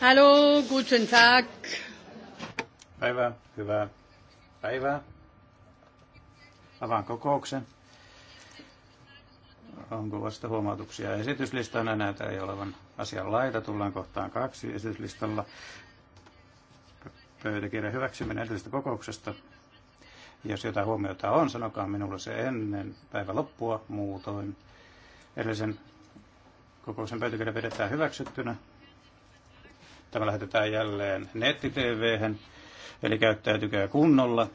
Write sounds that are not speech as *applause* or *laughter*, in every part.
Hallo, guten Tag. Päivää, hyvää päivää. Avaan kokouksen. Onko vasta huomautuksia esityslistana? Näitä ei olevan asian laita. Tullaan kohtaan kaksi esityslistalla. Pöytäkirjan hyväksyminen edellisestä kokouksesta. Jos jotain huomiota on, sanokaa minulle se ennen päivän loppua muutoin. Edellisen kokouksen pöytäkirja pidetään hyväksyttynä. Tämä lähetetään jälleen netti-TV:hen eli käyttäytykää kunnolla.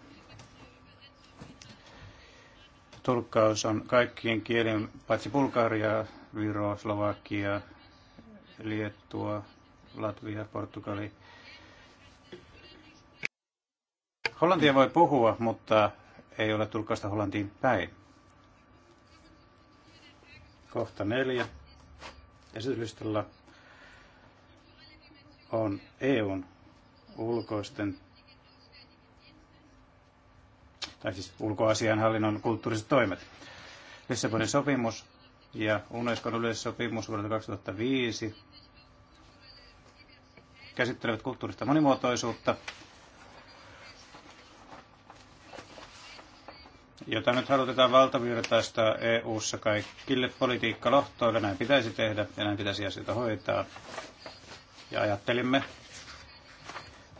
Tulkkaus on kaikkien kielen, paitsi Bulgaria, Viroa, Slovakia, Liettua, Latvia, Portugali. Hollantia voi puhua, mutta ei ole tulkasta Hollantiin päin. Kohta neljä. Esityslistalla on EUn ulkoisten tai siis ulkoasianhallinnon kulttuuriset toimet. Lissabonin sopimus ja Unescon yleissopimus vuodelta 2005 käsittelevät kulttuurista monimuotoisuutta, jota nyt halutetaan valtavirtaista EU-ssa kaikille politiikkalohtoille. Näin pitäisi tehdä ja näin pitäisi asioita hoitaa. Ja ajattelimme,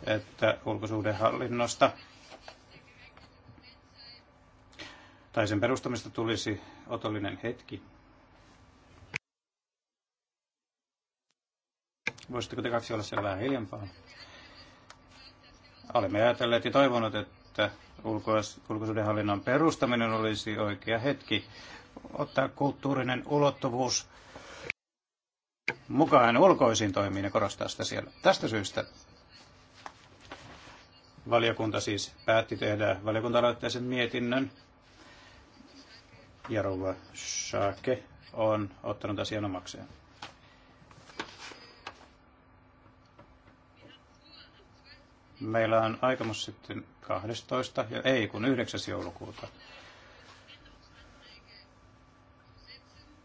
että ulkosuhdehallinnosta tai sen perustamista tulisi otollinen hetki. Voisitteko te kaksi olla siellä vähän hiljempaa? Olemme ajatelleet ja toivoneet, että ulkosuhdehallinnon perustaminen olisi oikea hetki ottaa kulttuurinen ulottuvuus mukaan ulkoisiin toimiin ja korostaa sitä siellä. Tästä syystä valiokunta siis päätti tehdä valiokunta-aloitteisen mietinnön. Jarova Shake on ottanut asian omakseen. Meillä on aikomus sitten 12, ja ei kun 9. joulukuuta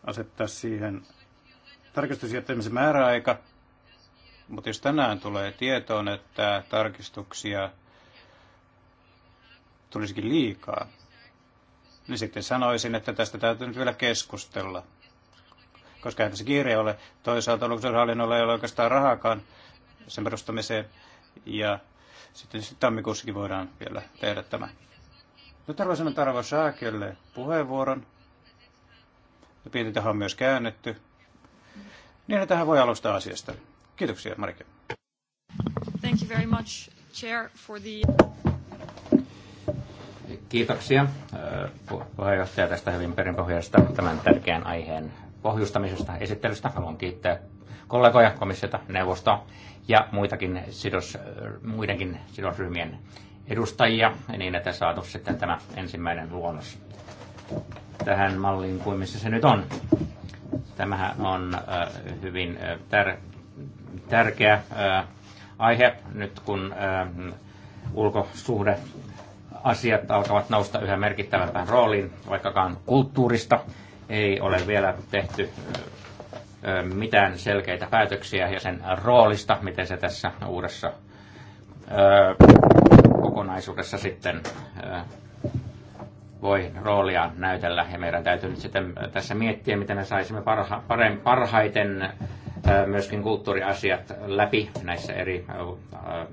asettaa siihen tarkistusjättämisen määräaika, mutta jos tänään tulee tietoon, että tarkistuksia tulisikin liikaa, niin sitten sanoisin, että tästä täytyy nyt vielä keskustella. Koska ei tässä kiire ole. Toisaalta luksushallinnolla ei ole oikeastaan rahakaan sen perustamiseen. Ja sitten tammikuussakin voidaan vielä tehdä tämä. Nyt haluaisin antaa Ravo Saakelle puheenvuoron. Pientä on myös käännetty. Niin, että hän voi alustaa asiasta. Kiitoksia, Marike. Thank you very much, Chair, for the... Kiitoksia puheenjohtaja tästä hyvin perinpohjaisesta tämän tärkeän aiheen pohjustamisesta, esittelystä. Haluan kiittää kollegoja, komissiota, neuvostoa ja muitakin sidos, muidenkin sidosryhmien edustajia, niin että saatu sitten tämä ensimmäinen luonnos tähän malliin kuin missä se nyt on. Tämähän on äh, hyvin äh, tär- tärkeä äh, aihe nyt, kun ulkosuhde asiat alkavat nousta yhä merkittävämpään rooliin, vaikkakaan kulttuurista ei ole vielä tehty mitään selkeitä päätöksiä ja sen roolista, miten se tässä uudessa kokonaisuudessa sitten voi roolia näytellä. Ja meidän täytyy nyt sitten äh, tässä miettiä, miten me saisimme parha, parem, parhaiten äh, myöskin kulttuuriasiat läpi näissä eri äh,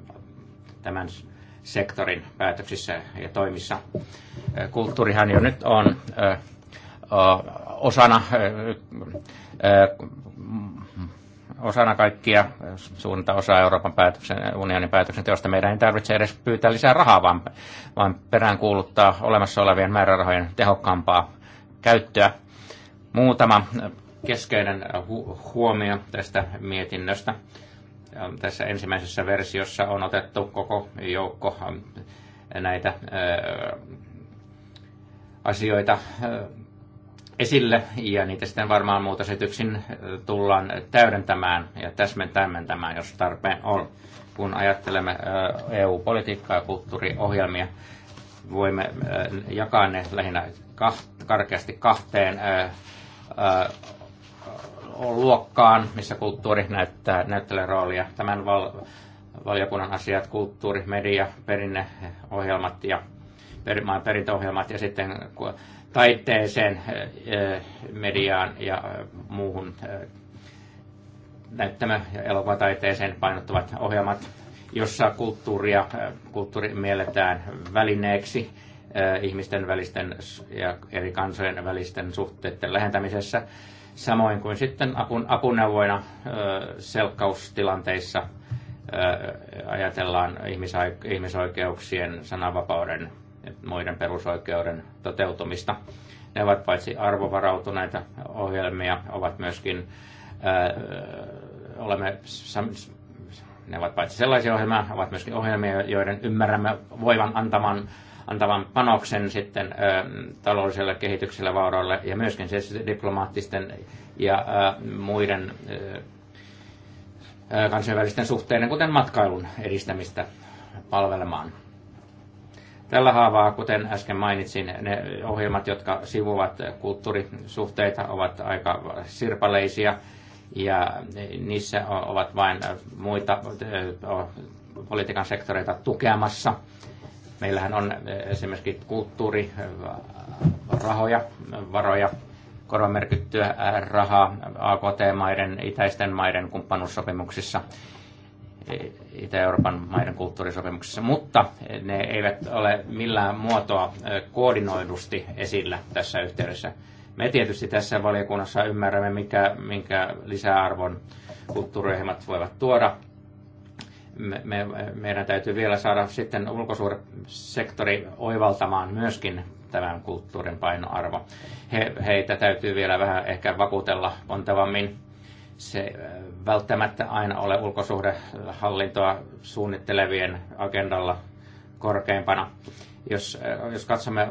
tämän sektorin päätöksissä ja toimissa. Kulttuurihan jo nyt on osana osana kaikkia suunta osaa Euroopan päätöksen, unionin päätöksenteosta. Meidän ei tarvitse edes pyytää lisää rahaa, vaan, vaan peräänkuuluttaa olemassa olevien määrärahojen tehokkaampaa käyttöä. Muutama keskeinen hu- huomio tästä mietinnöstä. Tässä ensimmäisessä versiossa on otettu koko joukko näitä asioita esille ja niitä sitten varmaan muutosetyksin tullaan täydentämään ja täsmentämään, jos tarpeen on. Kun ajattelemme EU-politiikkaa ja kulttuuriohjelmia, voimme jakaa ne lähinnä karkeasti kahteen luokkaan, missä kulttuuri näyttää, näyttelee roolia. Tämän val, valiokunnan asiat, kulttuuri, media, perinneohjelmat ja per, perintöohjelmat ja sitten taiteeseen, mediaan ja muuhun näyttämä- ja elokuvataiteeseen painottuvat ohjelmat, jossa kulttuuria, kulttuuri mielletään välineeksi ihmisten välisten ja eri kansojen välisten suhteiden lähentämisessä, samoin kuin sitten apuneuvoina selkkaustilanteissa ajatellaan ihmisoikeuksien, sananvapauden muiden perusoikeuden toteutumista. Ne ovat paitsi arvovarautuneita ohjelmia, ovat myöskin, ää, olemme, ne ovat paitsi sellaisia ohjelmia, ovat myöskin ohjelmia, joiden ymmärrämme voivan antavan antavan panoksen sitten ö, taloudelliselle kehitykselle, vauraudelle ja myöskin siis diplomaattisten ja ö, muiden ö, kansainvälisten suhteiden, kuten matkailun edistämistä palvelemaan. Tällä haavaa, kuten äsken mainitsin, ne ohjelmat, jotka sivuvat kulttuurisuhteita, ovat aika sirpaleisia ja niissä ovat vain muita politiikan sektoreita tukemassa. Meillähän on esimerkiksi kulttuurirahoja, varoja, koromerkittyä rahaa AKT-maiden, itäisten maiden kumppanuussopimuksissa – Itä-Euroopan maiden kulttuurisopimuksessa, mutta ne eivät ole millään muotoa koordinoidusti esillä tässä yhteydessä. Me tietysti tässä valiokunnassa ymmärrämme, mikä, minkä lisäarvon kulttuuriohjelmat voivat tuoda. Me, me, meidän täytyy vielä saada sitten sektori oivaltamaan myöskin tämän kulttuurin painoarvo. He, heitä täytyy vielä vähän ehkä vakuutella pontevammin se välttämättä aina ole ulkosuhdehallintoa suunnittelevien agendalla korkeimpana. Jos, äh, jos katsomme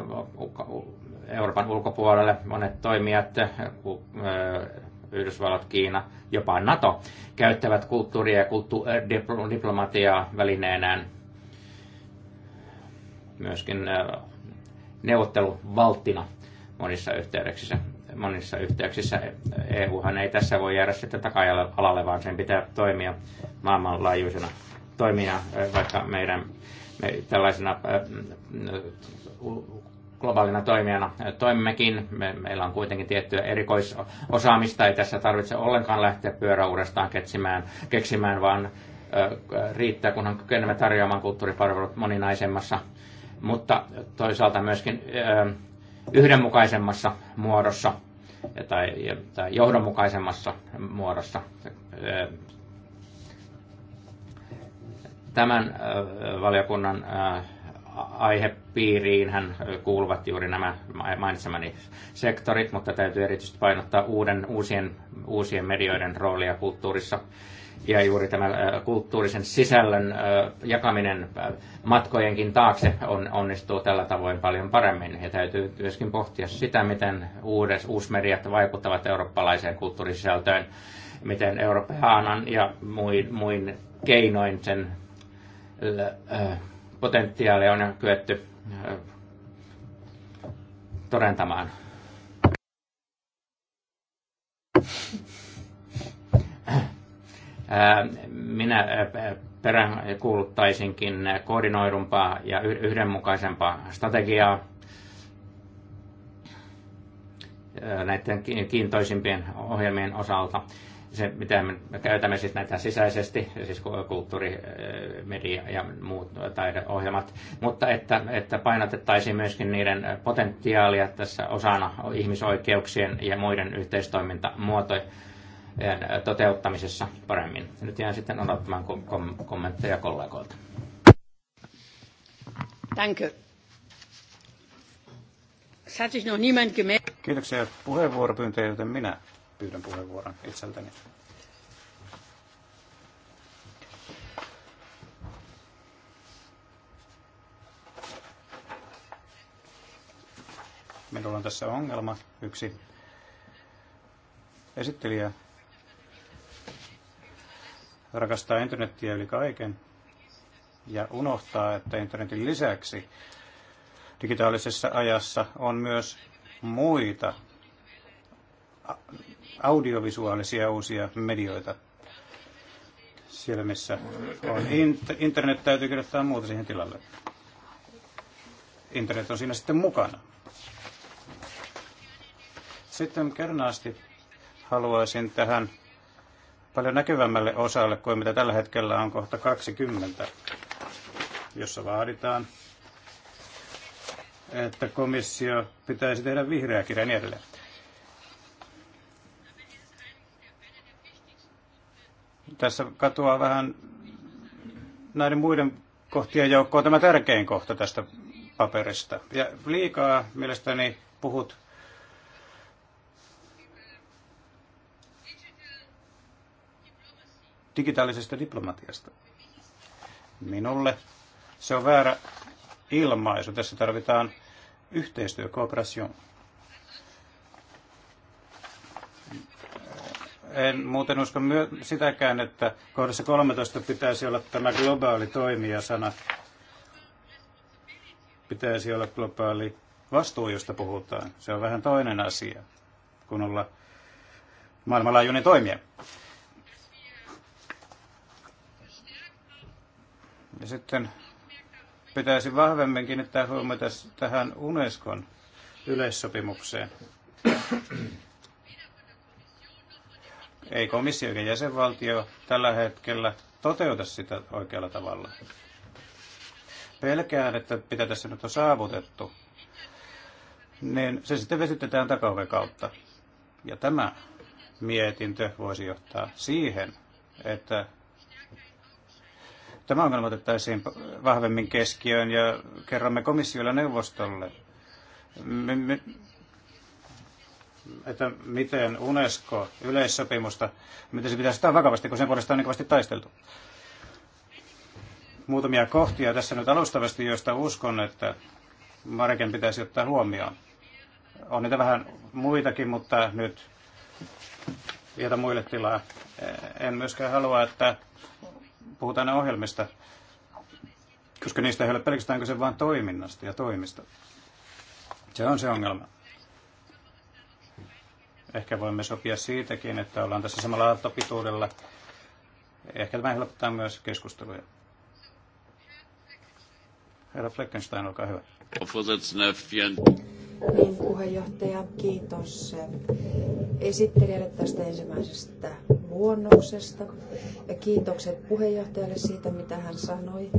Euroopan ulkopuolelle, monet toimijat, äh, äh, Yhdysvallat, Kiina, jopa NATO, käyttävät kulttuuria ja kulttu- diplomatiaa välineenään myöskin neuvotteluvalttina monissa yhteydeksissä monissa yhteyksissä. EUhan ei tässä voi jäädä sitten taka-alalle, vaan sen pitää toimia maailmanlaajuisena toimia, vaikka meidän me tällaisena mm, globaalina toimijana toimimmekin. Me, meillä on kuitenkin tiettyä erikoisosaamista, ei tässä tarvitse ollenkaan lähteä pyörä uudestaan ketsimään, keksimään, vaan riittää, kunhan kykenemme tarjoamaan kulttuuripalvelut moninaisemmassa, mutta toisaalta myöskin yhdenmukaisemmassa muodossa tai, tai johdonmukaisemmassa muodossa. Tämän valiokunnan aihepiiriin hän kuuluvat juuri nämä mainitsemani sektorit, mutta täytyy erityisesti painottaa uuden, uusien, uusien medioiden roolia kulttuurissa. Ja juuri tämä kulttuurisen sisällön jakaminen matkojenkin taakse on, onnistuu tällä tavoin paljon paremmin. Ja täytyy myöskin pohtia sitä, miten uudet uusmediat vaikuttavat eurooppalaiseen kulttuurisisältöön, miten Euroopan ja muin, muin keinoin sen potentiaalia on kyetty äh, todentamaan. Äh, minä äh, perään kuuluttaisinkin koordinoidumpaa ja yhdenmukaisempaa strategiaa näiden kiintoisimpien ohjelmien osalta se, mitä me käytämme siis näitä sisäisesti, siis kulttuuri, äh, media ja muut äh, taideohjelmat, mutta että, että painotettaisiin myöskin niiden äh, potentiaalia tässä osana ihmisoikeuksien ja muiden yhteistoimintamuotojen toteuttamisessa paremmin. Nyt jään sitten odottamaan kom- kommentteja kollegoilta. Danke. Kiitoksia puheenvuoropyyntöjä, joten minä pyydän puheenvuoron itseltäni. Minulla on tässä ongelma. Yksi esittelijä rakastaa internettiä yli kaiken ja unohtaa, että internetin lisäksi digitaalisessa ajassa on myös muita audiovisuaalisia uusia medioita. Siellä missä on internet, täytyy kirjoittaa muuta siihen tilalle. Internet on siinä sitten mukana. Sitten kernaasti haluaisin tähän paljon näkyvämmälle osalle kuin mitä tällä hetkellä on kohta 20, jossa vaaditaan, että komissio pitäisi tehdä vihreä kirja niin edelleen. Tässä katoaa vähän näiden muiden kohtien joukkoon tämä tärkein kohta tästä paperista. Ja liikaa mielestäni puhut digitaalisesta diplomatiasta. Minulle se on väärä ilmaisu. Tässä tarvitaan yhteistyö, cooperation. En muuten usko myö- sitäkään, että kohdassa 13 pitäisi olla tämä globaali toimijasana. Pitäisi olla globaali vastuu, josta puhutaan. Se on vähän toinen asia kuin olla maailmanlaajuinen toimija. Ja sitten pitäisi vahvemmin kiinnittää huomiota tähän Unescon yleissopimukseen ei komissio eikä jäsenvaltio tällä hetkellä toteuta sitä oikealla tavalla. Pelkään, että mitä tässä nyt on saavutettu, niin se sitten vesitetään takaoven kautta. Ja tämä mietintö voisi johtaa siihen, että tämä ongelma otettaisiin vahvemmin keskiöön ja kerromme komissiolle neuvostolle, että miten UNESCO yleissopimusta, miten se pitäisi ottaa vakavasti, kun sen puolesta on niin kovasti taisteltu. Muutamia kohtia tässä nyt alustavasti, joista uskon, että Mareken pitäisi ottaa huomioon. On niitä vähän muitakin, mutta nyt vietä muille tilaa. En myöskään halua, että puhutaan ohjelmista, koska niistä ei ole pelkästään kyse vain toiminnasta ja toimista. Se on se ongelma. Ehkä voimme sopia siitäkin, että ollaan tässä samalla aaltopituudella. Ehkä tämä helpottaa myös keskusteluja. Herra Fleckenstein, olkaa hyvä. Niin, puheenjohtaja, kiitos eh, esittelijälle tästä ensimmäisestä luonnoksesta ja kiitokset puheenjohtajalle siitä, mitä hän sanoi.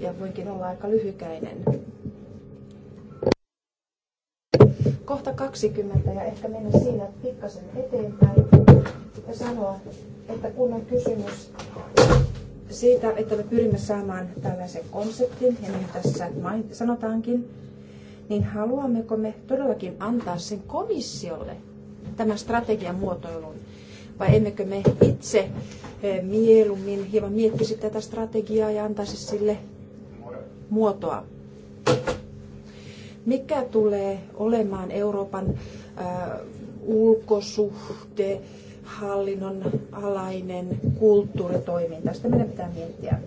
Ja voinkin olla aika lyhykäinen kohta 20 ja ehkä mennä siinä pikkasen eteenpäin ja sanoa, että kun on kysymys siitä, että me pyrimme saamaan tällaisen konseptin, ja niin tässä sanotaankin, niin haluammeko me todellakin antaa sen komissiolle tämän strategian muotoilun, vai emmekö me itse eh, mieluummin hieman miettisi tätä strategiaa ja antaisi sille muotoa mikä tulee olemaan Euroopan äh, ulkosuhte, hallinnon alainen kulttuuritoiminta. Sitä meidän pitää miettiä.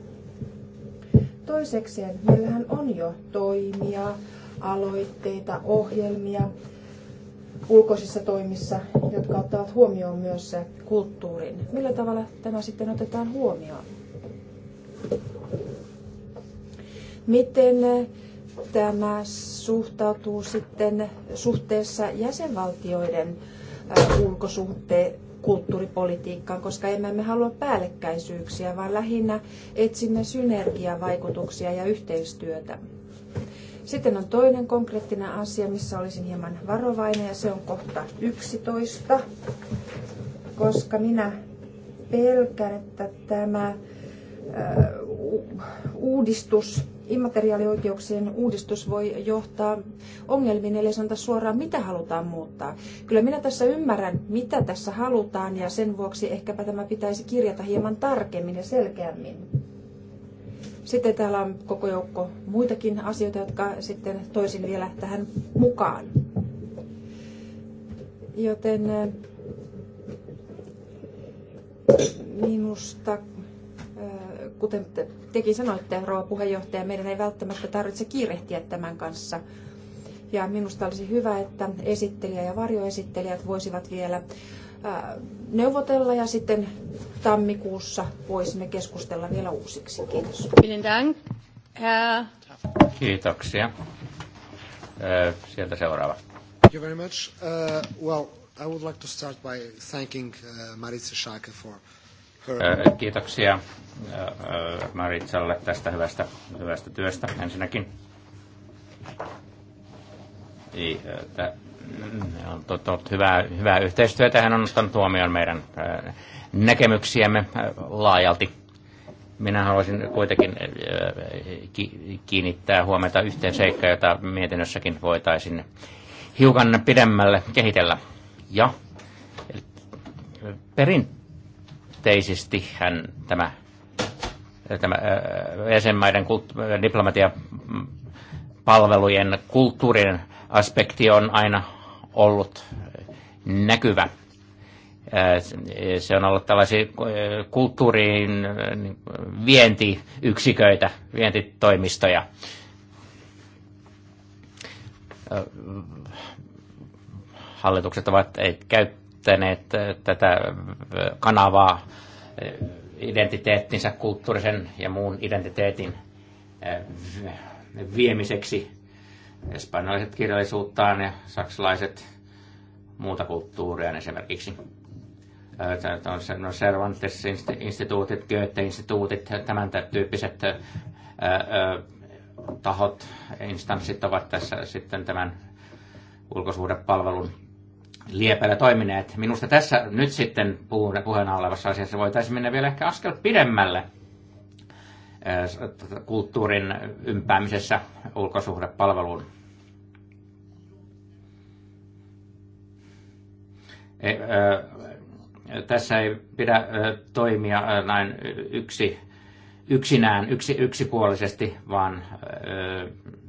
Toisekseen, meillähän on jo toimia, aloitteita, ohjelmia ulkoisissa toimissa, jotka ottavat huomioon myös kulttuurin. Millä tavalla tämä sitten otetaan huomioon? Miten tämä suhtautuu sitten suhteessa jäsenvaltioiden ulkosuhteen kulttuuripolitiikkaan, koska emme me halua päällekkäisyyksiä, vaan lähinnä etsimme synergiavaikutuksia ja yhteistyötä. Sitten on toinen konkreettinen asia, missä olisin hieman varovainen, ja se on kohta 11, koska minä pelkään, että tämä uudistus immateriaalioikeuksien uudistus voi johtaa ongelmiin, eli sanota suoraan, mitä halutaan muuttaa. Kyllä minä tässä ymmärrän, mitä tässä halutaan, ja sen vuoksi ehkäpä tämä pitäisi kirjata hieman tarkemmin ja selkeämmin. Sitten täällä on koko joukko muitakin asioita, jotka sitten toisin vielä tähän mukaan. Joten eh, minusta kuten tekin sanoitte, rouva puheenjohtaja, meidän ei välttämättä tarvitse kiirehtiä tämän kanssa. Ja minusta olisi hyvä, että esittelijä ja varjoesittelijät voisivat vielä neuvotella ja sitten tammikuussa voisimme keskustella vielä uusiksi. Kiitos. Kiitoksia. Sieltä seuraava. Thank you very much. Uh, well, I would like to start by thanking uh, Maritza Schake for her... Kiitoksia Maritsalle tästä hyvästä, hyvästä työstä ensinnäkin. I, että, on tottunut hyvää, hyvää yhteistyötä. Hän on ottanut huomioon meidän näkemyksiämme laajalti. Minä haluaisin kuitenkin kiinnittää huomiota yhteen seikkaan, jota mietinnössäkin voitaisiin hiukan pidemmälle kehitellä. Ja perinteisesti hän tämä tämä jäsenmaiden kulttu- diplomatiapalvelujen mm, kulttuurin aspekti on aina ollut näkyvä. Se on ollut tällaisia kulttuuriin niin, vientiyksiköitä, vientitoimistoja. Hallitukset ovat käyttäneet tätä kanavaa identiteettinsä, kulttuurisen ja muun identiteetin eh, viemiseksi. Espanjalaiset kirjallisuuttaan ja saksalaiset muuta kulttuuria esimerkiksi. Eh, no Cervantes-instituutit, Goethe-instituutit, tämän tyyppiset eh, tahot, instanssit ovat tässä sitten tämän ulkosuhdepalvelun liepeillä toimineet. Minusta tässä nyt sitten puheena olevassa asiassa voitaisiin mennä vielä ehkä askel pidemmälle äh, kulttuurin ympäämisessä ulkosuhdepalveluun. E, äh, tässä ei pidä äh, toimia näin yksi, yksinään, yksi, yksipuolisesti, vaan,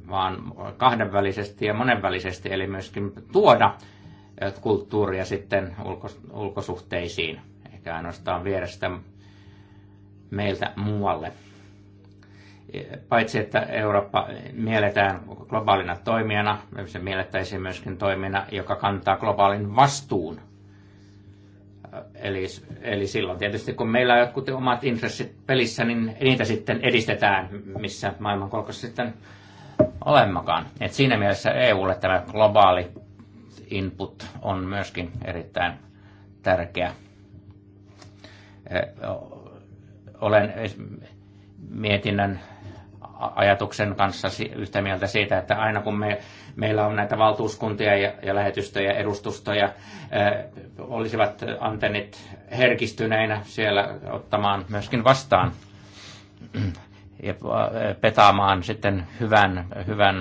vaan kahdenvälisesti ja monenvälisesti, eli myöskin tuoda kulttuuria sitten ulkosuhteisiin, eikä ainoastaan viedä sitä meiltä muualle. Paitsi että Eurooppa mielletään globaalina toimijana, se miellettäisiin myöskin toimijana, joka kantaa globaalin vastuun. Eli, eli silloin tietysti, kun meillä on jotkut omat intressit pelissä, niin niitä sitten edistetään, missä maailmankolkossa sitten olemmakaan. Et siinä mielessä EUlle tämä globaali input on myöskin erittäin tärkeä. Olen mietinnän ajatuksen kanssa yhtä mieltä siitä, että aina kun me, meillä on näitä valtuuskuntia ja, ja lähetystöjä, edustustoja, olisivat antennit herkistyneinä siellä ottamaan myöskin vastaan ja petaamaan sitten hyvän, hyvän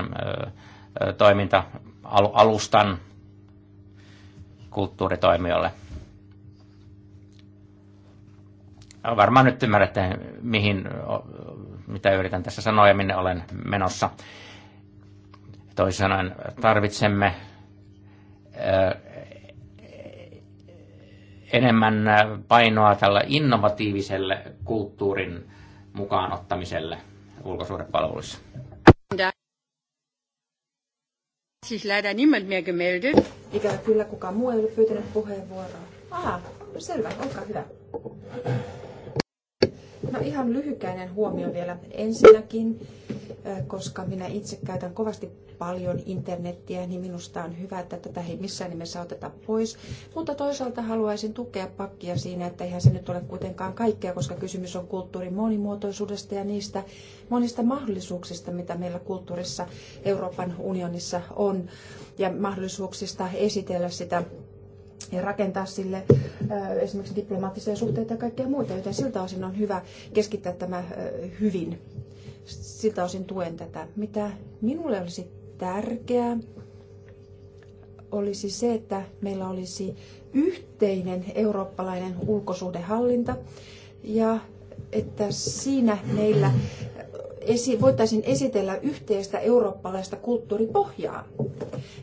toiminta-alustan kulttuuritoimijoille. Varmaan nyt ymmärrätte, mihin, mitä yritän tässä sanoa ja minne olen menossa. Toisin sanoen tarvitsemme enemmän painoa tällä innovatiiviselle kulttuurin mukaan ottamiselle ulkosuhdepalveluissa sich leider niemand mehr gemeldet. Ikävä kyllä kukaan muu ei ole pyytänyt puheenvuoroa. Aha, selvä, olkaa hyvä. No ihan lyhykäinen huomio vielä ensinnäkin, koska minä itse käytän kovasti paljon internettiä, niin minusta on hyvä, että tätä ei missään nimessä oteta pois. Mutta toisaalta haluaisin tukea pakkia siinä, että eihän se nyt ole kuitenkaan kaikkea, koska kysymys on kulttuurin monimuotoisuudesta ja niistä monista mahdollisuuksista, mitä meillä kulttuurissa Euroopan unionissa on, ja mahdollisuuksista esitellä sitä ja rakentaa sille esimerkiksi diplomaattisia suhteita ja kaikkea muuta, joten siltä osin on hyvä keskittää tämä hyvin. Siltä osin tuen tätä. Mitä minulle olisi tärkeää, olisi se, että meillä olisi yhteinen eurooppalainen ulkosuhdehallinta ja että siinä meillä esi- voitaisiin esitellä yhteistä eurooppalaista kulttuuripohjaa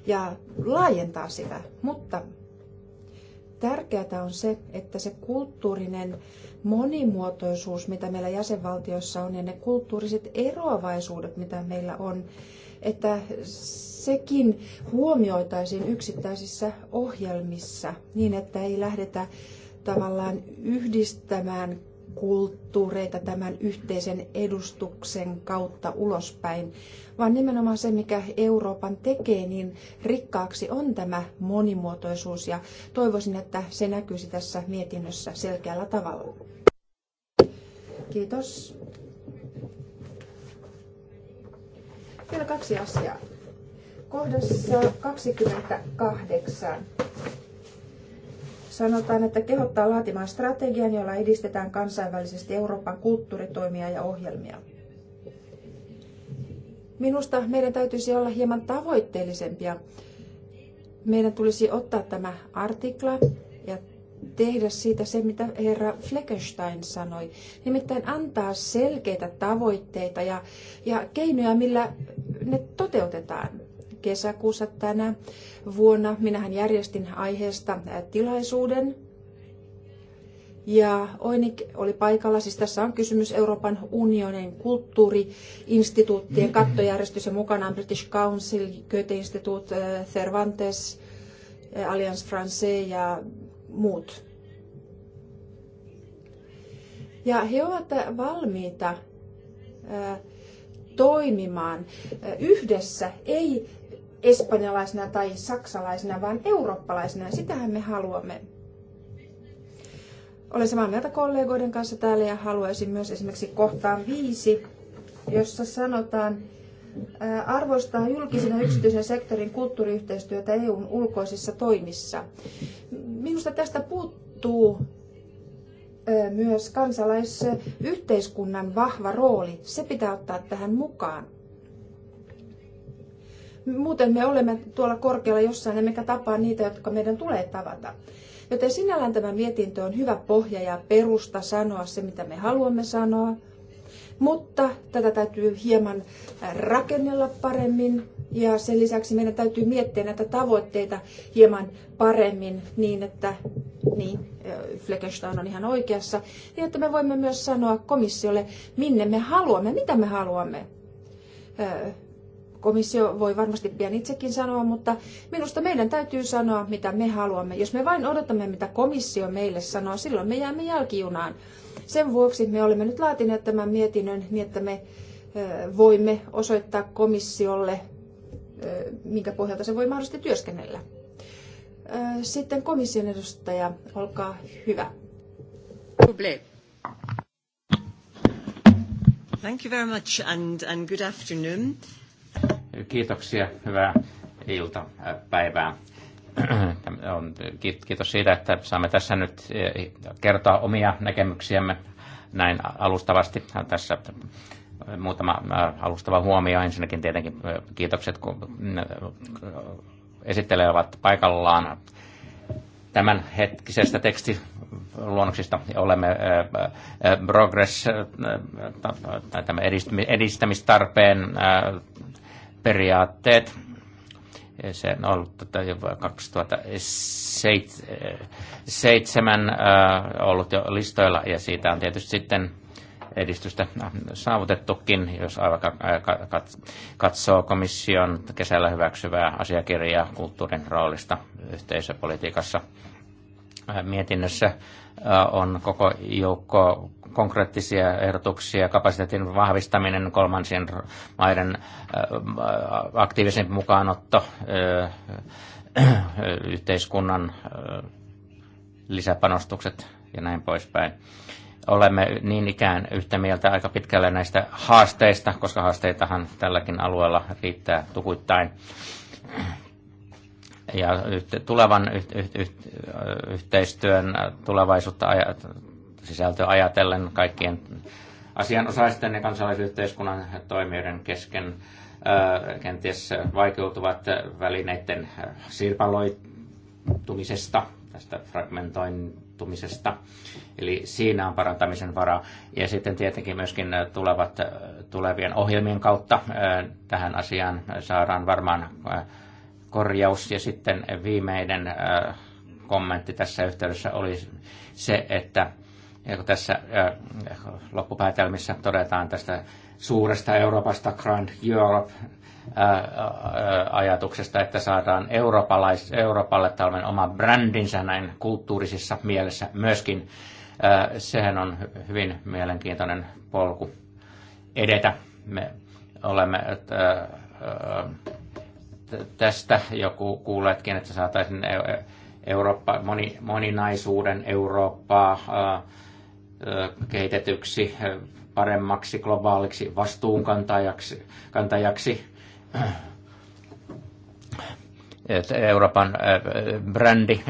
ja laajentaa sitä, mutta Tärkeää on se, että se kulttuurinen monimuotoisuus, mitä meillä jäsenvaltioissa on, ja ne kulttuuriset eroavaisuudet, mitä meillä on, että sekin huomioitaisiin yksittäisissä ohjelmissa niin, että ei lähdetä tavallaan yhdistämään kulttuureita tämän yhteisen edustuksen kautta ulospäin, vaan nimenomaan se, mikä Euroopan tekee niin rikkaaksi, on tämä monimuotoisuus ja toivoisin, että se näkyisi tässä mietinnössä selkeällä tavalla. Kiitos. Vielä kaksi asiaa. Kohdassa 28 sanotaan, että kehottaa laatimaan strategian, jolla edistetään kansainvälisesti Euroopan kulttuuritoimia ja ohjelmia. Minusta meidän täytyisi olla hieman tavoitteellisempia. Meidän tulisi ottaa tämä artikla ja tehdä siitä se, mitä herra Fleckenstein sanoi. Nimittäin antaa selkeitä tavoitteita ja, ja keinoja, millä ne toteutetaan kesäkuussa tänä vuonna. Minähän järjestin aiheesta tilaisuuden. Ja Oinik oli paikalla, siis tässä on kysymys Euroopan unionin kulttuuriinstituuttien *clears throat* kattojärjestys ja mukanaan British Council, Goethe-instituut, Cervantes, Alliance Francais ja muut. Ja he ovat valmiita toimimaan yhdessä, ei espanjalaisena tai saksalaisena, vaan eurooppalaisena. Sitähän me haluamme. Olen samaa mieltä kollegoiden kanssa täällä ja haluaisin myös esimerkiksi kohtaan viisi, jossa sanotaan, arvostaa julkisen ja yksityisen sektorin kulttuuriyhteistyötä EUn ulkoisissa toimissa. Minusta tästä puuttuu myös kansalaisyhteiskunnan vahva rooli. Se pitää ottaa tähän mukaan. Muuten me olemme tuolla korkealla jossain, emmekä tapaa niitä, jotka meidän tulee tavata. Joten sinällään tämä mietintö on hyvä pohja ja perusta sanoa se, mitä me haluamme sanoa. Mutta tätä täytyy hieman äh, rakennella paremmin ja sen lisäksi meidän täytyy miettiä näitä tavoitteita hieman paremmin niin, että niin, äh, Fleckenstein on ihan oikeassa, niin että me voimme myös sanoa komissiolle, minne me haluamme, mitä me haluamme äh, komissio voi varmasti pian itsekin sanoa, mutta minusta meidän täytyy sanoa, mitä me haluamme. Jos me vain odotamme, mitä komissio meille sanoo, silloin me jäämme jälkijunaan. Sen vuoksi me olemme nyt laatineet tämän mietinnön niin, että me voimme osoittaa komissiolle, minkä pohjalta se voi mahdollisesti työskennellä. Sitten komission edustaja, olkaa hyvä. Thank you very much and, and good afternoon. Kiitoksia, hyvää iltapäivää. Kiitos siitä, että saamme tässä nyt eh, kertoa omia näkemyksiämme näin alustavasti. Tässä muutama eh, alustava huomio. Ensinnäkin tietenkin eh, kiitokset, kun esittelee ovat paikallaan tämän hetkisestä luonnoksista Olemme progress, tämän edistämistarpeen periaatteet. Se on ollut tätä jo 2007 äh, ollut jo listoilla ja siitä on tietysti sitten edistystä äh, saavutettukin, jos aivan äh, katsoo komission kesällä hyväksyvää asiakirjaa kulttuurin roolista yhteisöpolitiikassa. Mietinnössä on koko joukko konkreettisia ehdotuksia, kapasiteetin vahvistaminen, kolmansien maiden aktiivisempi mukaanotto, yhteiskunnan lisäpanostukset ja näin poispäin. Olemme niin ikään yhtä mieltä aika pitkälle näistä haasteista, koska haasteitahan tälläkin alueella riittää tukuittain ja tulevan yhteistyön tulevaisuutta sisältö ajatellen kaikkien asianosaisten ja kansalaisyhteiskunnan toimijoiden kesken kenties vaikeutuvat välineiden sirpaloitumisesta, tästä fragmentoitumisesta. Eli siinä on parantamisen varaa. Ja sitten tietenkin myöskin tulevat, tulevien ohjelmien kautta tähän asiaan saadaan varmaan korjaus. Ja sitten viimeinen kommentti tässä yhteydessä oli se, että ja kun tässä äh, loppupäätelmissä todetaan tästä suuresta Euroopasta, Grand Europe, äh, äh, ajatuksesta, että saadaan eurooppalais, Euroopalle talven oma brändinsä näin kulttuurisissa mielessä myöskin. Sehän on hyvin mielenkiintoinen polku edetä. Me olemme tästä joku kuulleetkin, että saataisiin Eurooppa, moni, moninaisuuden Eurooppaa, kehitetyksi paremmaksi globaaliksi vastuunkantajaksi. Kantajaksi. Että Euroopan brändi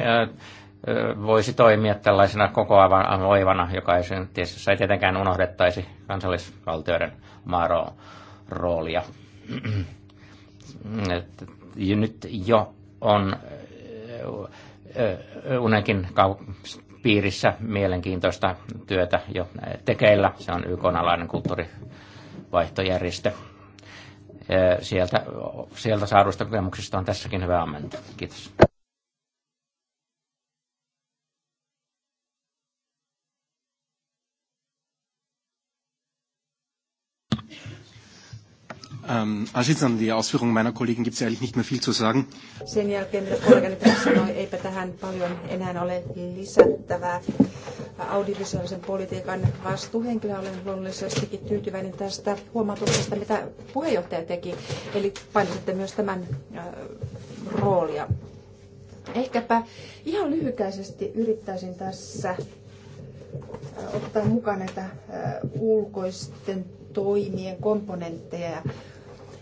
voisi toimia tällaisena kokoavan oivana, joka ei, tietysti, ei tietenkään unohdettaisi kansallisvaltioiden omaa roolia. Et nyt jo on unenkin piirissä mielenkiintoista työtä jo tekeillä. Se on YK-alainen kulttuurivaihtojärjestö. Sieltä, sieltä saaduista kokemuksista on tässäkin hyvä ammentaa. Kiitos. Ähm, Asitsan, die Ausführungen meiner Kollegen gibt es eigentlich nicht mehr viel zu sagen. Sen jälkeen, mitä kollegani tässä sanoi, eipä tähän paljon enää ole lisättävää. Audiovisuaalisen politiikan vastuuhenkilö olen luonnollisestikin tyytyväinen tästä huomautuksesta, mitä puheenjohtaja teki. Eli painotitte myös tämän äh, roolia. Ehkäpä ihan lyhykäisesti yrittäisin tässä äh, ottaa mukaan näitä äh, ulkoisten toimien komponentteja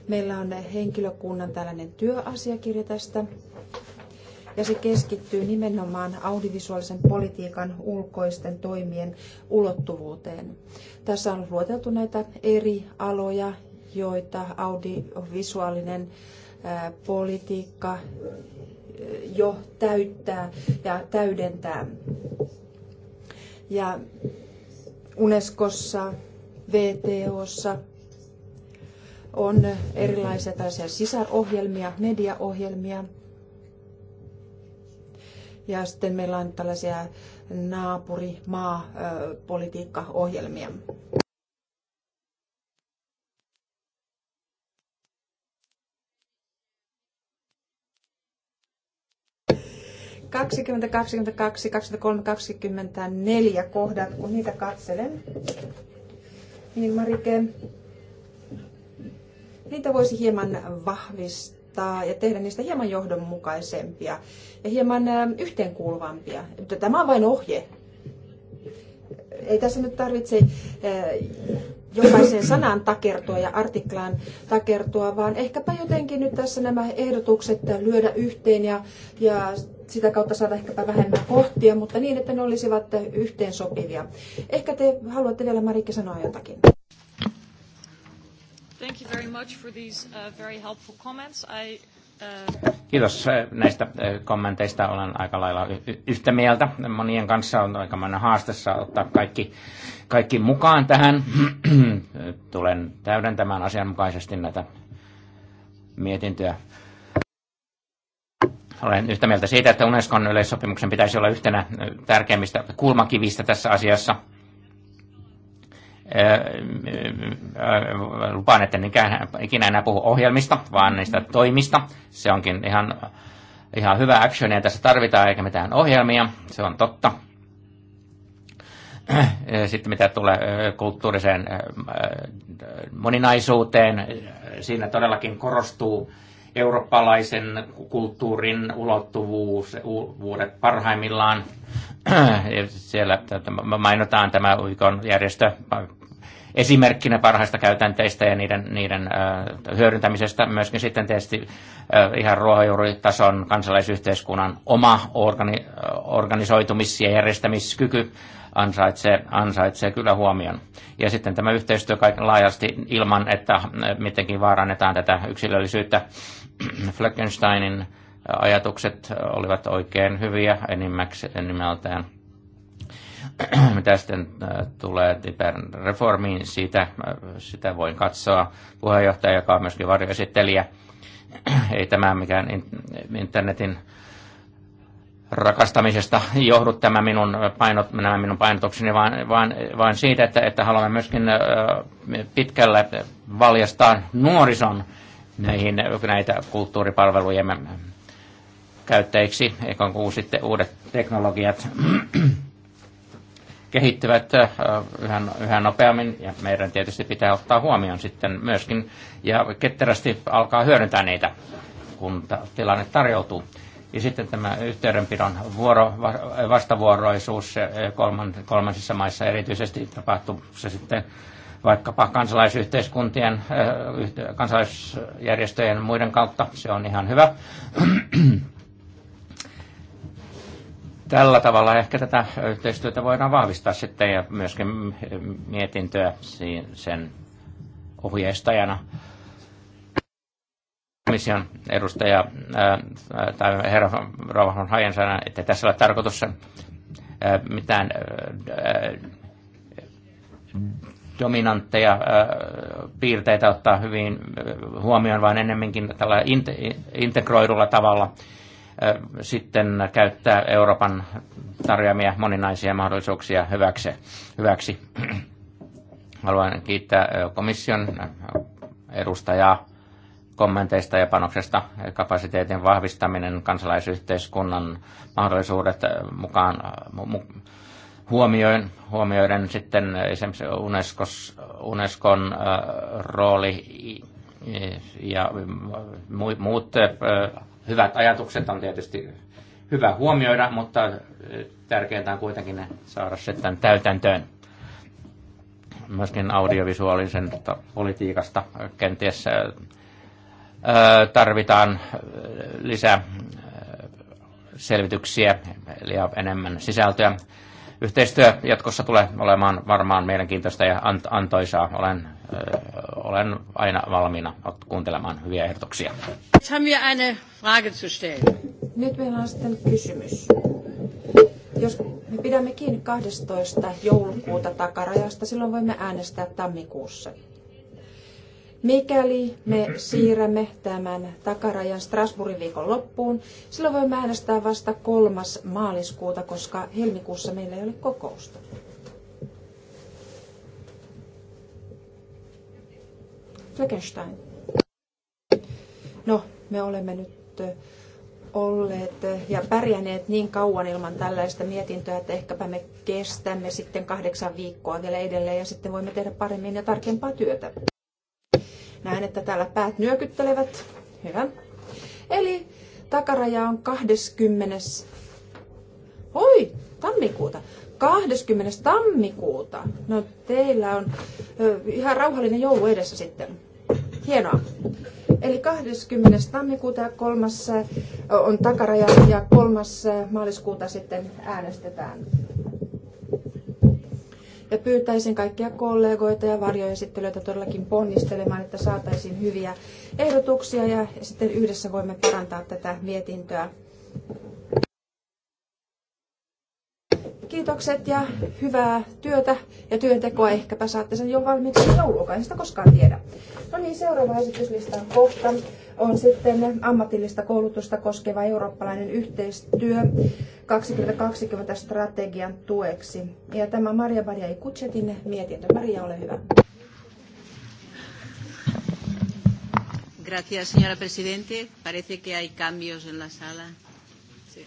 Meillä on henkilökunnan tällainen työasiakirja tästä ja se keskittyy nimenomaan audiovisuaalisen politiikan ulkoisten toimien ulottuvuuteen. Tässä on luoteltu näitä eri aloja, joita audiovisuaalinen politiikka jo täyttää ja täydentää. Ja Unescossa, VTOssa, on erilaisia tällaisia sisarohjelmia, mediaohjelmia. Ja sitten meillä on tällaisia naapurimaa-politiikkaohjelmia. kaksikymmentä 20, 22, 23, neljä kohdat, kun niitä katselen. Niin Marike, niitä voisi hieman vahvistaa ja tehdä niistä hieman johdonmukaisempia ja hieman ähm, yhteenkuuluvampia. Tämä on vain ohje. Ei tässä nyt tarvitse äh, jokaiseen sanaan takertua ja artiklaan takertua, vaan ehkäpä jotenkin nyt tässä nämä ehdotukset lyödä yhteen ja, ja sitä kautta saada ehkäpä vähemmän kohtia, mutta niin, että ne olisivat yhteensopivia. Ehkä te haluatte vielä Marikki sanoa jotakin. Kiitos näistä kommenteista. Olen aika lailla yhtä mieltä. Monien kanssa on aikamoinen haastessa ottaa kaikki, kaikki mukaan tähän. *clears throat* Tulen täydentämään asianmukaisesti näitä mietintöjä. Olen yhtä mieltä siitä, että Unescon yleissopimuksen pitäisi olla yhtenä äh, tärkeimmistä kulmakivistä tässä asiassa – lupaan, että enkään, ikinä enää puhu ohjelmista, vaan niistä toimista. Se onkin ihan, ihan hyvä ja tässä tarvitaan, eikä mitään ohjelmia, se on totta. Sitten mitä tulee kulttuuriseen moninaisuuteen, siinä todellakin korostuu eurooppalaisen kulttuurin ulottuvuudet parhaimmillaan. *clears throat* Siellä mainotaan tämä Uikon järjestö esimerkkinä parhaista käytänteistä ja niiden, niiden äh, hyödyntämisestä. Myöskin sitten tietysti äh, ihan ruohonjuuritason kansalaisyhteiskunnan oma organi, organisoitumis- ja järjestämiskyky ansaitsee, ansaitsee kyllä huomion. Ja sitten tämä yhteistyö kaiken laajasti ilman, että äh, mitenkin vaarannetaan tätä yksilöllisyyttä. *clears throat* Fleckensteinin äh, ajatukset olivat oikein hyviä enimmäksi nimeltään. *clears throat* Mitä sitten äh, tulee Tiperin reformiin, siitä, sitä voin katsoa puheenjohtaja, joka on myöskin varjoesittelijä. *clears throat* Ei tämä mikään internetin rakastamisesta johdu tämä minun, painot, nämä minun painotukseni, vaan, vaan, vaan siitä, että, että haluamme myöskin pitkälle valjastaa nuorison näihin, näitä kulttuuripalveluja käyttäjiksi, eikä kun sitten uudet teknologiat *clears throat* kehittyvät yhä, yhä nopeammin, ja meidän tietysti pitää ottaa huomioon sitten myöskin, ja ketterästi alkaa hyödyntää niitä, kun tilanne tarjoutuu ja sitten tämä yhteydenpidon vuoro, vastavuoroisuus eh, kolmansissa maissa erityisesti tapahtuu se sitten vaikkapa kansalaisyhteiskuntien, eh, kansalaisjärjestöjen ja muiden kautta. Se on ihan hyvä. *clears throat* Tällä tavalla ehkä tätä yhteistyötä voidaan vahvistaa sitten ja myöskin eh, mietintöä sen ohjeistajana komission edustaja ää, tai herra Rauha von Hajen sanoi, että tässä ole tarkoitus ää, mitään ää, dominantteja ää, piirteitä ottaa hyvin huomioon, vaan enemmänkin tällä integroidulla tavalla ää, sitten käyttää Euroopan tarjoamia moninaisia mahdollisuuksia hyväksi. hyväksi. Haluan kiittää komission edustajaa kommenteista ja panoksesta. Kapasiteetin vahvistaminen, kansalaisyhteiskunnan mahdollisuudet äh, mukaan mu, huomioin, huomioiden sitten esimerkiksi Unescos, Unescon äh, rooli ja muut äh, hyvät ajatukset on tietysti hyvä huomioida, mutta tärkeintä on kuitenkin ne saada sitten täytäntöön myöskin audiovisuaalisen politiikasta kenties tarvitaan lisää selvityksiä ja enemmän sisältöä. Yhteistyö jatkossa tulee olemaan varmaan mielenkiintoista ja antoisaa. Olen, olen aina valmiina kuuntelemaan hyviä ehdotuksia. Nyt meillä on sitten kysymys. Jos me pidämme kiinni 12. joulukuuta takarajasta, silloin voimme äänestää tammikuussa. Mikäli me siirrämme tämän takarajan Strasbourgin viikon loppuun, silloin voimme äänestää vasta kolmas maaliskuuta, koska helmikuussa meillä ei ole kokousta. Fleckenstein. No, me olemme nyt olleet ja pärjänneet niin kauan ilman tällaista mietintöä, että ehkäpä me kestämme sitten kahdeksan viikkoa vielä edelleen ja sitten voimme tehdä paremmin ja tarkempaa työtä. Näen, että täällä päät nyökyttelevät. Hyvä. Eli takaraja on 20. Oi, tammikuuta. 20. tammikuuta. No teillä on ihan rauhallinen joulu edessä sitten. Hienoa. Eli 20. tammikuuta ja kolmas on takaraja ja kolmas maaliskuuta sitten äänestetään. Ja pyytäisin kaikkia kollegoita ja varjoesittelijöitä todellakin ponnistelemaan, että saataisiin hyviä ehdotuksia ja sitten yhdessä voimme parantaa tätä mietintöä kiitokset ja hyvää työtä ja työntekoa. Ehkäpä saatte sen jo valmiiksi jouluakaan, en sitä koskaan tiedä. No niin, seuraava esityslistan kohta on sitten ammatillista koulutusta koskeva eurooppalainen yhteistyö 2020 strategian tueksi. Ja tämä Maria Maria Ikutsetin mietintö. Maria, ole hyvä. Gracias, señora presidente. Parece que hay cambios en la sala. Sí.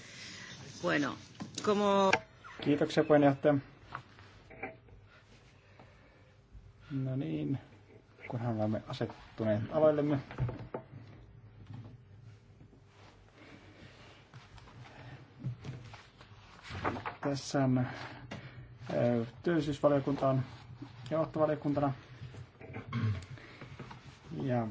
Bueno, como... Kiitoksia puheenjohtaja. No niin, kunhan olemme asettuneet aloillemme. Tässä on työllisyysvaliokuntaan on johtovaliokuntana. Ja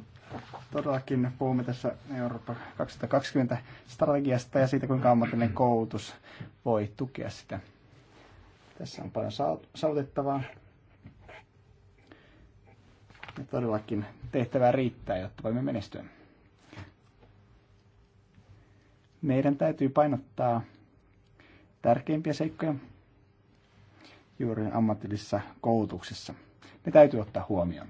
todellakin puhumme tässä Eurooppa 2020 strategiasta ja siitä, kuinka ammatillinen koulutus voi tukea sitä. Tässä on paljon saavutettavaa. Ja todellakin tehtävää riittää, jotta voimme menestyä. Meidän täytyy painottaa tärkeimpiä seikkoja juuri ammatillisessa koulutuksessa. Ne täytyy ottaa huomioon.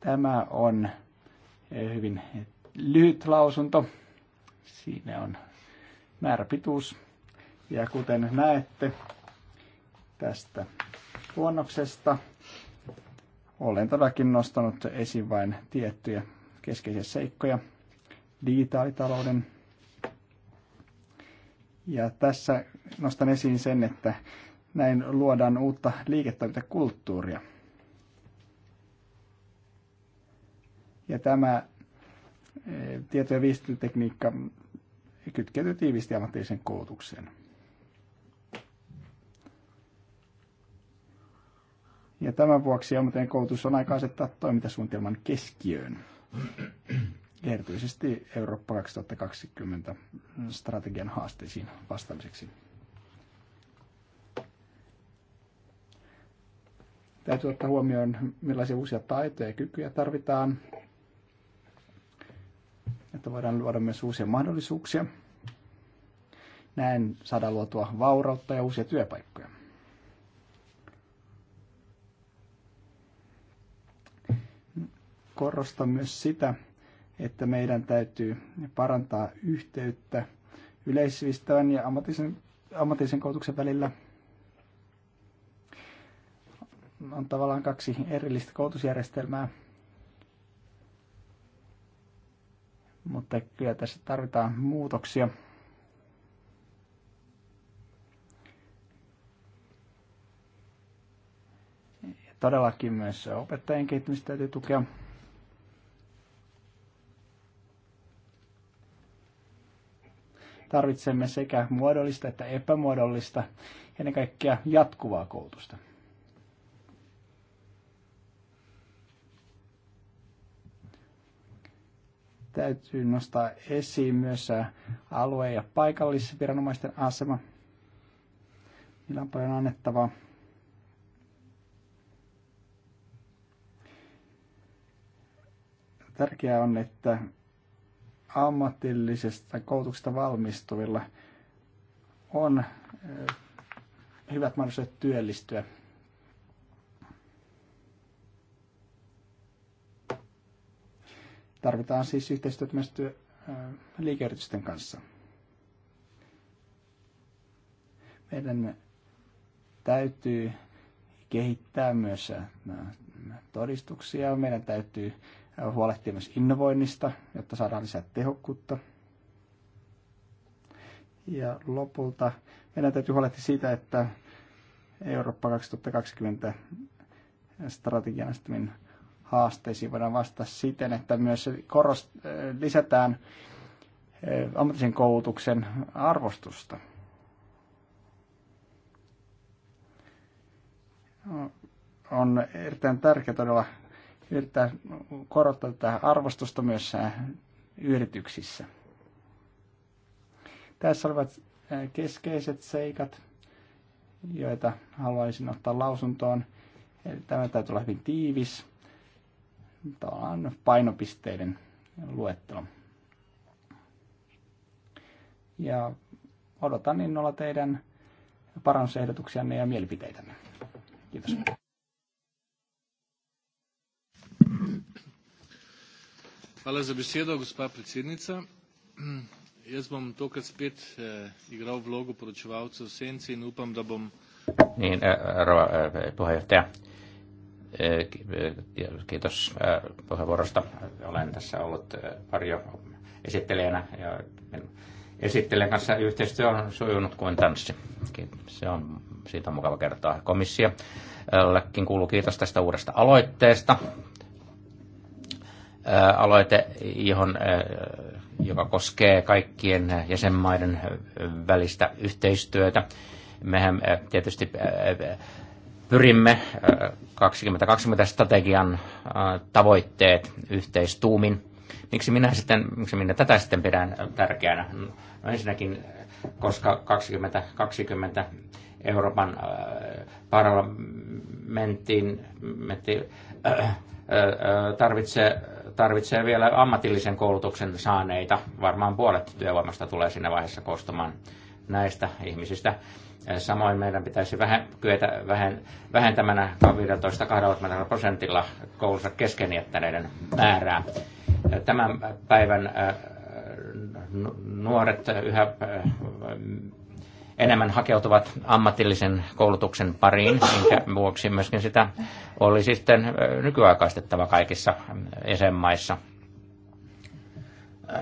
Tämä on hyvin lyhyt lausunto. Siinä on määräpituus. Ja kuten näette tästä luonnoksesta, olen todellakin nostanut esiin vain tiettyjä keskeisiä seikkoja digitaalitalouden. Ja tässä nostan esiin sen, että näin luodaan uutta liiketoimintakulttuuria. Ja tämä tieto- ja viestintätekniikka kytkeytyy tiivisti ammatilliseen koulutukseen. Ja tämän vuoksi ammatillinen koulutus on aika asettaa toimintasuunnitelman keskiöön. Erityisesti Eurooppa 2020 strategian haasteisiin vastaamiseksi. Täytyy ottaa huomioon, millaisia uusia taitoja ja kykyjä tarvitaan että voidaan luoda myös uusia mahdollisuuksia. Näin saadaan luotua vaurautta ja uusia työpaikkoja. Korostan myös sitä, että meidän täytyy parantaa yhteyttä yleissivistävän ja ammatisen, ammatisen koulutuksen välillä. On tavallaan kaksi erillistä koulutusjärjestelmää – mutta kyllä tässä tarvitaan muutoksia. Ja todellakin myös opettajien kehittämistä täytyy tukea. Tarvitsemme sekä muodollista että epämuodollista, ennen kaikkea jatkuvaa koulutusta. täytyy nostaa esiin myös äh, alue- ja paikallisviranomaisten asema. Niillä on paljon annettavaa. Tärkeää on, että ammatillisesta koulutuksesta valmistuvilla on äh, hyvät mahdollisuudet työllistyä Tarvitaan siis yhteistyötä myös työ, äh, liikeyritysten kanssa. Meidän täytyy kehittää myös äh, todistuksia. Meidän täytyy äh, huolehtia myös innovoinnista, jotta saadaan lisää tehokkuutta. Ja lopulta meidän täytyy huolehtia siitä, että Eurooppa 2020 strategian haasteisiin voidaan vastata siten, että myös korost, eh, lisätään eh, ammatillisen koulutuksen arvostusta. On erittäin tärkeää todella yrittää korottaa tätä arvostusta myös eh, yrityksissä. Tässä olivat keskeiset seikat, joita haluaisin ottaa lausuntoon. Eli tämä täytyy olla hyvin tiivis tavallaan painopisteiden luettelo. Ja odotan innolla teidän parannusehdotuksianne ja mielipiteitänne. Kiitos. Hvala za besedo, gospa predsednica. Jaz bom tokrat spet eh, igral vlogo poročevalca v senci in upam, da bom... Niin, ro, eh, eh, eh, eh Kiitos äh, puheenvuorosta. Olen tässä ollut äh, pari esittelijänä ja esittelijän kanssa yhteistyö on sujunut kuin tanssi. Se on, siitä on mukava kertoa. Komissio Lällekin kuuluu kiitos tästä uudesta aloitteesta. Äh, aloite, johon, joka koskee kaikkien jäsenmaiden välistä yhteistyötä mehän tietysti pyrimme 2020 äh, strategian äh, tavoitteet yhteistuumin. Miksi minä, sitten, miksi minä tätä sitten pidän äh, tärkeänä? No ensinnäkin, koska 2020 Euroopan parlamenttiin tarvitsee, tarvitsee vielä ammatillisen koulutuksen saaneita. Varmaan puolet työvoimasta tulee siinä vaiheessa koostumaan näistä ihmisistä. Samoin meidän pitäisi vähän, kyetä vähän, vähentämänä 15-20 prosentilla koulussa kesken jättäneiden määrää. Tämän päivän nuoret yhä enemmän hakeutuvat ammatillisen koulutuksen pariin, minkä vuoksi myöskin sitä olisi sitten nykyaikaistettava kaikissa jäsenmaissa –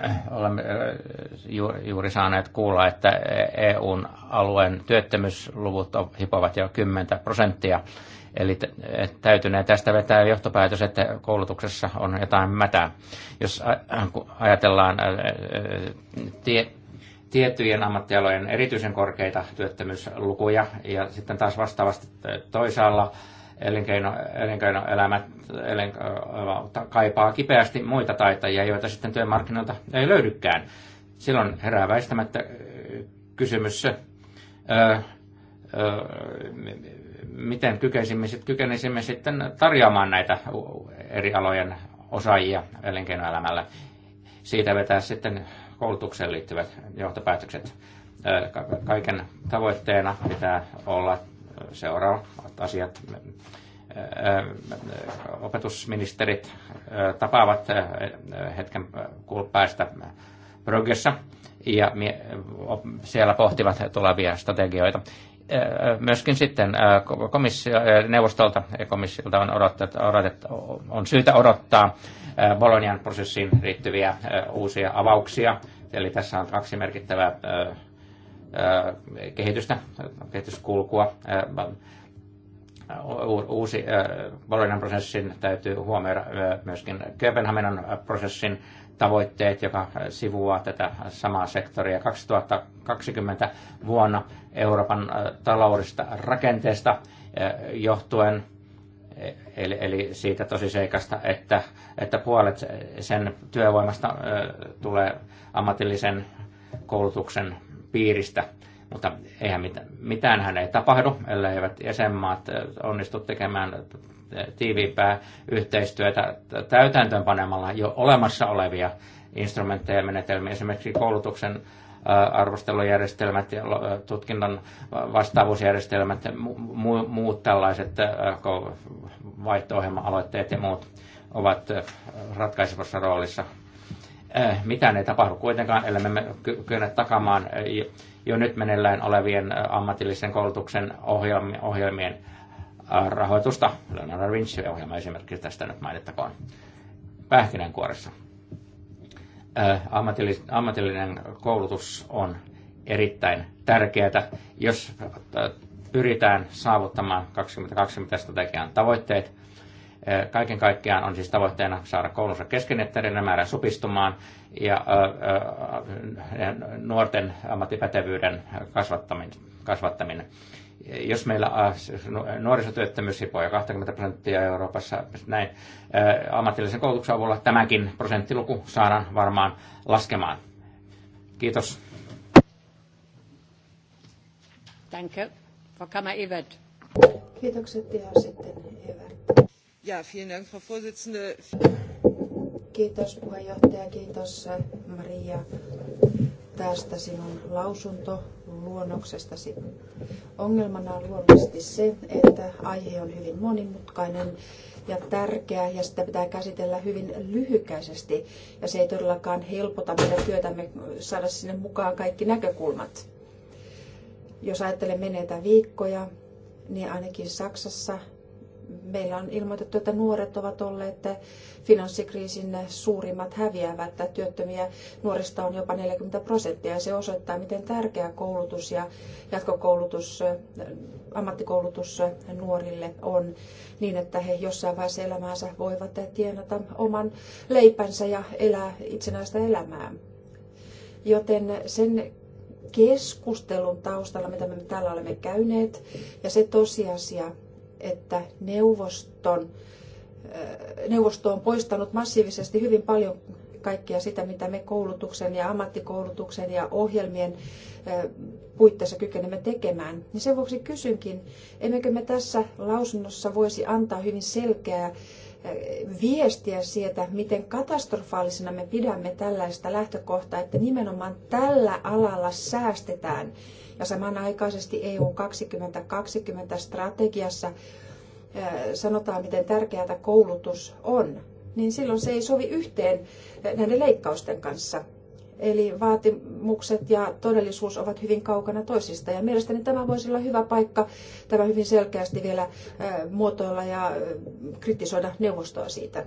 Äh, olemme äh, juuri saaneet kuulla, että EUn e alueen työttömyysluvut hipovat jo 10 prosenttia. Eli täytynee tästä vetää johtopäätös, että koulutuksessa on jotain mätää. Jos äh, ajatellaan tie, tiettyjen ammattialojen erityisen korkeita työttömyyslukuja ja sitten taas vastaavasti toisaalla elinkeino, elinkeinoelämä elin, kaipaa kipeästi muita taitajia, joita sitten työmarkkinoilta ei löydykään. Silloin herää väistämättä kysymys, ö, ö, miten kykenisimme, kykenisimme sitten tarjoamaan näitä eri alojen osaajia elinkeinoelämällä. Siitä vetää sitten koulutukseen liittyvät johtopäätökset. Kaiken tavoitteena pitää olla seuraavat asiat. Opetusministerit tapaavat hetken päästä Brygessä ja siellä pohtivat tulevia strategioita. Myöskin sitten komissio, neuvostolta ja komissiolta on, odottet, odotet, on syytä odottaa Bolonian prosessiin liittyviä uusia avauksia. Eli tässä on kaksi merkittävää kehitystä, kehityskulkua. Uusi Bolognan prosessin täytyy huomioida myöskin Kööpenhaminan prosessin tavoitteet, joka sivuaa tätä samaa sektoria. 2020 vuonna Euroopan taloudesta rakenteesta johtuen, e, eli, siitä siitä tosiseikasta, että, että puolet sen työvoimasta tulee ammatillisen koulutuksen piiristä. Mutta eihän mitään, hän ei tapahdu, eivät jäsenmaat äh, onnistu tekemään äh, tiiviimpää yhteistyötä täytäntöönpanemalla jo olemassa olevia instrumentteja ja menetelmiä, esimerkiksi koulutuksen äh, arvostelujärjestelmät ja tutkinnon vastaavuusjärjestelmät ja muut tällaiset vaihto aloitteet ja muut ovat ratkaisevassa roolissa Äh, mitään ei tapahdu kuitenkaan, ellei me kyllä takamaan äh, jo nyt meneillään olevien äh, ammatillisen koulutuksen ohjelmien rahoitusta. Leonardo Vinci-ohjelma esimerkiksi tästä nyt mainittakoon pähkinänkuoressa. Ammatillinen koulutus on erittäin tärkeää, jos pyritään saavuttamaan 2020 strategian tavoitteet, Kaiken kaikkiaan on siis tavoitteena saada koulunsa keskeyttäneiden määrä supistumaan ja nuorten ammattipätevyyden kasvattaminen. Jos meillä siis nuorisotyöttömyys hipoo jo 20 prosenttia Euroopassa, näin ammatillisen koulutuksen avulla tämäkin prosenttiluku saadaan varmaan laskemaan. Kiitos. Danke. Kiitokset ja sitten Evert. Ja, vielen Dank, Frau Vorsitzende. Kiitos puheenjohtaja, kiitos Maria tästä sinun lausuntoluonnoksestasi. Ongelmana on luonnollisesti se, että aihe on hyvin monimutkainen ja tärkeä ja sitä pitää käsitellä hyvin lyhykäisesti ja se ei todellakaan helpota meidän työtämme saada sinne mukaan kaikki näkökulmat. Jos ajattelemme menetä viikkoja, niin ainakin Saksassa meillä on ilmoitettu, että nuoret ovat olleet finanssikriisin suurimmat häviävät. Työttömiä nuorista on jopa 40 prosenttia ja se osoittaa, miten tärkeä koulutus ja jatkokoulutus, ammattikoulutus nuorille on niin, että he jossain vaiheessa elämäänsä voivat tienata oman leipänsä ja elää itsenäistä elämää. Joten sen keskustelun taustalla, mitä me täällä olemme käyneet, ja se tosiasia, että neuvoston, neuvosto on poistanut massiivisesti hyvin paljon kaikkea sitä, mitä me koulutuksen ja ammattikoulutuksen ja ohjelmien puitteissa kykenemme tekemään. Niin sen vuoksi kysynkin, emmekö me tässä lausunnossa voisi antaa hyvin selkeää viestiä siitä, miten katastrofaalisena me pidämme tällaista lähtökohtaa, että nimenomaan tällä alalla säästetään ja samanaikaisesti EU 2020 strategiassa sanotaan, miten tärkeää koulutus on, niin silloin se ei sovi yhteen näiden leikkausten kanssa. Eli vaatimukset ja todellisuus ovat hyvin kaukana toisista. Ja mielestäni tämä voisi olla hyvä paikka tämä hyvin selkeästi vielä muotoilla ja kritisoida neuvostoa siitä.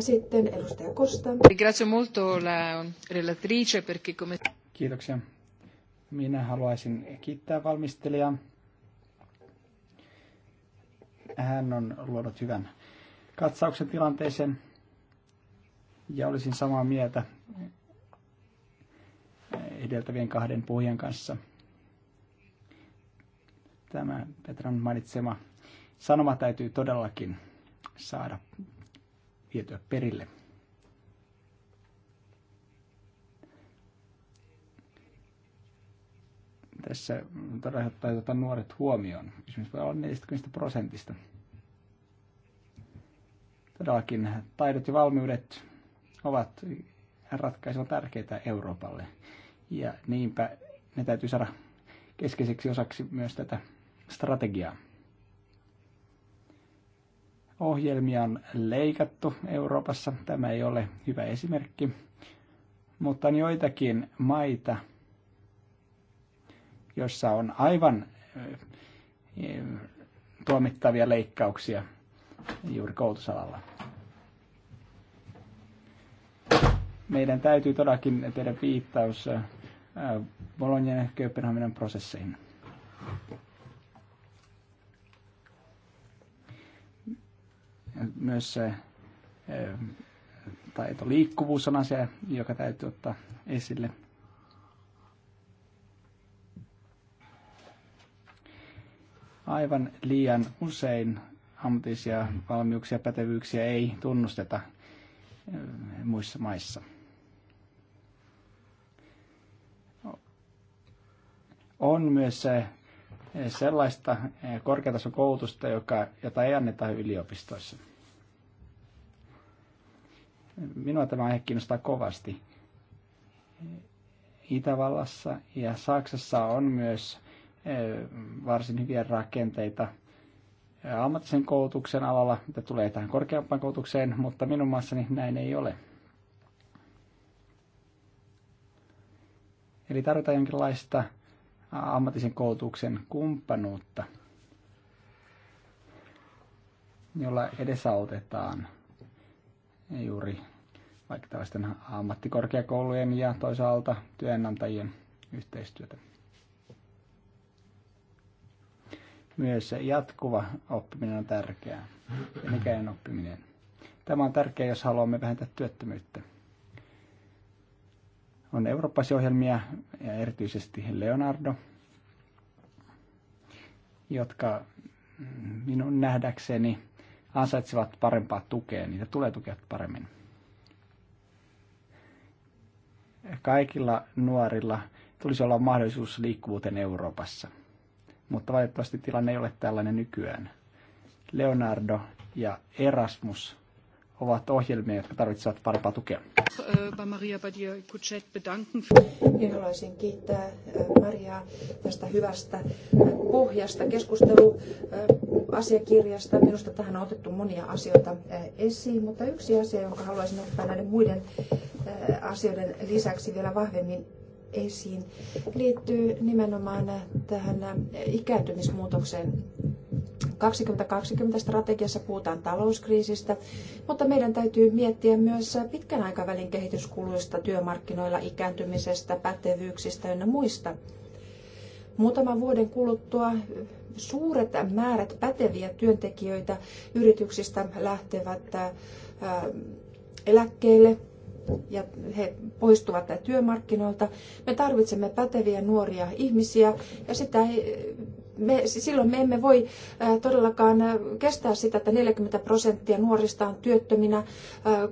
Sitten edustaja Kosta. Ringrazio molto la relatrice perché come... Kiitoksia. Minä haluaisin kiittää valmistelijaa. Hän on luonut hyvän katsauksen tilanteeseen ja olisin samaa mieltä edeltävien kahden puhujan kanssa. Tämä Petran mainitsema sanoma täytyy todellakin saada vietyä perille. se rajoittaa tuota nuoret huomioon. Esimerkiksi voi olla 40 prosentista. Todellakin taidot ja valmiudet ovat ratkaisevan tärkeitä Euroopalle. Ja niinpä ne täytyy saada keskeiseksi osaksi myös tätä strategiaa. Ohjelmia on leikattu Euroopassa. Tämä ei ole hyvä esimerkki, mutta on joitakin maita, jossa on aivan eh, tuomittavia leikkauksia juuri koulutusalalla. Meidän täytyy todellakin tehdä viittaus eh, Bolognan ja Kööpenhaminan prosesseihin. Myös se eh, taito liikkuvuus on asia, joka täytyy ottaa esille – Aivan liian usein ammatillisia valmiuksia ja pätevyyksiä ei tunnusteta eh, muissa maissa. On myös eh, sellaista eh, korkeatason koulutusta, joka, jota ei anneta yliopistoissa. Minua tämä aihe kiinnostaa kovasti. Itävallassa ja Saksassa on myös Eh, varsin hyviä rakenteita eh, ammatillisen koulutuksen alalla, mitä tulee tähän korkeampaan koulutukseen, mutta minun maassani näin ei ole. Eli tarvitaan jonkinlaista ammatisen koulutuksen kumppanuutta, jolla edesautetaan juuri vaikka tällaisten ammattikorkeakoulujen ja toisaalta työnantajien yhteistyötä. myös jatkuva oppiminen on tärkeää, elinikäinen oppiminen. Tämä on tärkeää, jos haluamme vähentää työttömyyttä. On Euroopassa ohjelmia ja erityisesti Leonardo, jotka minun nähdäkseni ansaitsevat parempaa tukea, niitä tulee tukea paremmin. Kaikilla nuorilla tulisi olla mahdollisuus liikkuvuuteen Euroopassa – mutta valitettavasti tilanne ei ole tällainen nykyään. Leonardo ja Erasmus ovat ohjelmia, jotka tarvitsevat parempaa tukea. Minä haluaisin kiittää Mariaa tästä hyvästä pohjasta keskusteluasiakirjasta. Minusta tähän on otettu monia asioita esiin, mutta yksi asia, jonka haluaisin ottaa näiden muiden asioiden lisäksi vielä vahvemmin esiin, liittyy nimenomaan tähän ikääntymismuutokseen. 2020 strategiassa puhutaan talouskriisistä, mutta meidän täytyy miettiä myös pitkän aikavälin kehityskuluista työmarkkinoilla, ikääntymisestä, pätevyyksistä ynnä muista. Muutaman vuoden kuluttua suuret määrät päteviä työntekijöitä yrityksistä lähtevät eläkkeelle ja he poistuvat työmarkkinoilta. Me tarvitsemme päteviä nuoria ihmisiä ja sitä ei, me, silloin me emme voi todellakaan kestää sitä, että 40 prosenttia nuorista on työttöminä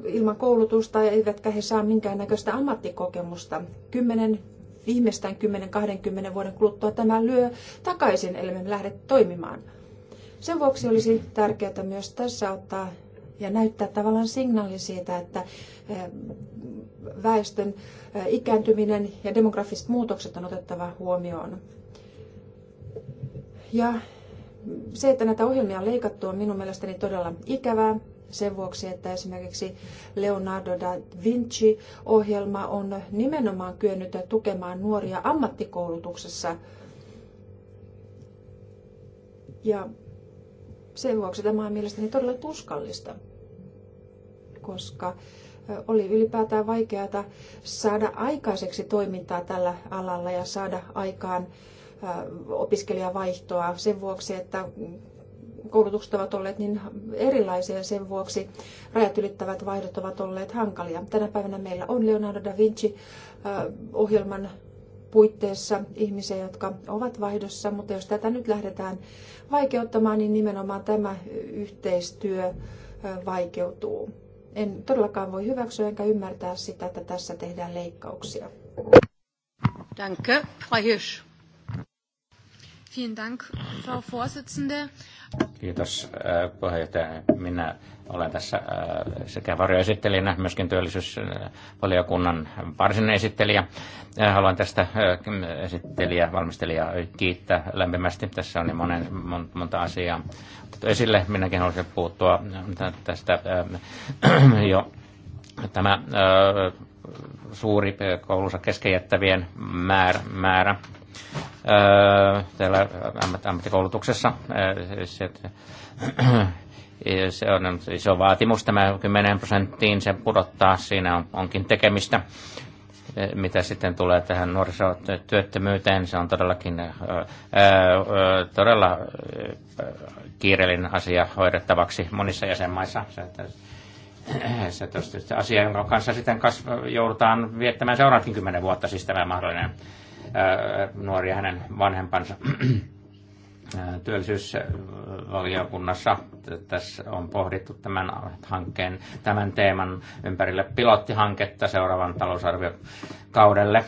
ilman koulutusta, eivätkä he saa minkäännäköistä ammattikokemusta. 10 viimeistään 10-20 vuoden kuluttua tämä lyö takaisin, ellei me lähde toimimaan. Sen vuoksi olisi tärkeää myös tässä ottaa ja näyttää tavallaan signaali siitä, että eh, väestön eh, ikääntyminen ja demografiset muutokset on otettava huomioon. Ja se, että näitä ohjelmia on leikattu, on minun mielestäni todella ikävää sen vuoksi, että esimerkiksi Leonardo da Vinci-ohjelma on nimenomaan kyennyt tukemaan nuoria ammattikoulutuksessa. Ja sen vuoksi tämä on mielestäni todella tuskallista koska oli ylipäätään vaikeaa saada aikaiseksi toimintaa tällä alalla ja saada aikaan opiskelijavaihtoa sen vuoksi, että koulutukset ovat olleet niin erilaisia ja sen vuoksi rajat ylittävät vaihdot ovat olleet hankalia. Tänä päivänä meillä on Leonardo da Vinci-ohjelman puitteissa ihmisiä, jotka ovat vaihdossa, mutta jos tätä nyt lähdetään vaikeuttamaan, niin nimenomaan tämä yhteistyö vaikeutuu en todellakaan voi hyväksyä enkä ymmärtää sitä, että tässä tehdään leikkauksia. Danke, Frau Hirsch. Vielen Dank, Frau Vorsitzende. Kiitos äh, puheenjohtaja. Minä olen tässä äh, sekä varjoesittelijänä, myöskin työllisyysvaliokunnan varsinainen esittelijä. Äh, haluan tästä esittelijä, valmistelijaa kiittää lämpimästi. Tässä on niin monen, monta asiaa otettu esille. Minäkin haluaisin puuttua tästä jo tämä suuri koulunsa keskeyttävien määrä, määrä täällä ammattikoulutuksessa. Se, *clears throat* se on iso vaatimus tämä 10 prosenttiin, se pudottaa, siinä on, onkin tekemistä. Mitä sitten tulee tähän nuorisotyöttömyyteen, se on todellakin ää, todella kiireellinen asia hoidettavaksi monissa jäsenmaissa. Se, *clears throat* se asia, jonka kanssa sitten joudutaan viettämään seuraavankin kymmenen vuotta, siis tämä mahdollinen nuori hänen vanhempansa työllisyysvaliokunnassa tässä on pohdittu tämän hankkeen, tämän teeman ympärille pilottihanketta seuraavan talousarviokaudelle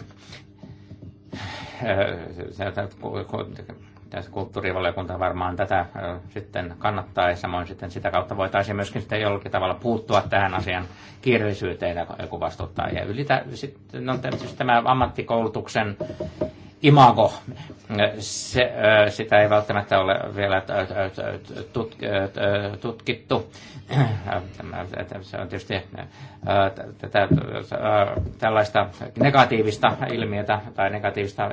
tässä kulttuurivaliokunta varmaan tätä sitten kannattaa ja samoin sitten sitä kautta voitaisiin myöskin sitten jollakin tavalla puuttua tähän asian kiireellisyyteen ja vastuuttaa. Ja ylitä, sitten on tietysti siis tämä ammattikoulutuksen imago, se, sitä ei välttämättä ole vielä tutkittu. *clears throat* Se on tietysti tätä, tällaista negatiivista ilmiötä tai negatiivista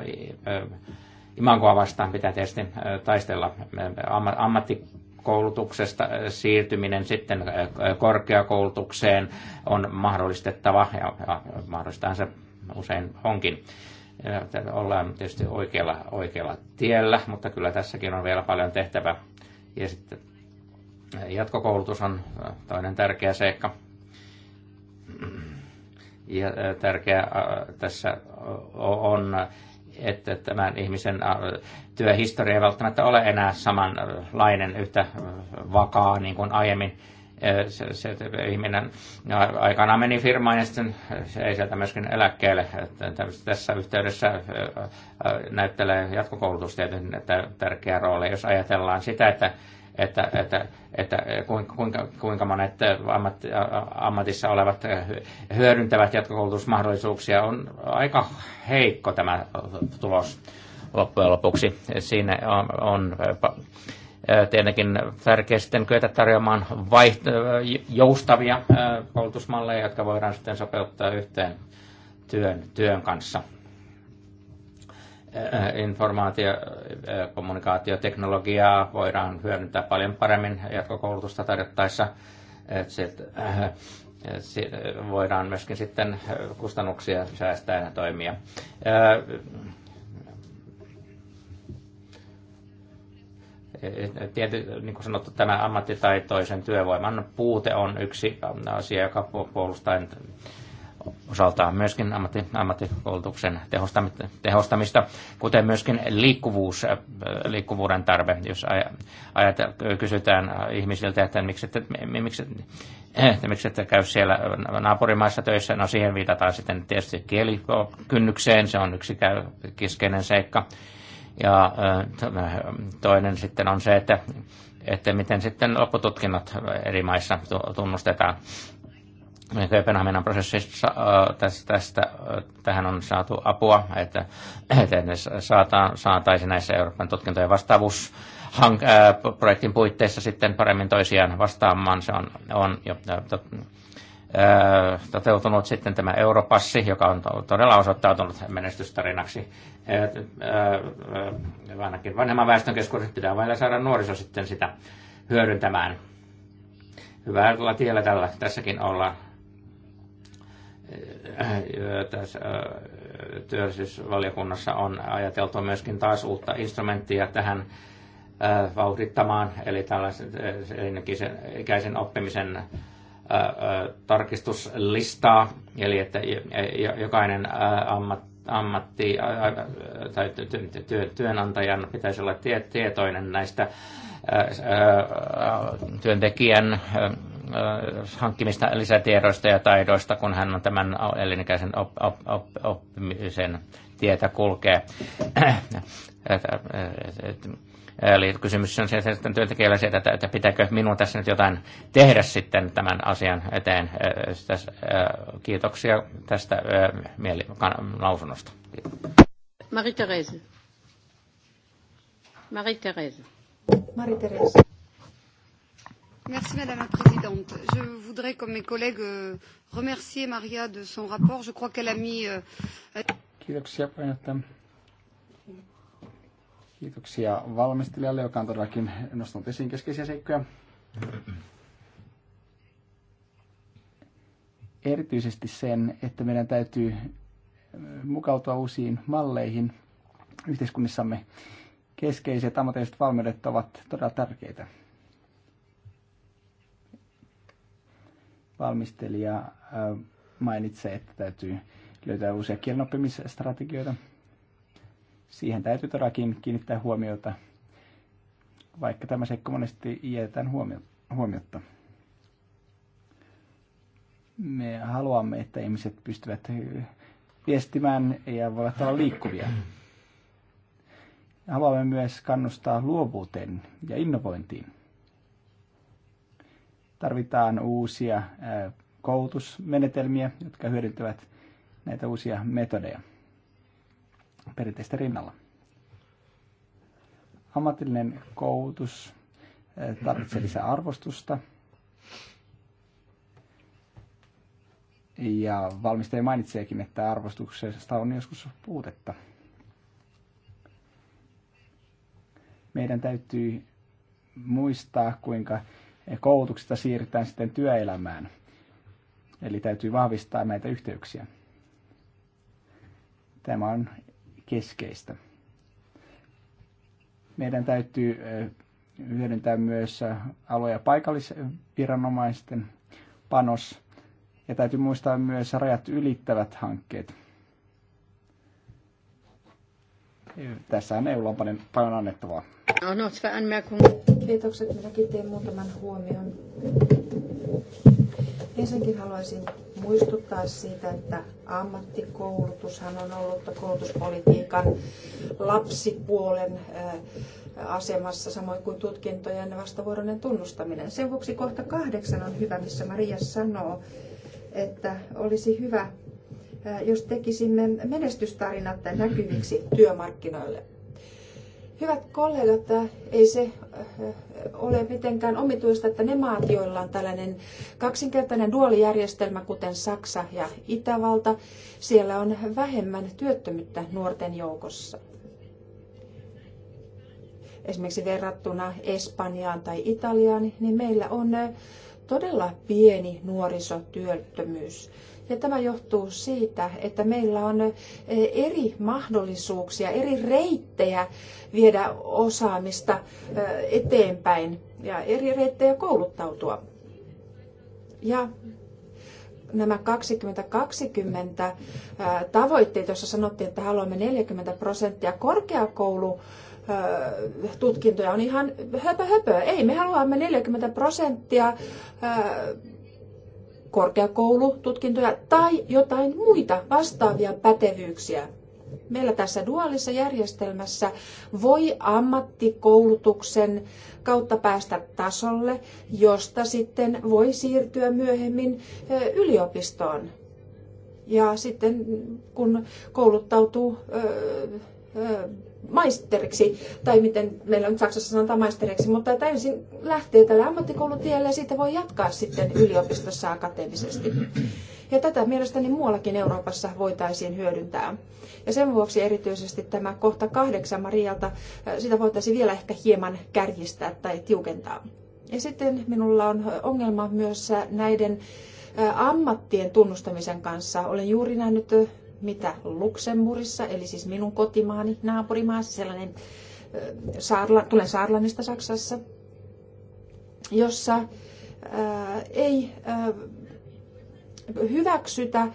imagoa vastaan pitää tietysti taistella. Ammattikoulutuksesta siirtyminen sitten korkeakoulutukseen on mahdollistettava ja, ja se usein onkin. Ollaan tietysti oikealla, oikealla tiellä, mutta kyllä tässäkin on vielä paljon tehtävää. Ja sitten jatkokoulutus on toinen tärkeä seikka. Ja tärkeä tässä on että tämän ihmisen äh, työhistoria ei välttämättä ole enää samanlainen, yhtä äh, vakaa niin kuin aiemmin. Äh, se, se ihminen aikanaan meni firmaan ja sitten se ei sieltä myöskin eläkkeelle. Että tässä yhteydessä näyttelee jatkokoulutus tietenkin tärkeä rooli, jos ajatellaan sitä, että että, että, että kuinka, kuinka monet ammat, ammatissa olevat hyödyntävät jatkokoulutusmahdollisuuksia, on aika heikko tämä tulos loppujen lopuksi. Siinä on, on tietenkin tärkeää sitten kyetä tarjoamaan vaiht- joustavia koulutusmalleja, jotka voidaan sitten sopeuttaa yhteen työn, työn kanssa Äh, informaatio- ja äh, kommunikaatioteknologiaa voidaan hyödyntää paljon paremmin jatkokoulutusta tarjottaessa. Sitten, äh, voidaan myöskin sitten kustannuksia säästäen toimia. Tiety, niin kuin sanottu, tämä ammattitaitoisen työvoiman puute on yksi asia, joka puolustaa osaltaan myöskin ammatti, ammattikoulutuksen tehostamista, tehostamista, kuten myöskin liikkuvuus, äh, liikkuvuuden tarve. Jos ajat, kysytään ihmisiltä, että miksi ette, miksi, eh, että miksi ette käy siellä naapurimaissa töissä, no siihen viitataan sitten tietysti kielikynnykseen, se on yksi keskeinen seikka. Ja äh, toinen sitten on se, että että miten sitten loppututkinnot eri maissa tunnustetaan. Kööpenhaminan prosessissa äh, tästä, tästä, äh, tähän on saatu apua, että, että ne saataan, saataisiin näissä Euroopan tutkintojen vastaavuus hank, äh, projektin puitteissa sitten paremmin toisiaan vastaamaan. Se on, on jo to, ää, toteutunut sitten tämä Europassi, joka on to, todella osoittautunut menestystarinaksi. Ää, ää, ainakin vanhemman väestön keskuudessa pitää vielä saada nuoriso sitten sitä hyödyntämään. Hyvällä tiellä tällä, tässäkin ollaan tässä työllisyysvaliokunnassa on ajateltu myöskin taas uutta instrumenttia tähän vauhdittamaan, eli tällaisen elinikäisen oppimisen tarkistuslistaa, eli että jokainen ammat, ammatti tai työnantajan pitäisi olla tietoinen näistä työntekijän Äh, hankkimista lisätiedoista ja taidoista, kun hän on tämän elinikäisen op, op, op, oppimisen tietä kulkee. Äh, äh, eli kysymys on siellä että työntekijällä se, että, että pitääkö minun tässä nyt jotain tehdä sitten tämän asian eteen. kiitoksia tästä mieli, lausunnosta. marie thérèse marie thérèse marie thérèse Madame la Présidente. Je voudrais, comme mes collègues, euh, remercier Maria de son rapport. Je crois qu'elle a mis... Euh, Kiitoksia puheenjohtaja. Kiitoksia valmistelijalle, joka on todellakin nostanut esiin keskeisiä seikkoja. Erityisesti sen, että meidän täytyy äh, mukautua uusiin malleihin yhteiskunnissamme. Keskeiset ammatilliset valmiudet ovat todella tärkeitä. valmistelija mainitsee, että täytyy löytää uusia kielenoppimisstrategioita. Siihen täytyy todellakin kiinnittää huomiota, vaikka tämä seikka monesti jätetään huomiota. Me haluamme, että ihmiset pystyvät viestimään ja voivat olla liikkuvia. Haluamme myös kannustaa luovuuteen ja innovointiin. Tarvitaan uusia koulutusmenetelmiä, jotka hyödyntävät näitä uusia metodeja perinteistä rinnalla. Ammatillinen koulutus tarvitsee lisää arvostusta. Ja valmistaja mainitseekin, että arvostuksesta on joskus puutetta. Meidän täytyy muistaa, kuinka koulutuksesta siirrytään sitten työelämään. Eli täytyy vahvistaa näitä yhteyksiä. Tämä on keskeistä. Meidän täytyy hyödyntää myös alue- ja paikallisviranomaisten panos. Ja täytyy muistaa myös rajat ylittävät hankkeet. Tässä on eu on paljon, paljon annettavaa. No, no, Kiitokset, minäkin teen muutaman huomion. Ensinnäkin haluaisin muistuttaa siitä, että ammattikoulutushan on ollut koulutuspolitiikan lapsipuolen äh, asemassa, samoin kuin tutkintojen vastavuoroinen tunnustaminen. Sen vuoksi kohta kahdeksan on hyvä, missä Maria sanoo, että olisi hyvä, äh, jos tekisimme menestystarinat näkyviksi työmarkkinoille. Hyvät kollegat, ei se äh, ole mitenkään omituista, että ne maat, joilla on tällainen kaksinkertainen duolijärjestelmä, kuten Saksa ja Itävalta, siellä on vähemmän työttömyyttä nuorten joukossa. Esimerkiksi verrattuna Espanjaan tai Italiaan, niin meillä on äh, todella pieni nuorisotyöttömyys. Ja tämä johtuu siitä, että meillä on e, eri mahdollisuuksia, eri reittejä viedä osaamista e, eteenpäin ja eri reittejä kouluttautua. Ja nämä 2020 e, tavoitteet, joissa sanottiin, että haluamme 40 prosenttia korkeakoulu tutkintoja on ihan höpö höpö. Ei, me haluamme 40 prosenttia korkeakoulututkintoja tai jotain muita vastaavia pätevyyksiä. Meillä tässä duaalissa järjestelmässä voi ammattikoulutuksen kautta päästä tasolle, josta sitten voi siirtyä myöhemmin yliopistoon. Ja sitten kun kouluttautuu maisteriksi, tai miten meillä on Saksassa sanotaan maisteriksi, mutta että ensin lähtee tällä ammattikoulutiellä ja siitä voi jatkaa sitten yliopistossa akateemisesti. Ja tätä mielestäni muuallakin Euroopassa voitaisiin hyödyntää. Ja sen vuoksi erityisesti tämä kohta kahdeksan Marialta, sitä voitaisiin vielä ehkä hieman kärjistää tai tiukentaa. Ja sitten minulla on ongelma myös näiden ammattien tunnustamisen kanssa. Olen juuri nähnyt mitä Luxemburissa, eli siis minun kotimaani, naapurimaassa, sellainen saarla, tulen Saarlannista Saksassa, jossa ää, ei ää, hyväksytä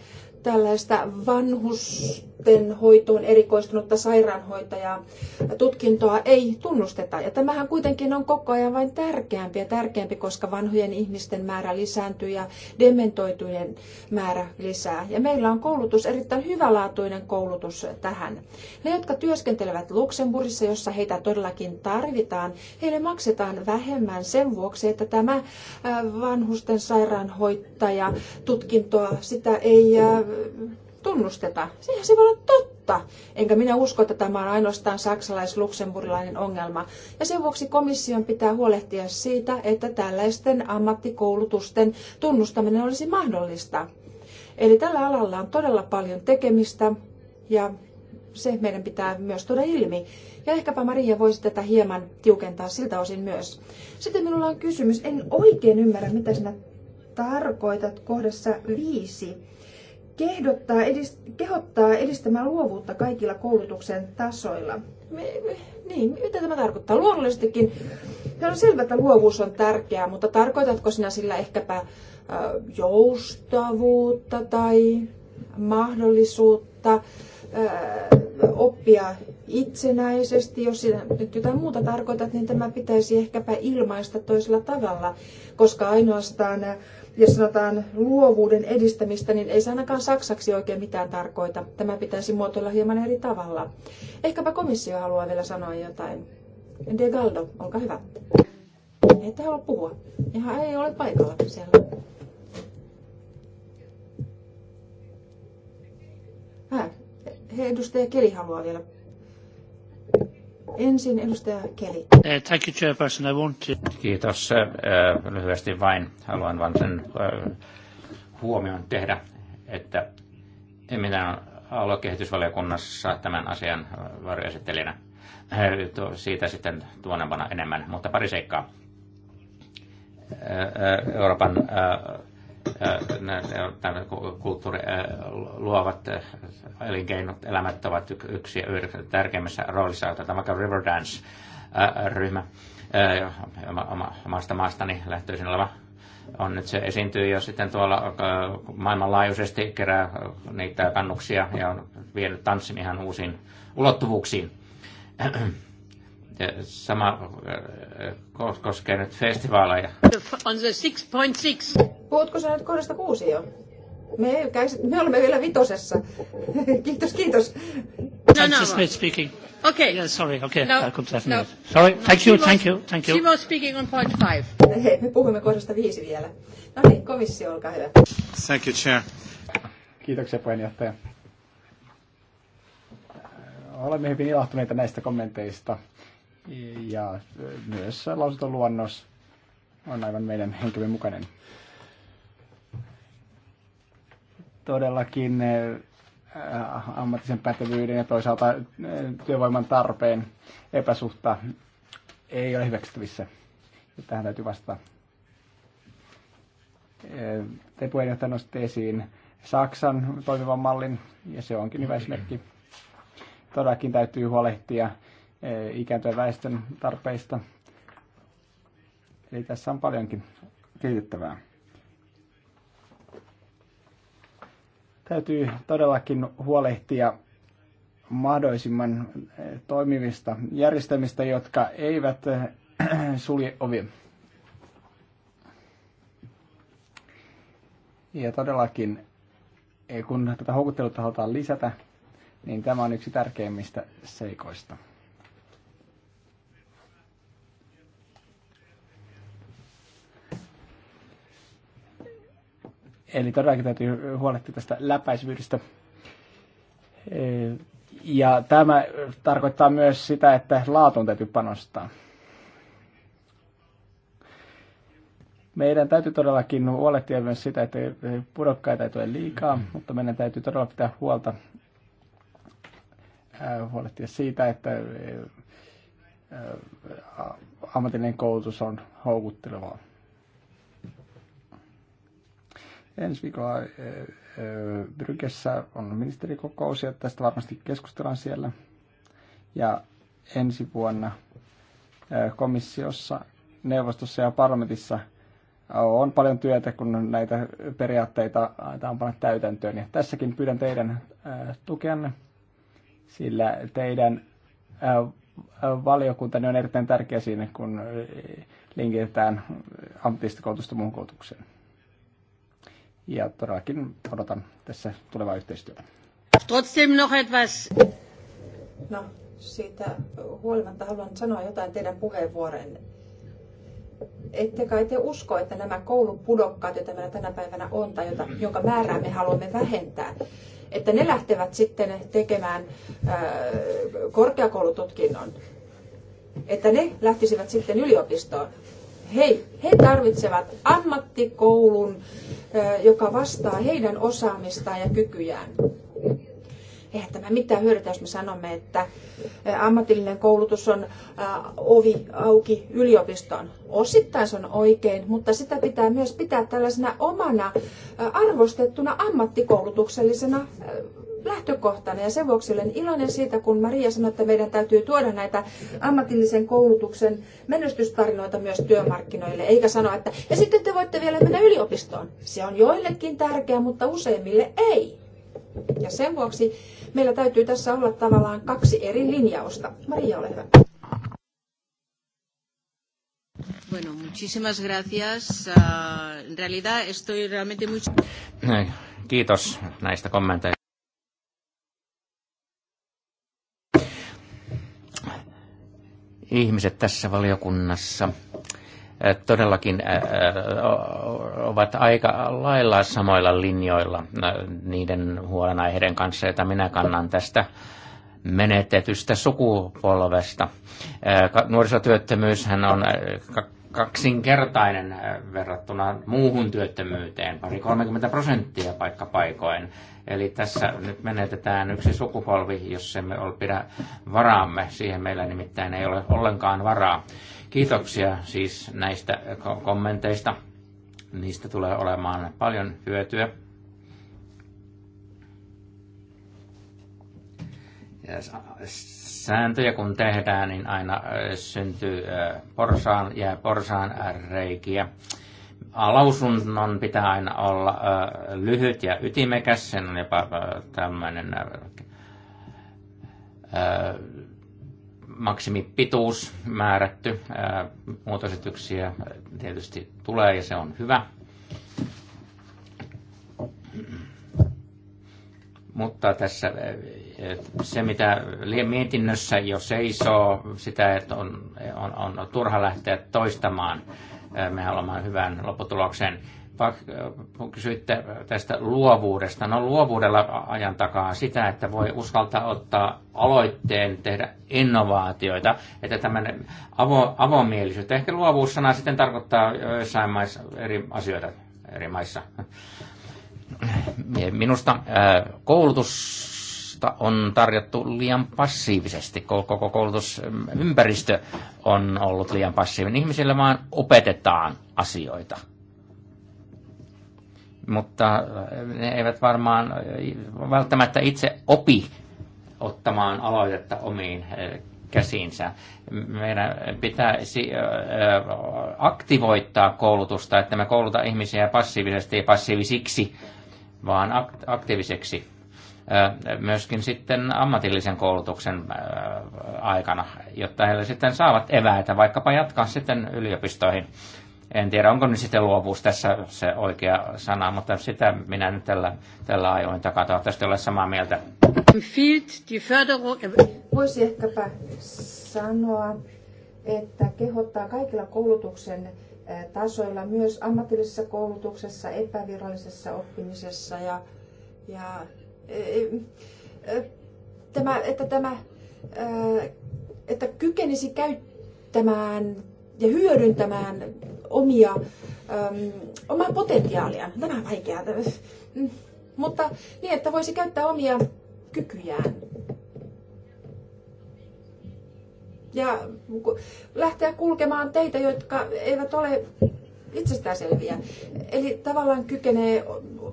tällaista vanhus, lastenhoitoon erikoistunutta sairaanhoitajaa tutkintoa ei tunnusteta. Ja tämähän kuitenkin on koko ajan vain tärkeämpi ja tärkeämpi, koska vanhojen ihmisten määrä lisääntyy ja dementoitujen määrä lisää. Ja meillä on koulutus, erittäin hyvälaatuinen koulutus tähän. Ne, jotka työskentelevät Luxemburgissa, jossa heitä todellakin tarvitaan, heille maksetaan vähemmän sen vuoksi, että tämä äh, vanhusten sairaanhoitaja tutkintoa sitä ei äh, tunnusteta. Sehän se voi olla totta. Enkä minä usko, että tämä on ainoastaan saksalais-luksemburilainen ongelma. Ja sen vuoksi komission pitää huolehtia siitä, että tällaisten ammattikoulutusten tunnustaminen olisi mahdollista. Eli tällä alalla on todella paljon tekemistä ja se meidän pitää myös tuoda ilmi. Ja ehkäpä Maria voisi tätä hieman tiukentaa siltä osin myös. Sitten minulla on kysymys. En oikein ymmärrä, mitä sinä tarkoitat kohdassa viisi kehdottaa, edist, kehottaa edistämään luovuutta kaikilla koulutuksen tasoilla. Me, me, niin, mitä tämä tarkoittaa? Luonnollisestikin, se on selvää, että luovuus on tärkeää, mutta tarkoitatko sinä sillä ehkäpä joustavuutta tai mahdollisuutta oppia itsenäisesti. Jos sinä nyt jotain muuta tarkoitat, niin tämä pitäisi ehkäpä ilmaista toisella tavalla, koska ainoastaan jos sanotaan luovuuden edistämistä, niin ei se ainakaan saksaksi oikein mitään tarkoita. Tämä pitäisi muotoilla hieman eri tavalla. Ehkäpä komissio haluaa vielä sanoa jotain. De Galdo, olkaa hyvä. Ette halua puhua. Ihan ei ole paikalla siellä. Hää. Äh, he edustaja Keli haluaa vielä Ensin edustaja Keli. Uh, thank you, Chairperson. I want to... Kiitos. Uh, lyhyesti vain haluan vain sen uh, huomion tehdä, että minä olen kehitysvaliokunnassa tämän asian varjoesittelijänä. Siitä sitten tuonempana enemmän, mutta pari seikkaa. Euroopan kulttuuri, luovat elinkeinot, elämät ovat yksi tärkeimmässä roolissa. Otetaan vaikka Riverdance-ryhmä omasta maastani lähtöisin oleva on nyt se esiintyy jo sitten tuolla maailmanlaajuisesti, kerää niitä kannuksia ja on vienyt tanssin ihan uusiin ulottuvuuksiin. Ja sama äh, koskee nyt festivaaleja. On se 6.6. Puhutko sä nyt kohdasta kuusi jo? Me, käy, me olemme vielä vitosessa. *laughs* kiitos, kiitos. No, no. Smith speaking. Okay. Yeah, sorry, okay. No, I couldn't no. Sorry, no, thank you, was, thank you, thank you. She was speaking on point five. Hei, me puhumme kohdasta viisi vielä. No niin, komissio, olkaa hyvä. Thank you, Chair. Kiitoksia puheenjohtaja. Olemme hyvin ilahtuneita näistä kommenteista ja myös lausuntoluonnos on aivan meidän henkilön mukainen. Todellakin äh, ammatisen pätevyyden ja toisaalta äh, työvoiman tarpeen epäsuhta ei ole hyväksyttävissä. Tähän täytyy vastata. Äh, te puheenjohtaja nosti esiin Saksan toimivan mallin ja se onkin hyvä esimerkki. Todellakin täytyy huolehtia Eh, ikääntyvän väestön tarpeista. Eli tässä on paljonkin kehitettävää. Täytyy todellakin huolehtia mahdollisimman eh, toimivista järjestelmistä, jotka eivät eh, *clears throat* sulje ovia. Ja todellakin, kun tätä houkuttelutta halutaan lisätä, niin tämä on yksi tärkeimmistä seikoista. Eli todellakin täytyy huolehtia tästä läpäisyydestä. E, ja tämä tarkoittaa myös sitä, että laatuun täytyy panostaa. Meidän täytyy todellakin huolehtia myös sitä, että pudokkaita ei tule liikaa, mutta meidän täytyy todella pitää huolta huolehtia siitä, että ammatillinen koulutus on houkuttelevaa. Ensi viikolla eh, eh, Brygessä on ministerikokous ja tästä varmasti keskustellaan siellä. Ja ensi vuonna eh, komissiossa, neuvostossa ja parlamentissa on paljon työtä, kun näitä periaatteita aletaan panna täytäntöön. Ja tässäkin pyydän teidän tukenne, sillä teidän valiokunta on erittäin tärkeä siinä, kun linkitetään ammatillista koulutusta muuhun koulutukseen. Ja todellakin odotan tässä tulevaa yhteistyötä. Trotzdem noch etwas. No, siitä huolimatta haluan sanoa jotain teidän puheenvuorenne. Ette kai te usko, että nämä koulupudokkaat, joita meillä tänä päivänä on tai jota, jonka määrää me haluamme vähentää, että ne lähtevät sitten tekemään ää, äh, korkeakoulututkinnon, että ne lähtisivät sitten yliopistoon he, he tarvitsevat ammattikoulun, joka vastaa heidän osaamistaan ja kykyjään. Eihän tämä mitään hyödytä, jos me sanomme, että ammatillinen koulutus on ovi auki yliopistoon. Osittain se on oikein, mutta sitä pitää myös pitää tällaisena omana arvostettuna ammattikoulutuksellisena lähtökohtana. Ja sen vuoksi olen iloinen siitä, kun Maria sanoi, että meidän täytyy tuoda näitä ammatillisen koulutuksen menestystarinoita myös työmarkkinoille, eikä sanoa, että ja sitten te voitte vielä mennä yliopistoon. Se on joillekin tärkeää, mutta useimmille ei. Ja sen vuoksi meillä täytyy tässä olla tavallaan kaksi eri linjausta. Maria, ole hyvä. Bueno, muchísimas gracias. Uh, en realidad estoy realmente muy... Kiitos näistä kommenteista. ihmiset tässä valiokunnassa todellakin ovat aika lailla samoilla linjoilla niiden huolenaiheiden kanssa, joita minä kannan tästä menetetystä sukupolvesta. Nuorisotyöttömyyshän on kaksinkertainen äh, verrattuna muuhun työttömyyteen, pari 30 prosenttia paikkapaikoin. Eli tässä nyt menetetään yksi sukupolvi, jos emme ole pidä varaamme. Siihen meillä nimittäin ei ole ollenkaan varaa. Kiitoksia siis näistä kommenteista. Niistä tulee olemaan paljon hyötyä. Yes sääntöjä kun tehdään, niin aina syntyy porsaan, jää porsaan reikiä. Lausunnon pitää aina olla lyhyt ja ytimekäs, sen on jopa tämmöinen maksimipituus määrätty. Muutosityksiä tietysti tulee ja se on hyvä. Mutta tässä eh, se, mitä mietinnössä jo seisoo, sitä että on, on, on turha lähteä toistamaan. Eh, me haluamme hyvän lopputuloksen eh, kysyitte tästä luovuudesta. No luovuudella ajan takaa sitä, että voi uskaltaa ottaa aloitteen, tehdä innovaatioita, että tämmöinen avo, avomielisyys, ehkä luovuussana sitten tarkoittaa joissain maissa eri asioita eri maissa. Minusta koulutusta on tarjottu liian passiivisesti. Koko koulutusympäristö on ollut liian passiivinen. Ihmisille vaan opetetaan asioita mutta ne eivät varmaan välttämättä itse opi ottamaan aloitetta omiin käsiinsä. Meidän pitäisi aktivoittaa koulutusta, että me kouluta ihmisiä passiivisesti ja passiivisiksi vaan aktiiviseksi myöskin sitten ammatillisen koulutuksen aikana, jotta heille sitten saavat eväitä vaikkapa jatkaa sitten yliopistoihin. En tiedä, onko nyt sitten luovuus tässä se oikea sana, mutta sitä minä nyt tällä, tällä ajoin takaa tästä ole samaa mieltä. Voisi ehkäpä sanoa, että kehottaa kaikilla koulutuksen tasoilla, myös ammatillisessa koulutuksessa, epävirallisessa oppimisessa ja, ja tämä, että, tämä, että kykenisi käyttämään ja hyödyntämään omia, omaa potentiaalia. Tämä on vaikeaa. Mm. Mutta niin, että voisi käyttää omia kykyjään. ja lähteä kulkemaan teitä, jotka eivät ole itsestäänselviä. Eli tavallaan kykenee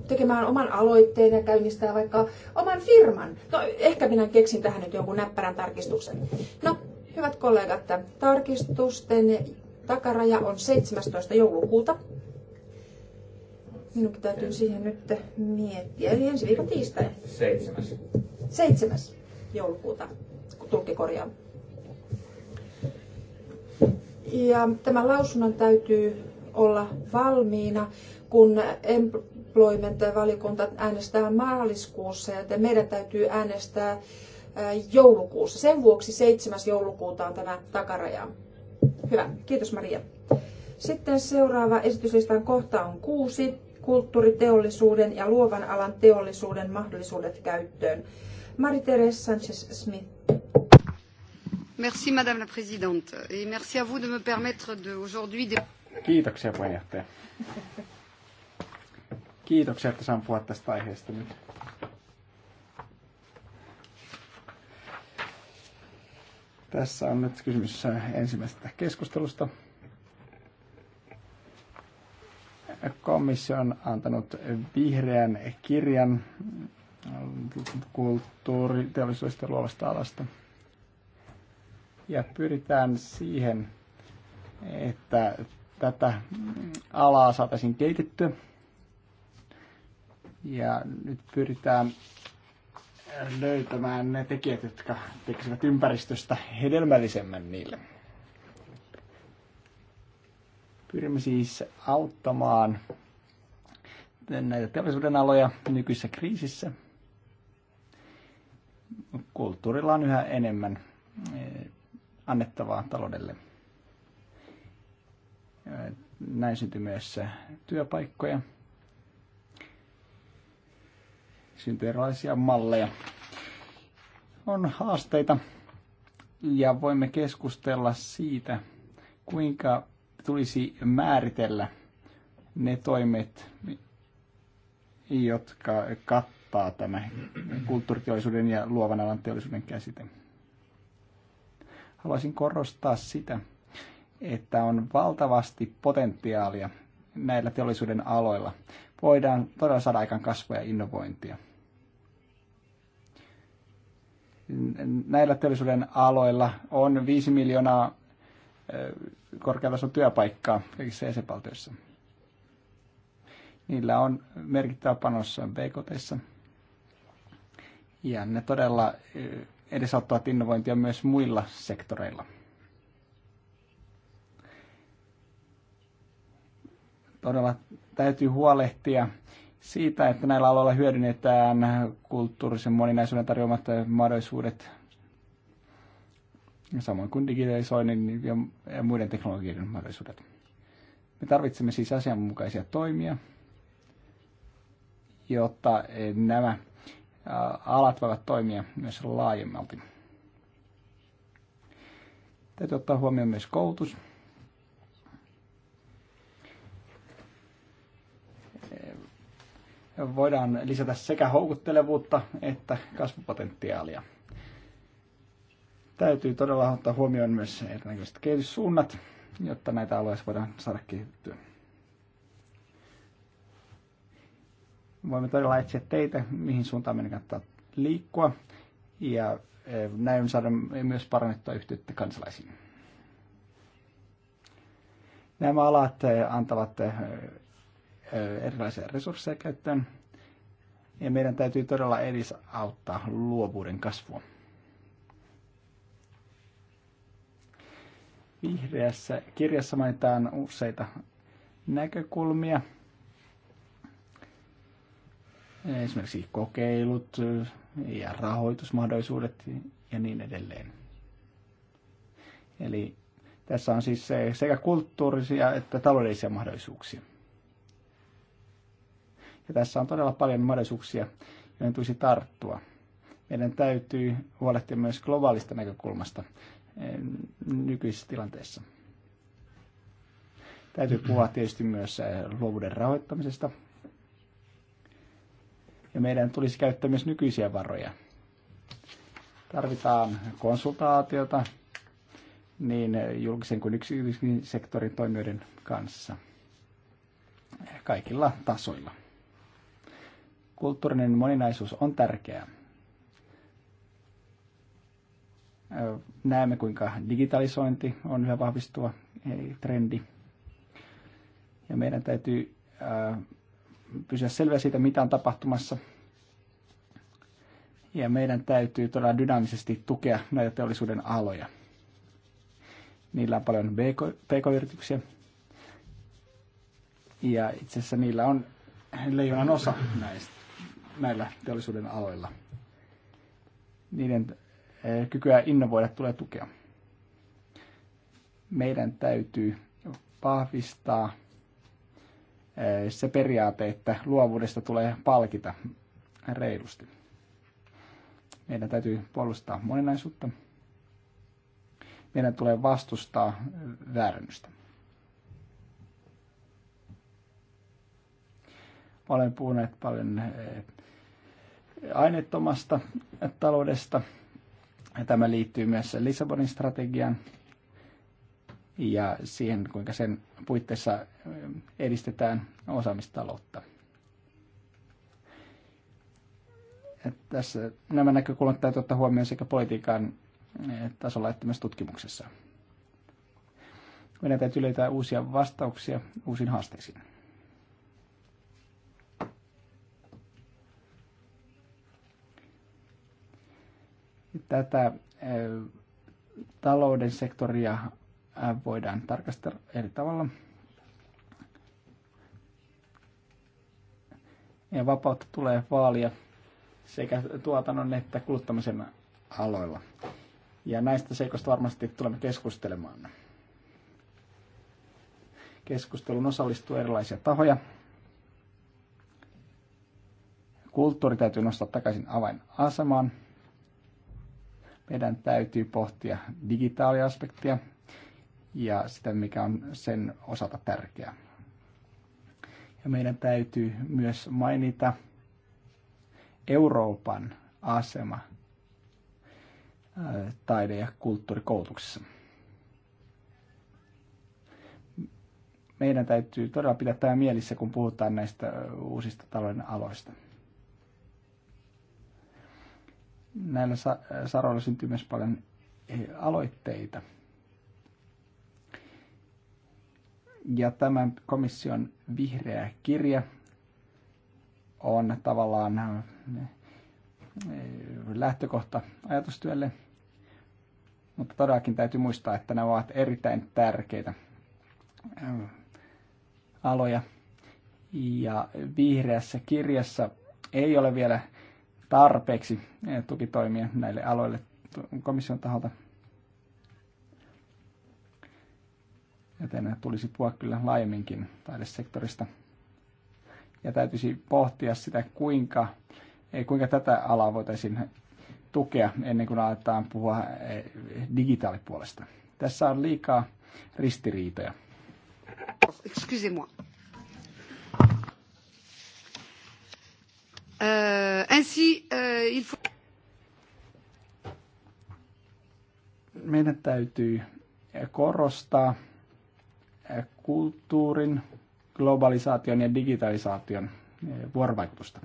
tekemään oman aloitteen ja käynnistää vaikka oman firman. No ehkä minä keksin tähän nyt jonkun näppärän tarkistuksen. No, hyvät kollegat, tarkistusten takaraja on 17. joulukuuta. Minun täytyy siihen nyt miettiä. Eli ensi viikon tiistai. Seitsemäs. Seitsemäs joulukuuta, kun tulkki korjaa. Ja tämän lausunnon täytyy olla valmiina, kun employment-valikunta äänestää maaliskuussa, joten meidän täytyy äänestää joulukuussa. Sen vuoksi 7. joulukuuta on tämä takaraja. Hyvä, kiitos Maria. Sitten seuraava esityslistan kohta on kuusi. Kulttuuriteollisuuden ja luovan alan teollisuuden mahdollisuudet käyttöön. Marie-Therese Sanchez-Smith Madame la Présidente et merci à vous de me permettre de, aujourd'hui de... Kiitoksia puheenjohtaja. Kiitoksia, että saan puhua tästä aiheesta nyt. Tässä on nyt kysymys ensimmäisestä keskustelusta. Komissio on antanut vihreän kirjan kulttuuriteollisuudesta luovasta alasta – ja pyritään siihen, että tätä alaa saataisiin kehitettyä. Ja nyt pyritään löytämään ne tekijät, jotka tekisivät ympäristöstä hedelmällisemmän niille. Pyrimme siis auttamaan näitä teollisuuden aloja nykyisessä kriisissä. Kulttuurilla on yhä enemmän annettavaa taloudelle. Näin syntyi myös työpaikkoja. Syntyi erilaisia malleja. On haasteita ja voimme keskustella siitä, kuinka tulisi määritellä ne toimet, jotka kattaa tämä kulttuuriteollisuuden ja luovan alan teollisuuden käsite. Haluaisin korostaa sitä, että on valtavasti potentiaalia näillä teollisuuden aloilla. Voidaan todella saada aikaan kasvua ja innovointia. Näillä teollisuuden aloilla on 5 miljoonaa korkeatason työpaikkaa kaikissa jäsenvaltioissa. Niillä on merkittävä panos BKT. Ja ne todella edesauttavat innovointia myös muilla sektoreilla. Todella täytyy huolehtia siitä, että näillä aloilla hyödynnetään kulttuurisen moninaisuuden tarjoamat mahdollisuudet samoin kuin digitalisoinnin ja muiden teknologioiden mahdollisuudet. Me tarvitsemme siis asianmukaisia toimia, jotta nämä alat voivat toimia myös laajemmalti. Täytyy ottaa huomioon myös koulutus. Voidaan lisätä sekä houkuttelevuutta että kasvupotentiaalia. Täytyy todella ottaa huomioon myös erinäköiset kehityssuunnat, jotta näitä alueita voidaan saada kehittyä. voimme todella etsiä teitä, mihin suuntaan meidän kannattaa liikkua ja e, näin saada myös parannettua yhteyttä kansalaisiin. Nämä alat e, antavat e, erilaisia resursseja käyttöön ja meidän täytyy todella edesauttaa luovuuden kasvua. Vihreässä kirjassa mainitaan useita näkökulmia esimerkiksi kokeilut ja rahoitusmahdollisuudet ja niin edelleen. Eli tässä on siis sekä kulttuurisia että taloudellisia mahdollisuuksia. Ja tässä on todella paljon mahdollisuuksia, joihin tulisi tarttua. Meidän täytyy huolehtia myös globaalista näkökulmasta nykyisessä tilanteessa. Täytyy puhua tietysti myös luovuuden rahoittamisesta, ja meidän tulisi käyttää myös nykyisiä varoja. Tarvitaan konsultaatiota niin julkisen kuin yksityisen sektorin toimijoiden kanssa kaikilla tasoilla. Kulttuurinen moninaisuus on tärkeää. Näemme, kuinka digitalisointi on yhä vahvistuva trendi. Ja meidän täytyy pysyä selvä siitä, mitä on tapahtumassa. Ja meidän täytyy todella dynaamisesti tukea näitä teollisuuden aloja. Niillä on paljon pk-yrityksiä. Ja itse asiassa niillä on leijonan osa näistä, näillä teollisuuden aloilla. Niiden eh, kykyä innovoida tulee tukea. Meidän täytyy vahvistaa se periaate, että luovuudesta tulee palkita reilusti. Meidän täytyy puolustaa moninaisuutta. Meidän tulee vastustaa väärännystä. Olen puhunut paljon eh, aineettomasta taloudesta. Tämä liittyy myös Lissabonin strategiaan ja siihen, kuinka sen puitteissa ähm, edistetään osaamistaloutta. Että tässä nämä näkökulmat täytyy ottaa huomioon sekä politiikan äh, tasolla että myös tutkimuksessa. Meidän täytyy löytää uusia vastauksia uusiin haasteisiin. Tätä äh, talouden sektoria voidaan tarkastella eri tavalla. Ja vapautta tulee vaalia sekä tuotannon että kuluttamisen aloilla. Ja näistä seikoista varmasti tulemme keskustelemaan. Keskustelun osallistuu erilaisia tahoja. Kulttuuri täytyy nostaa takaisin avainasemaan. Meidän täytyy pohtia digitaaliaspektia ja sitä, mikä on sen osalta tärkeää. Ja meidän täytyy myös mainita Euroopan asema äh, taide- ja kulttuurikoulutuksessa. Meidän täytyy todella pitää tämä mielessä, kun puhutaan näistä uusista talouden aloista. Näillä saroilla syntyy myös paljon eh, aloitteita, Ja tämän komission vihreä kirja on tavallaan äh, äh, lähtökohta ajatustyölle, mutta todellakin täytyy muistaa, että nämä ovat erittäin tärkeitä äh, aloja. Ja vihreässä kirjassa ei ole vielä tarpeeksi tukitoimia näille aloille komission taholta, Joten tulisi puhua kyllä laajemminkin taidesektorista. Ja täytyisi pohtia sitä, kuinka, eh, kuinka tätä alaa voitaisiin tukea ennen kuin aletaan puhua eh, digitaalipuolesta. Tässä on liikaa ristiriitoja. Excusez-moi. Euh, ainsi, euh, il faut... Meidän täytyy korostaa kulttuurin, globalisaation ja digitalisaation eh, vuorovaikutusta.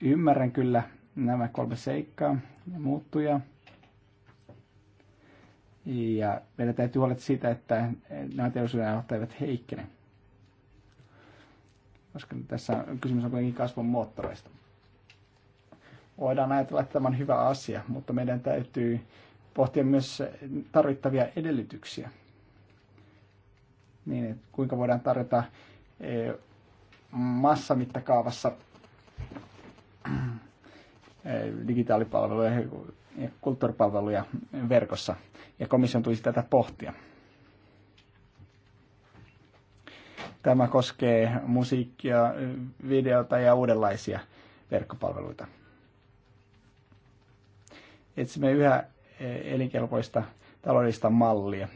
Ymmärrän kyllä nämä kolme seikkaa ja muuttuja. Ja meidän täytyy huolehtia siitä, että nämä teollisuuden eivät heikkene. Koska tässä kysymys on kuitenkin kasvun moottoreista voidaan ajatella, että tämä on hyvä asia, mutta meidän täytyy pohtia myös tarvittavia edellytyksiä. Niin, että kuinka voidaan tarjota e, massamittakaavassa e, digitaalipalveluja ja kulttuuripalveluja verkossa, ja komission tulisi tätä pohtia. Tämä koskee musiikkia, videota ja uudenlaisia verkkopalveluita etsimme yhä e, elinkelpoista taloudellista mallia.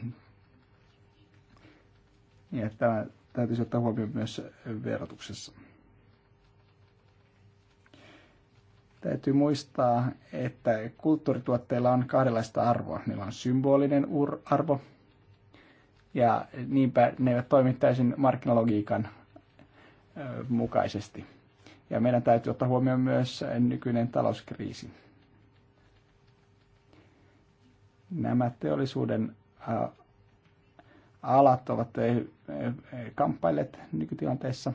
Ja tämä täytyisi ottaa huomioon myös verotuksessa. Täytyy muistaa, että kulttuurituotteilla on kahdenlaista arvoa. Niillä on symbolinen arvo, ja niinpä ne eivät toimi täysin markkinalogiikan mukaisesti. Ja meidän täytyy ottaa huomioon myös nykyinen talouskriisi nämä teollisuuden alat ovat kamppailleet nykytilanteessa.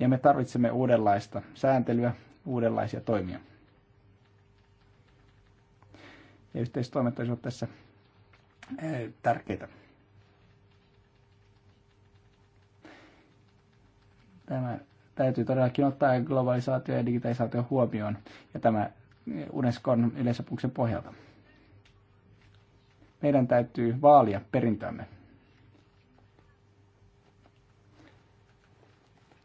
Ja me tarvitsemme uudenlaista sääntelyä, uudenlaisia toimia. Ja yhteistoimet olisivat tässä tärkeitä. Tämä täytyy todellakin ottaa globalisaatio ja digitalisaatio huomioon ja tämä Unescon yleisopimuksen pohjalta. Meidän täytyy vaalia perintömme.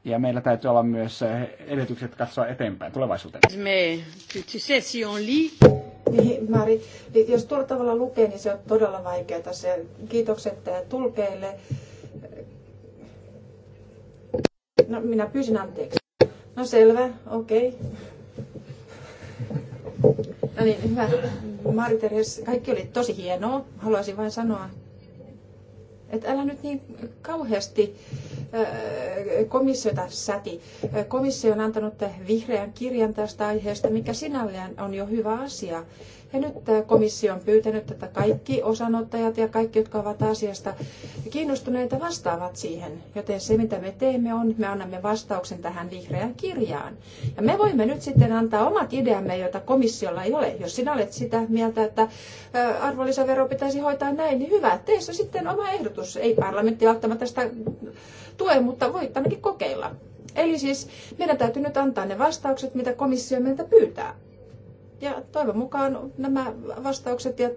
Ja meillä täytyy olla myös eh, edellytykset katsoa eteenpäin tulevaisuuteen. Me, tu sais, si on li. Niin, Mari, jos tuolla tavalla lukee, niin se on todella vaikeaa. Se, kiitokset eh, tulkeille. No, minä pyysin anteeksi. No selvä, okei. Okay. No niin, hyvä. Mari Teres, kaikki oli tosi hienoa. Haluaisin vain sanoa, että älä nyt niin kauheasti äh, komissiota säti. Komissio on antanut vihreän kirjan tästä aiheesta, mikä sinällään on jo hyvä asia. Ja nyt komissio on pyytänyt, että kaikki osanottajat ja kaikki, jotka ovat asiasta kiinnostuneita, vastaavat siihen. Joten se, mitä me teemme, on, me annamme vastauksen tähän vihreään kirjaan. Ja me voimme nyt sitten antaa omat ideamme, joita komissiolla ei ole. Jos sinä olet sitä mieltä, että arvonlisävero pitäisi hoitaa näin, niin hyvä, tee se sitten oma ehdotus. Ei parlamentti välttämättä sitä tue, mutta voit ainakin kokeilla. Eli siis meidän täytyy nyt antaa ne vastaukset, mitä komissio meiltä pyytää. Ja toivon mukaan nämä vastaukset ja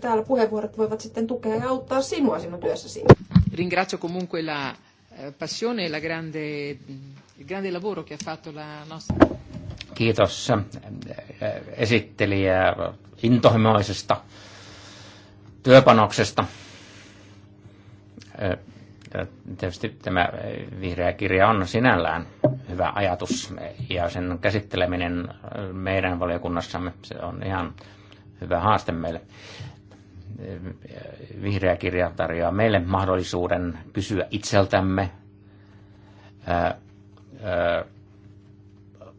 täällä puheenvuorot voivat sitten tukea ja auttaa sinua sinun työssäsi. Ringrazio comunque la eh, passione e la grande, il grande lavoro che ha fatto la nostra... Kiitos eh, eh, esittelijä intohimoisesta työpanoksesta Tietysti tämä vihreä kirja on sinällään hyvä ajatus ja sen käsitteleminen meidän valiokunnassamme se on ihan hyvä haaste meille. Vihreä kirja tarjoaa meille mahdollisuuden kysyä itseltämme,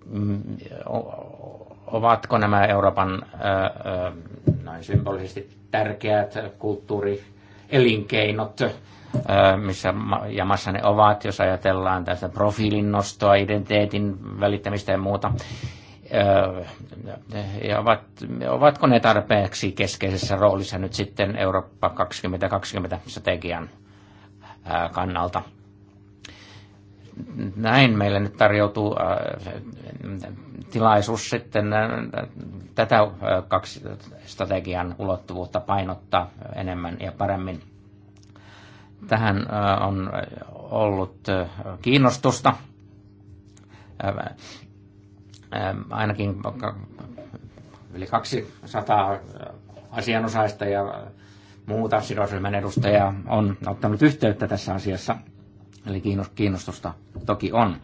mm, ovatko nämä Euroopan noin symbolisesti tärkeät kulttuurielinkeinot, elinkeinot missä ja massa ne ovat, jos ajatellaan tästä profiilin nostoa, identiteetin välittämistä ja muuta. Ja ovat, ovatko ne tarpeeksi keskeisessä roolissa nyt sitten Eurooppa 2020 strategian kannalta? Näin meille nyt tarjoutuu tilaisuus sitten tätä kaksi strategian ulottuvuutta painottaa enemmän ja paremmin Tähän äh, on ollut äh, kiinnostusta. Äh, ainakin yli 200 asianosaista ja muuta sidosryhmän edustajaa on ottanut yhteyttä tässä asiassa. Eli kiinnostusta toki on.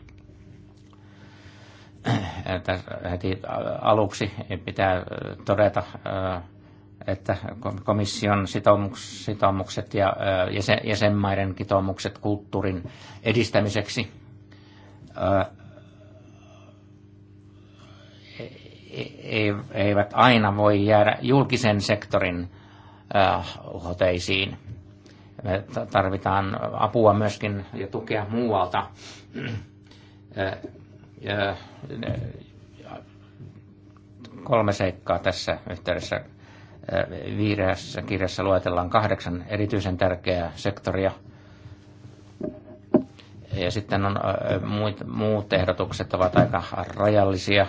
Tässä heti aluksi pitää todeta että komission sitoumukset ja jäsenmaiden sitoumukset kulttuurin edistämiseksi e-, e-, e-, eivät aina voi jäädä julkisen sektorin hoteisiin. Me tarvitaan apua myöskin ja tukea muualta kolme seikkaa tässä yhteydessä Vihreässä kirjassa luetellaan kahdeksan erityisen tärkeää sektoria. Ja sitten on muut, muut ehdotukset ovat aika rajallisia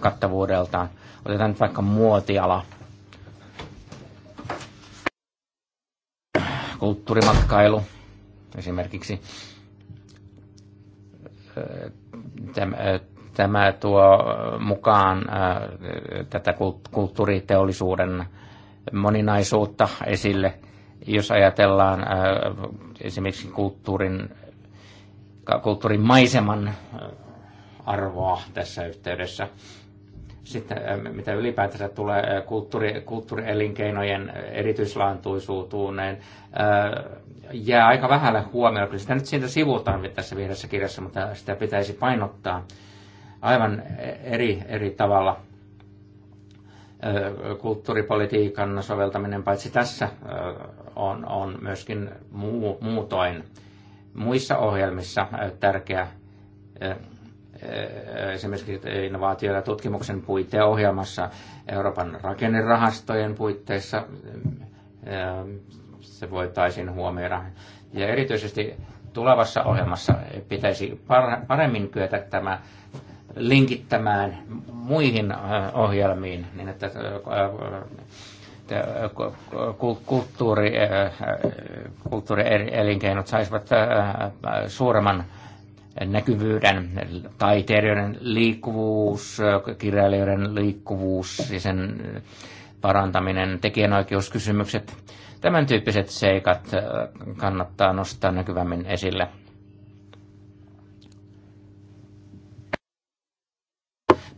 kattavuudeltaan. Otetaan nyt vaikka muotiala. Kulttuurimatkailu esimerkiksi Tämä tuo mukaan tätä kulttuuriteollisuuden moninaisuutta esille. Jos ajatellaan esimerkiksi kulttuurin, kulttuurin maiseman arvoa tässä yhteydessä, sitten mitä ylipäätänsä tulee kulttuuri, kulttuurielinkeinojen erityislaantuisuutuuneen, jää aika vähälle huomioon. Kyllä sitä nyt siitä sivutaan tässä vihreässä kirjassa, mutta sitä pitäisi painottaa aivan eri, eri tavalla kulttuuripolitiikan soveltaminen paitsi tässä on, on myöskin muu, muutoin muissa ohjelmissa tärkeä esimerkiksi innovaatio- ja tutkimuksen ohjelmassa Euroopan rakennerahastojen puitteissa se voitaisiin huomioida. Ja erityisesti tulevassa ohjelmassa pitäisi paremmin kyetä tämä linkittämään muihin äh, ohjelmiin, niin että äh, äh, kulttuuri, kulttuurielinkeinot saisivat suuremman näkyvyyden, taiteilijoiden liikkuvuus, kirjailijoiden liikkuvuus ja sen parantaminen, tekijänoikeuskysymykset, tämän tyyppiset seikat kannattaa nostaa näkyvämmin esille –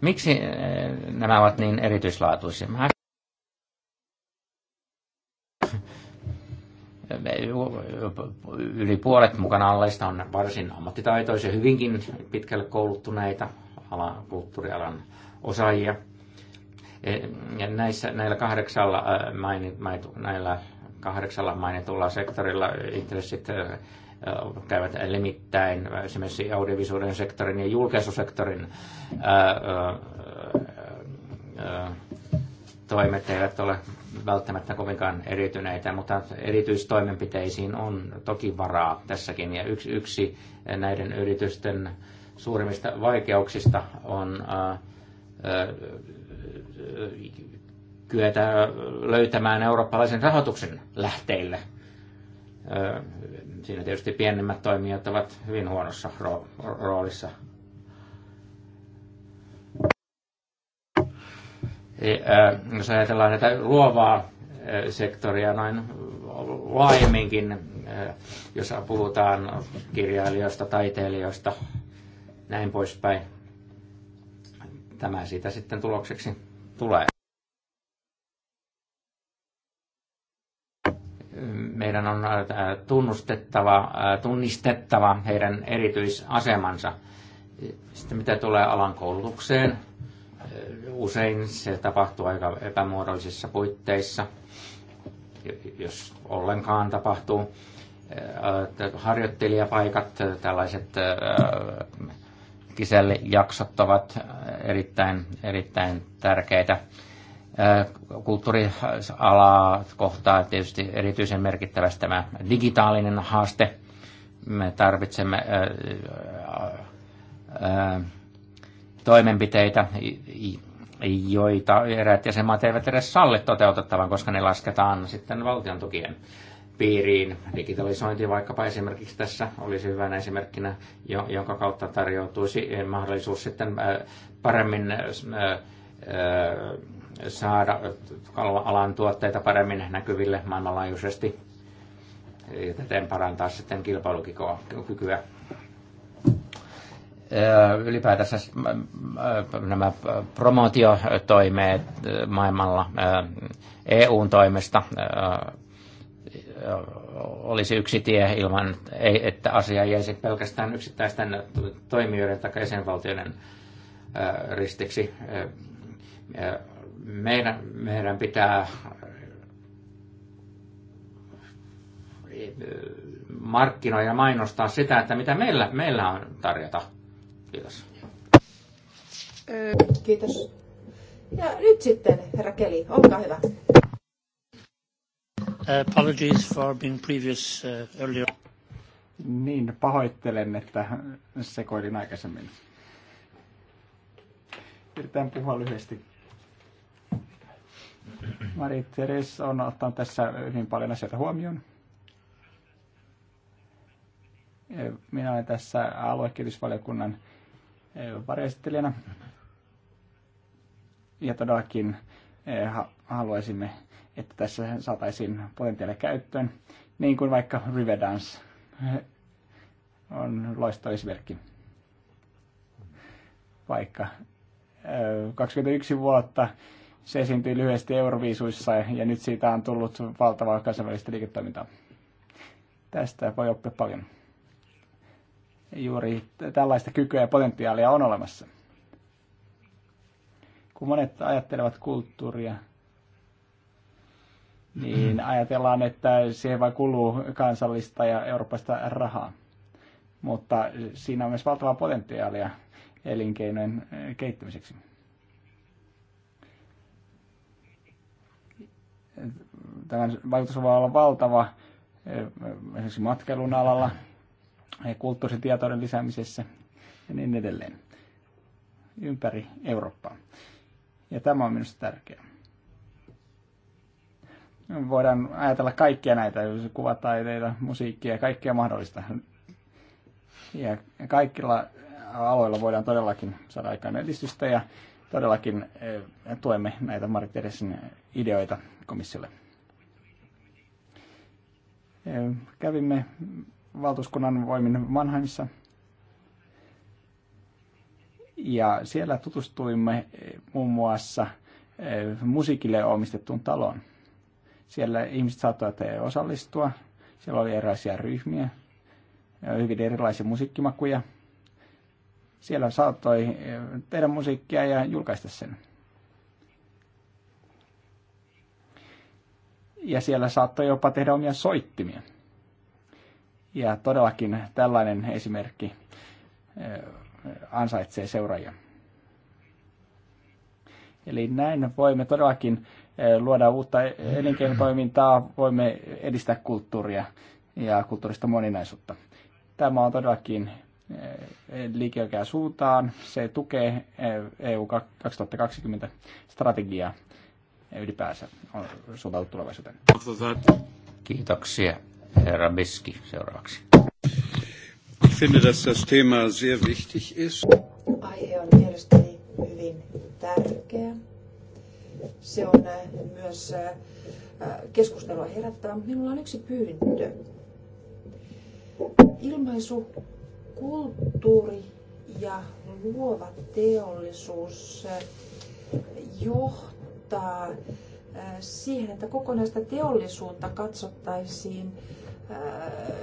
Miksi eh, nämä ovat niin erityislaatuisia? Mä yli puolet mukana alleista on varsin ammattitaitoisia, hyvinkin pitkälle kouluttuneita alan, kulttuurialan osaajia. Eh, ja näissä, näillä, kahdeksalla, eh, mainit, näillä kahdeksalla mainitulla sektorilla intressit käyvät limittäin esimerkiksi audiovisuuden sektorin ja julkaisusektorin toimet eivät ole välttämättä kovinkaan erityneitä, mutta erityistoimenpiteisiin on toki varaa tässäkin. Ja yksi, yksi näiden yritysten suurimmista vaikeuksista on kyetä löytämään eurooppalaisen rahoituksen lähteille. Ää, siinä tietysti pienemmät toimijat ovat hyvin huonossa roolissa. E, äh, jos ajatellaan tätä luovaa äh, sektoria noin laajemminkin, äh, jos puhutaan kirjailijoista, taiteilijoista, näin poispäin, tämä siitä sitten tulokseksi tulee. Heidän on äh, tunnustettava, äh, tunnistettava heidän erityisasemansa. Sitten mitä tulee alan koulutukseen, äh, usein se tapahtuu aika epämuodollisissa puitteissa, jos ollenkaan tapahtuu. Harjoittelijapaikat, tällaiset kisellijaksot ovat erittäin, erittäin tärkeitä kulttuurialaa kohtaa tietysti erityisen merkittävästi tämä digitaalinen haaste. Me tarvitsemme toimenpiteitä, joita eräät jäsenmaat eivät edes salli toteutettavan, koska ne lasketaan sitten valtion tukien piiriin. Digitalisointi vaikkapa esimerkiksi tässä olisi hyvänä esimerkkinä, jonka kautta tarjoutuisi mahdollisuus sitten paremmin saada alan tuotteita paremmin näkyville maailmanlaajuisesti ja täten parantaa sitten kilpailukykyä. Ylipäätänsä nämä promootiotoimeet maailmalla EUn toimesta olisi yksi tie ilman, että asia jäisi pelkästään yksittäisten toimijoiden tai jäsenvaltioiden ristiksi meidän, meidän pitää markkinoida ja mainostaa sitä, että mitä meillä, meillä on tarjota. Kiitos. Kiitos. Ja nyt sitten, herra Keli, olkaa hyvä. Apologies for being previous uh, earlier. Niin, pahoittelen, että sekoilin aikaisemmin. Yritän puhua lyhyesti. Marie Therese on ottanut tässä hyvin paljon asioita huomioon. Minä olen tässä aluekehitysvaliokunnan eh, varjoesittelijänä. Ja todellakin eh, haluaisimme, että tässä saataisiin potentiaalia käyttöön, niin kuin vaikka Riverdance eh, on esimerkki. Vaikka 21 vuotta se esiintyi lyhyesti euroviisuissa ja nyt siitä on tullut valtavaa kansainvälistä liiketoimintaa. Tästä voi oppia paljon. Juuri tällaista kykyä ja potentiaalia on olemassa. Kun monet ajattelevat kulttuuria, niin *clears throat* ajatellaan, että siihen vain kuluu kansallista ja eurooppaista rahaa. Mutta siinä on myös valtavaa potentiaalia elinkeinojen kehittämiseksi. tämän vaikutus voi olla valtava eh, esimerkiksi matkailun alalla, eh, kulttuuritietouden lisäämisessä ja niin edelleen ympäri Eurooppaa. Ja tämä on minusta tärkeää. Voidaan ajatella kaikkia näitä, kuvataiteita, musiikkia, kaikkea mahdollista. Ja kaikilla aloilla voidaan todellakin saada aikaan edistystä ja todellakin eh, tuemme näitä Marit ideoita komissiolle kävimme valtuuskunnan voimin Mannheimissa. Ja siellä tutustuimme muun muassa musiikille omistettuun taloon. Siellä ihmiset saattoivat osallistua. Siellä oli erilaisia ryhmiä, hyvin erilaisia musiikkimakuja. Siellä saattoi tehdä musiikkia ja julkaista sen. ja siellä saattoi jopa tehdä omia soittimia. Ja todellakin tällainen esimerkki ansaitsee seuraajia. Eli näin voimme todellakin luoda uutta elinkeinotoimintaa, voimme edistää kulttuuria ja kulttuurista moninaisuutta. Tämä on todellakin liikeoikeaan suuntaan. Se tukee EU 2020 strategiaa ylipäänsä on suuntautu tulevaisuuteen. Kiitoksia. Herra Biski seuraavaksi. Ich finde, dass das Thema sehr wichtig ist. Aihe on mielestäni hyvin tärkeä. Se on äh, myös äh, keskustelua herättävä. Minulla on yksi pyyntö. Ilmaisu, kulttuuri ja luova teollisuus äh, johtaa johtaa äh, siihen, että kokonaista teollisuutta katsottaisiin äh,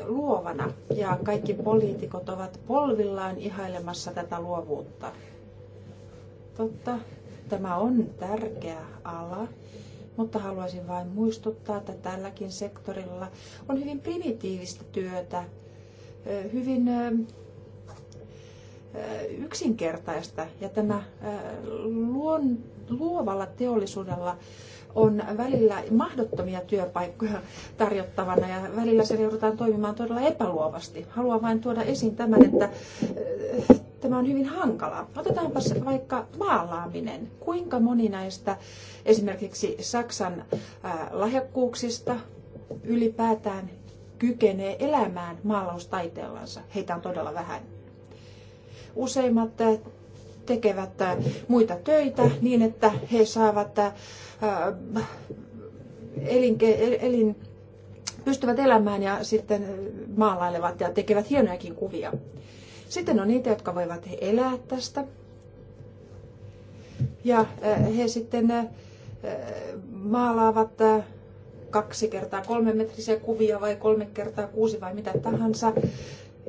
luovana ja kaikki poliitikot ovat polvillaan ihailemassa tätä luovuutta. Totta, tämä on tärkeä ala, mutta haluaisin vain muistuttaa, että tälläkin sektorilla on hyvin primitiivistä työtä, äh, hyvin yksinkertaista ja tämä luon luovalla teollisuudella on välillä mahdottomia työpaikkoja tarjottavana ja välillä se joudutaan toimimaan todella epäluovasti. Haluan vain tuoda esiin tämän, että äh, tämä on hyvin hankalaa. Otetaanpa vaikka maalaaminen. Kuinka moni näistä esimerkiksi Saksan äh, lahjakkuuksista ylipäätään kykenee elämään maalaustaiteellansa? Heitä on todella vähän. Useimmat äh, tekevät äh, muita töitä niin, että he saavat äh, elinke- elin, pystyvät elämään ja sitten äh, maalailevat ja tekevät hienojakin kuvia. Sitten on niitä, jotka voivat elää tästä. Ja he sitten maalaavat kaksi kertaa kolme metrisiä kuvia vai kolme kertaa kuusi vai mitä tahansa.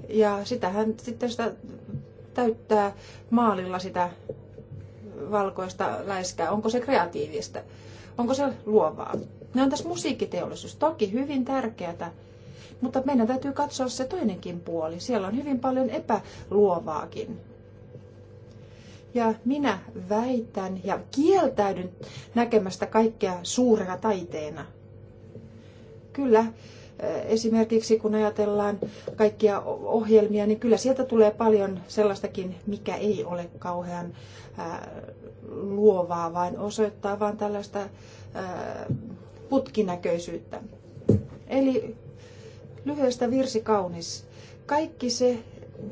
Ja sitähän sitten sitä täyttää maalilla sitä valkoista läiskää? Onko se kreatiivista? Onko se luovaa? Ne on tässä musiikkiteollisuus, toki hyvin tärkeätä, mutta meidän täytyy katsoa se toinenkin puoli. Siellä on hyvin paljon epäluovaakin. Ja minä väitän ja kieltäydyn näkemästä kaikkea suurena taiteena. Kyllä, Esimerkiksi kun ajatellaan kaikkia ohjelmia, niin kyllä sieltä tulee paljon sellaistakin, mikä ei ole kauhean äh, luovaa, vaan osoittaa vain tällaista äh, putkinäköisyyttä. Eli lyhyestä virsi kaunis. Kaikki se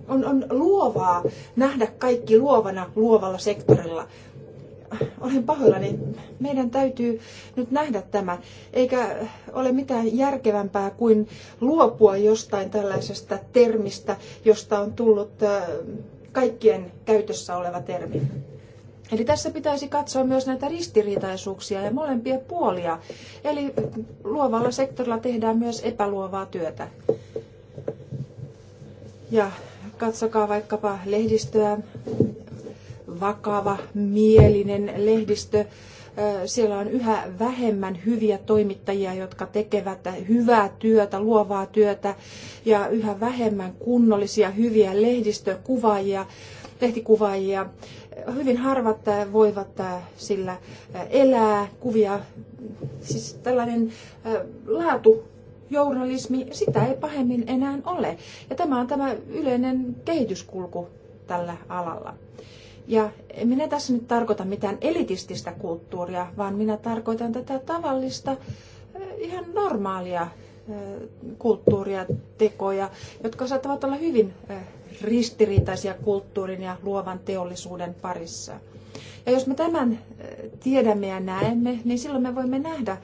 on, on luovaa nähdä kaikki luovana luovalla sektorilla, olen pahoillani. Meidän täytyy nyt nähdä tämä, eikä ole mitään järkevämpää kuin luopua jostain tällaisesta termistä, josta on tullut äh, kaikkien käytössä oleva termi. Eli tässä pitäisi katsoa myös näitä ristiriitaisuuksia ja molempia puolia. Eli luovalla sektorilla tehdään myös epäluovaa työtä. Ja katsokaa vaikkapa lehdistöä, vakava mielinen lehdistö. Siellä on yhä vähemmän hyviä toimittajia, jotka tekevät hyvää työtä, luovaa työtä ja yhä vähemmän kunnollisia, hyviä lehdistökuvaajia, lehtikuvaajia. Hyvin harvat voivat sillä elää kuvia. Siis tällainen laatu journalismi, sitä ei pahemmin enää ole. Ja tämä on tämä yleinen kehityskulku tällä alalla. Ja minä tässä nyt tarkoita mitään elitististä kulttuuria, vaan minä tarkoitan tätä tavallista, ihan normaalia kulttuuria, tekoja, jotka saattavat olla hyvin ristiriitaisia kulttuurin ja luovan teollisuuden parissa. Ja jos me tämän tiedämme ja näemme, niin silloin me voimme nähdä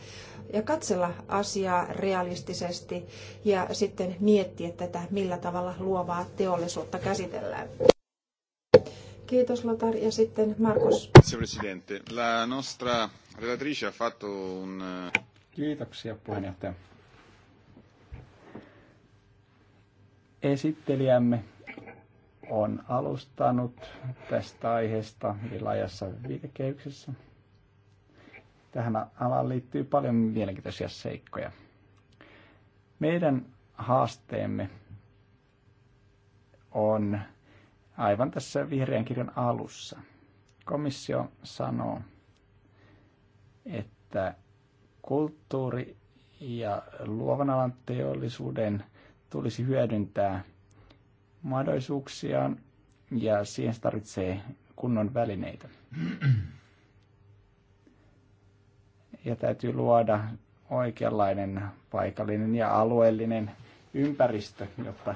ja katsella asiaa realistisesti ja sitten miettiä tätä, millä tavalla luovaa teollisuutta käsitellään. Kiitos Lotar ja sitten Markus. Grazie Presidente. La nostra relatrice ha fatto un... Eh, Kiitoksia puheenjohtaja. Esittelijämme on alustanut tästä aiheesta eli laajassa viitekehyksessä. Tähän alaan liittyy paljon mielenkiintoisia seikkoja. Meidän haasteemme on aivan tässä vihreän kirjan alussa. Komissio sanoo, että kulttuuri ja luovan alan teollisuuden tulisi hyödyntää mahdollisuuksiaan ja siihen tarvitsee kunnon välineitä. Ja täytyy luoda oikeanlainen paikallinen ja alueellinen ympäristö, jotta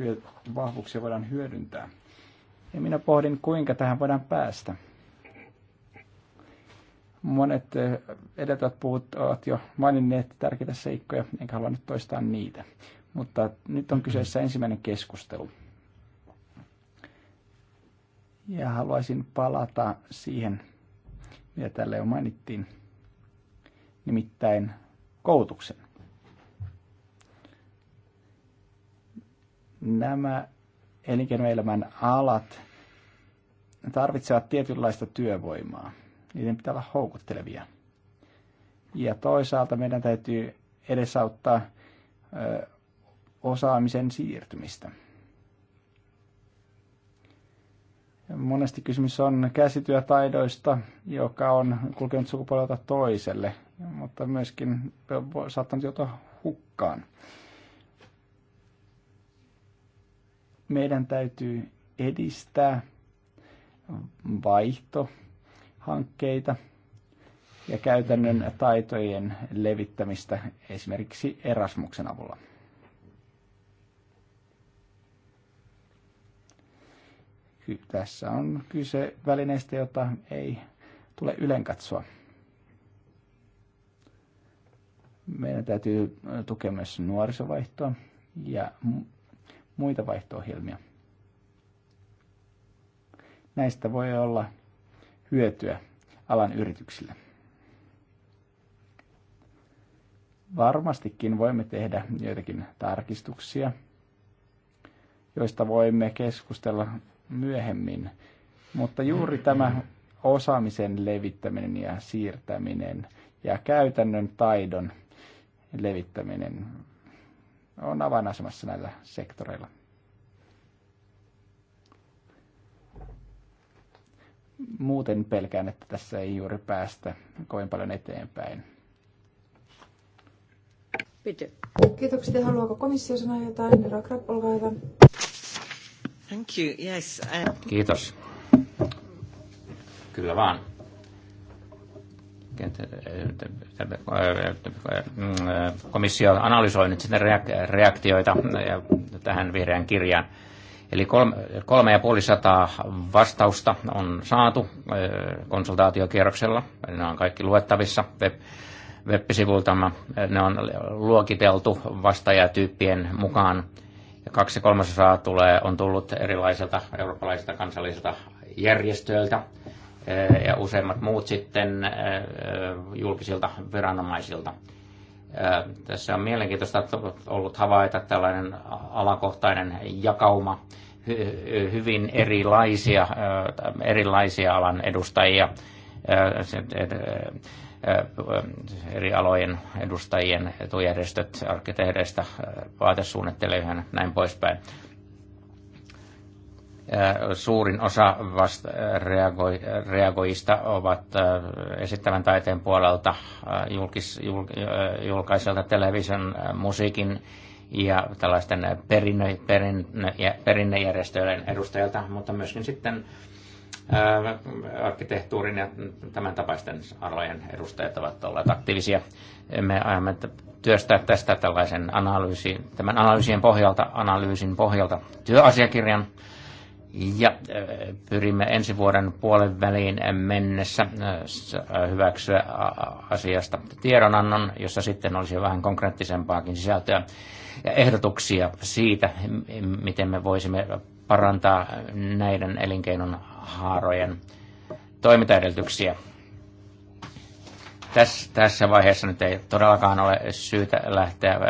hyö- vahvuuksia voidaan hyödyntää. Ja minä pohdin, kuinka tähän voidaan päästä. Monet edeltävät puhut ovat jo maininneet tärkeitä seikkoja, enkä halua nyt toistaa niitä. Mutta nyt on kyseessä ensimmäinen keskustelu. Ja haluaisin palata siihen, mitä täällä jo mainittiin, nimittäin koulutuksen. Nämä elinkeinoelämän alat tarvitsevat tietynlaista työvoimaa. Niiden pitää olla houkuttelevia. Ja toisaalta meidän täytyy edesauttaa osaamisen siirtymistä. Monesti kysymys on käsityötaidoista, joka on kulkenut sukupolvelta toiselle, mutta myöskin saattanut joutua hukkaan. meidän täytyy edistää vaihtohankkeita ja käytännön taitojen levittämistä esimerkiksi Erasmuksen avulla. Tässä on kyse välineistä, jota ei tule ylen katsoa. Meidän täytyy tukea myös nuorisovaihtoa ja muita vaihto-ohjelmia. Näistä voi olla hyötyä alan yrityksille. Varmastikin voimme tehdä joitakin tarkistuksia, joista voimme keskustella myöhemmin, mutta juuri tämä osaamisen levittäminen ja siirtäminen ja käytännön taidon levittäminen on avainasemassa näillä sektoreilla. Muuten pelkään, että tässä ei juuri päästä kovin paljon eteenpäin. Pity. Kiitoksia. Haluaako komissio sanoa jotain? Rakrap, olkaa hyvä. Thank you. Yes, I... Kiitos. Kyllä vaan komissio analysoi nyt sitten reaktioita tähän vihreään kirjaan. Eli kolme, kolme ja puoli sataa vastausta on saatu eh, konsultaatiokierroksella. Ne on kaikki luettavissa web, Ne on luokiteltu vastaajatyyppien mukaan. Ja kaksi kolmasosaa tulee, on tullut erilaisilta eurooppalaisilta kansallisilta järjestöiltä – ja useimmat muut sitten julkisilta viranomaisilta. Tässä on mielenkiintoista ollut havaita tällainen alakohtainen jakauma, hyvin erilaisia, erilaisia alan edustajia, eri alojen edustajien etujärjestöt, arkkitehdeistä, vaatesuunnittelijoihin ja näin poispäin Suurin osa vasta reagoi, reagoista ovat esittävän taiteen puolelta julkis, jul, julkaiselta television musiikin ja tällaisten perinne, perinne, perinnejärjestöjen edustajilta, mutta myöskin sitten arkkitehtuurin ja tämän tapaisten alojen edustajat ovat olleet aktiivisia. Me ajamme työstää tästä tällaisen analyysin, tämän analyysien pohjalta, analyysin pohjalta työasiakirjan, ja äh, pyrimme ensi vuoden puolen väliin mennessä äh, äh, hyväksyä asiasta tiedonannon, jossa sitten olisi vähän konkreettisempaakin sisältöä ja ehdotuksia siitä, miten me voisimme parantaa näiden elinkeinon haarojen toimintaedellytyksiä. Tässä, tässä vaiheessa nyt ei todellakaan ole syytä lähteä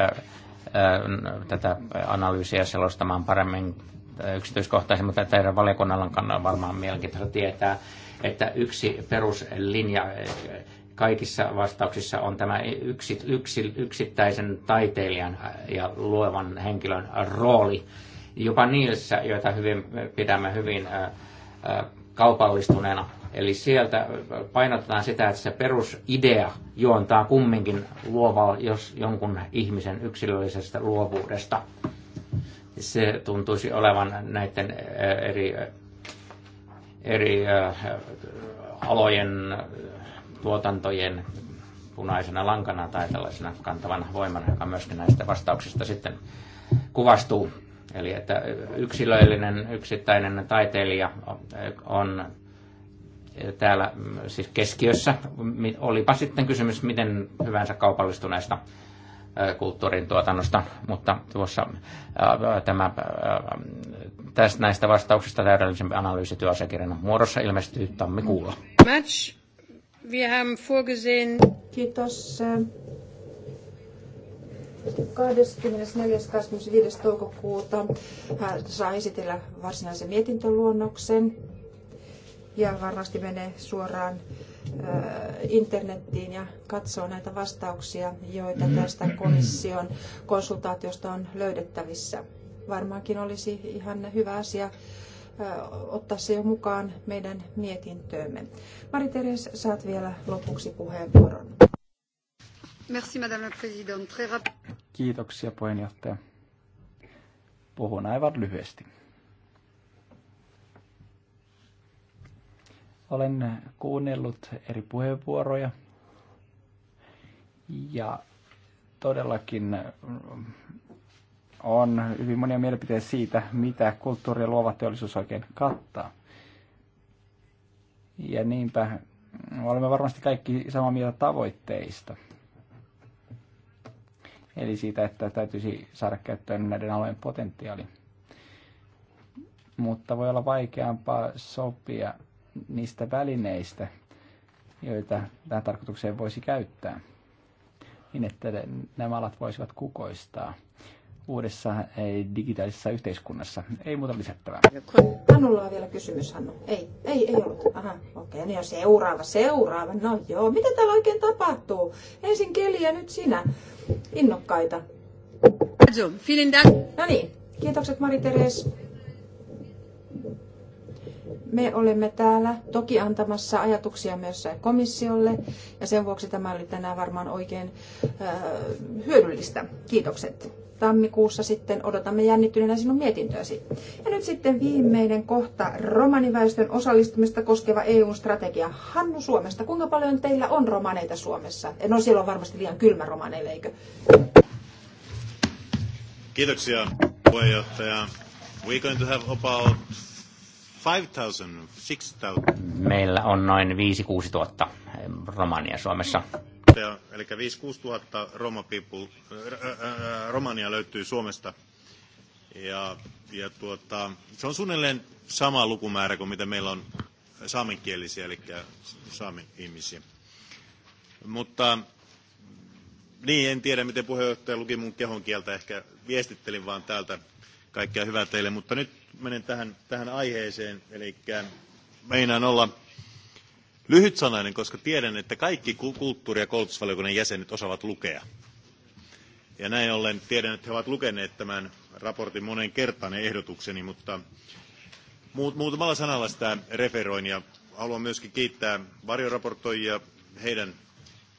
tätä analyysiä selostamaan paremmin yksityiskohtaisemmin, mutta teidän valiokunnan kannalta varmaan mielenkiintoista tietää, että yksi peruslinja eh, kaikissa vastauksissa on tämä yksi, yksi, yksittäisen taiteilijan ja luovan henkilön rooli. Jopa niissä, joita hyvin, eh, pidämme hyvin eh, kaupallistuneena. Eli sieltä painotetaan sitä, että se perusidea juontaa kumminkin luovaa, jos jonkun ihmisen yksilöllisestä luovuudesta – se tuntuisi olevan näiden eh, eri, eh, eri eh, alojen tuotantojen punaisena lankana tai tällaisena kantavana voimana, joka myöskin näistä vastauksista sitten kuvastuu. Eli että yksilöllinen, yksittäinen taiteilija on täällä siis keskiössä, olipa sitten kysymys miten hyvänsä kaupallistuneesta kulttuurin tuotannosta, mutta tuossa tämä, tästä, näistä vastauksista täydellisempi analyysi työasiakirjan muodossa ilmestyy tammikuulla. Match. Wir haben vorgesehen... Kiitos. 24.25. toukokuuta saa esitellä varsinaisen mietintöluonnoksen ja varmasti menee suoraan internettiin ja katsoo näitä vastauksia, joita tästä komission konsultaatiosta on löydettävissä. Varmaankin olisi ihan hyvä asia ottaa se jo mukaan meidän mietintöömme. Mari-Teres, saat vielä lopuksi puheenvuoron. Merci, Madame Kiitoksia puheenjohtaja. Puhun aivan lyhyesti. Olen kuunnellut eri puheenvuoroja ja todellakin mm, on hyvin monia mielipiteitä siitä, mitä kulttuuri ja luova teollisuus oikein kattaa. Ja niinpä olemme varmasti kaikki samaa mieltä tavoitteista. Eli siitä, että täytyisi saada käyttöön näiden alojen potentiaali. Mutta voi olla vaikeampaa sopia niistä välineistä, joita tähän tarkoitukseen voisi käyttää, niin että nämä alat voisivat kukoistaa uudessa digitaalisessa yhteiskunnassa. Ei muuta lisättävää. Hannulla on vielä kysymys, Hannu. Ei, ei, ei ollut. Aha, okei, niin okay, no seuraava, seuraava. No joo, mitä täällä oikein tapahtuu? Ensin Keli ja nyt sinä. Innokkaita. No niin, kiitokset Mari-Teres me olemme täällä toki antamassa ajatuksia myös komissiolle ja sen vuoksi tämä oli tänään varmaan oikein hyödyllistä. Kiitokset. Tammikuussa sitten odotamme jännittyneenä sinun mietintöäsi. Ja nyt sitten viimeinen kohta, romaniväestön osallistumista koskeva EU-strategia. Hannu Suomesta, kuinka paljon teillä on romaneita Suomessa? No siellä on varmasti liian kylmä romaneille, eikö? Kiitoksia puheenjohtaja. We're going to have about Meillä on noin 5-6 tuhatta romania Suomessa. Eli 5-6 tuhatta Roma people, äh, äh, äh, romania löytyy Suomesta. Ja, ja tuota, se on suunnilleen sama lukumäärä kuin mitä meillä on saamenkielisiä, eli saamen ihmisiä. Mutta niin, en tiedä miten puheenjohtaja luki mun kehon kieltä, ehkä viestittelin vaan täältä kaikkea hyvää teille, mutta nyt menen tähän, tähän aiheeseen. Eli meinaan olla lyhytsanainen, koska tiedän, että kaikki kulttuuri- ja koulutusvaliokunnan jäsenet osaavat lukea. Ja näin ollen tiedän, että he ovat lukeneet tämän raportin monen kertaan ehdotukseni, mutta muutamalla sanalla sitä referoin ja haluan myöskin kiittää varjoraportoijia heidän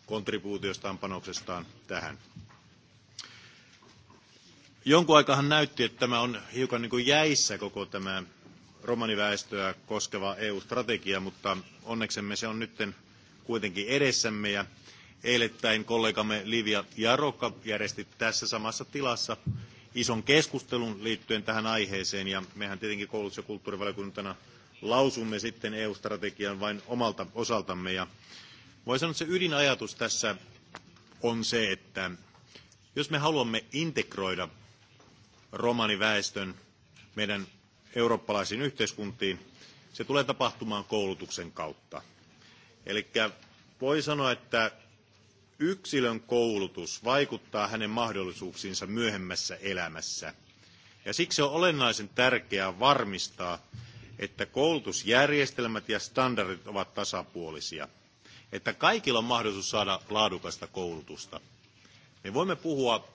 kontribuutiostaan panoksestaan tähän. Jonkun aikahan näytti, että tämä on hiukan niin kuin jäissä koko tämä romaniväestöä koskeva EU-strategia, mutta onneksemme se on nyt kuitenkin edessämme. Ja eilettäin kollegamme Livia Jarokka järjesti tässä samassa tilassa ison keskustelun liittyen tähän aiheeseen. Ja mehän tietenkin koulutus- ja kulttuurivaliokuntana lausumme sitten EU-strategian vain omalta osaltamme. Ja voi sanoa, että se ydinajatus tässä on se, että jos me haluamme integroida romaniväestön meidän eurooppalaisiin yhteiskuntiin, se tulee tapahtumaan koulutuksen kautta. Eli voi sanoa, että yksilön koulutus vaikuttaa hänen mahdollisuuksiinsa myöhemmässä elämässä. Ja siksi on olennaisen tärkeää varmistaa, että koulutusjärjestelmät ja standardit ovat tasapuolisia, että kaikilla on mahdollisuus saada laadukasta koulutusta. Me voimme puhua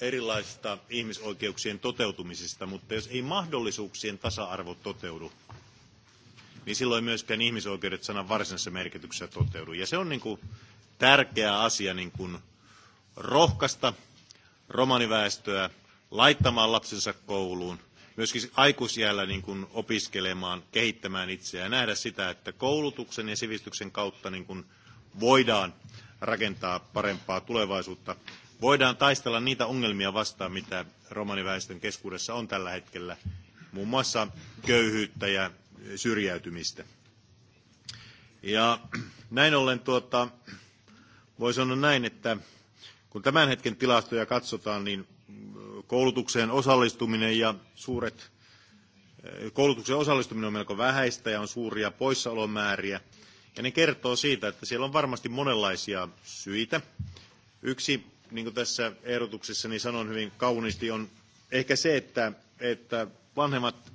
erilaista ihmisoikeuksien toteutumisista, mutta jos ei mahdollisuuksien tasa-arvo toteudu, niin silloin myöskään ihmisoikeudet sanan varsinaisessa merkityksessä toteudu. Ja se on niin kuin tärkeä asia niin kuin rohkaista romaniväestöä laittamaan lapsensa kouluun, myöskin aikuisjällä niin kuin opiskelemaan, kehittämään itseään ja nähdä sitä, että koulutuksen ja sivistyksen kautta niin kuin voidaan rakentaa parempaa tulevaisuutta voidaan taistella niitä ongelmia vastaan, mitä romaniväestön keskuudessa on tällä hetkellä, muun muassa köyhyyttä ja syrjäytymistä. Ja näin ollen tuota, voi sanoa näin, että kun tämän hetken tilastoja katsotaan, niin koulutukseen osallistuminen ja suuret koulutukseen osallistuminen on melko vähäistä ja on suuria poissaolomääriä. Ja ne kertoo siitä, että siellä on varmasti monenlaisia syitä. Yksi niin kuin tässä niin sanon hyvin kauniisti, on ehkä se, että, että vanhemmat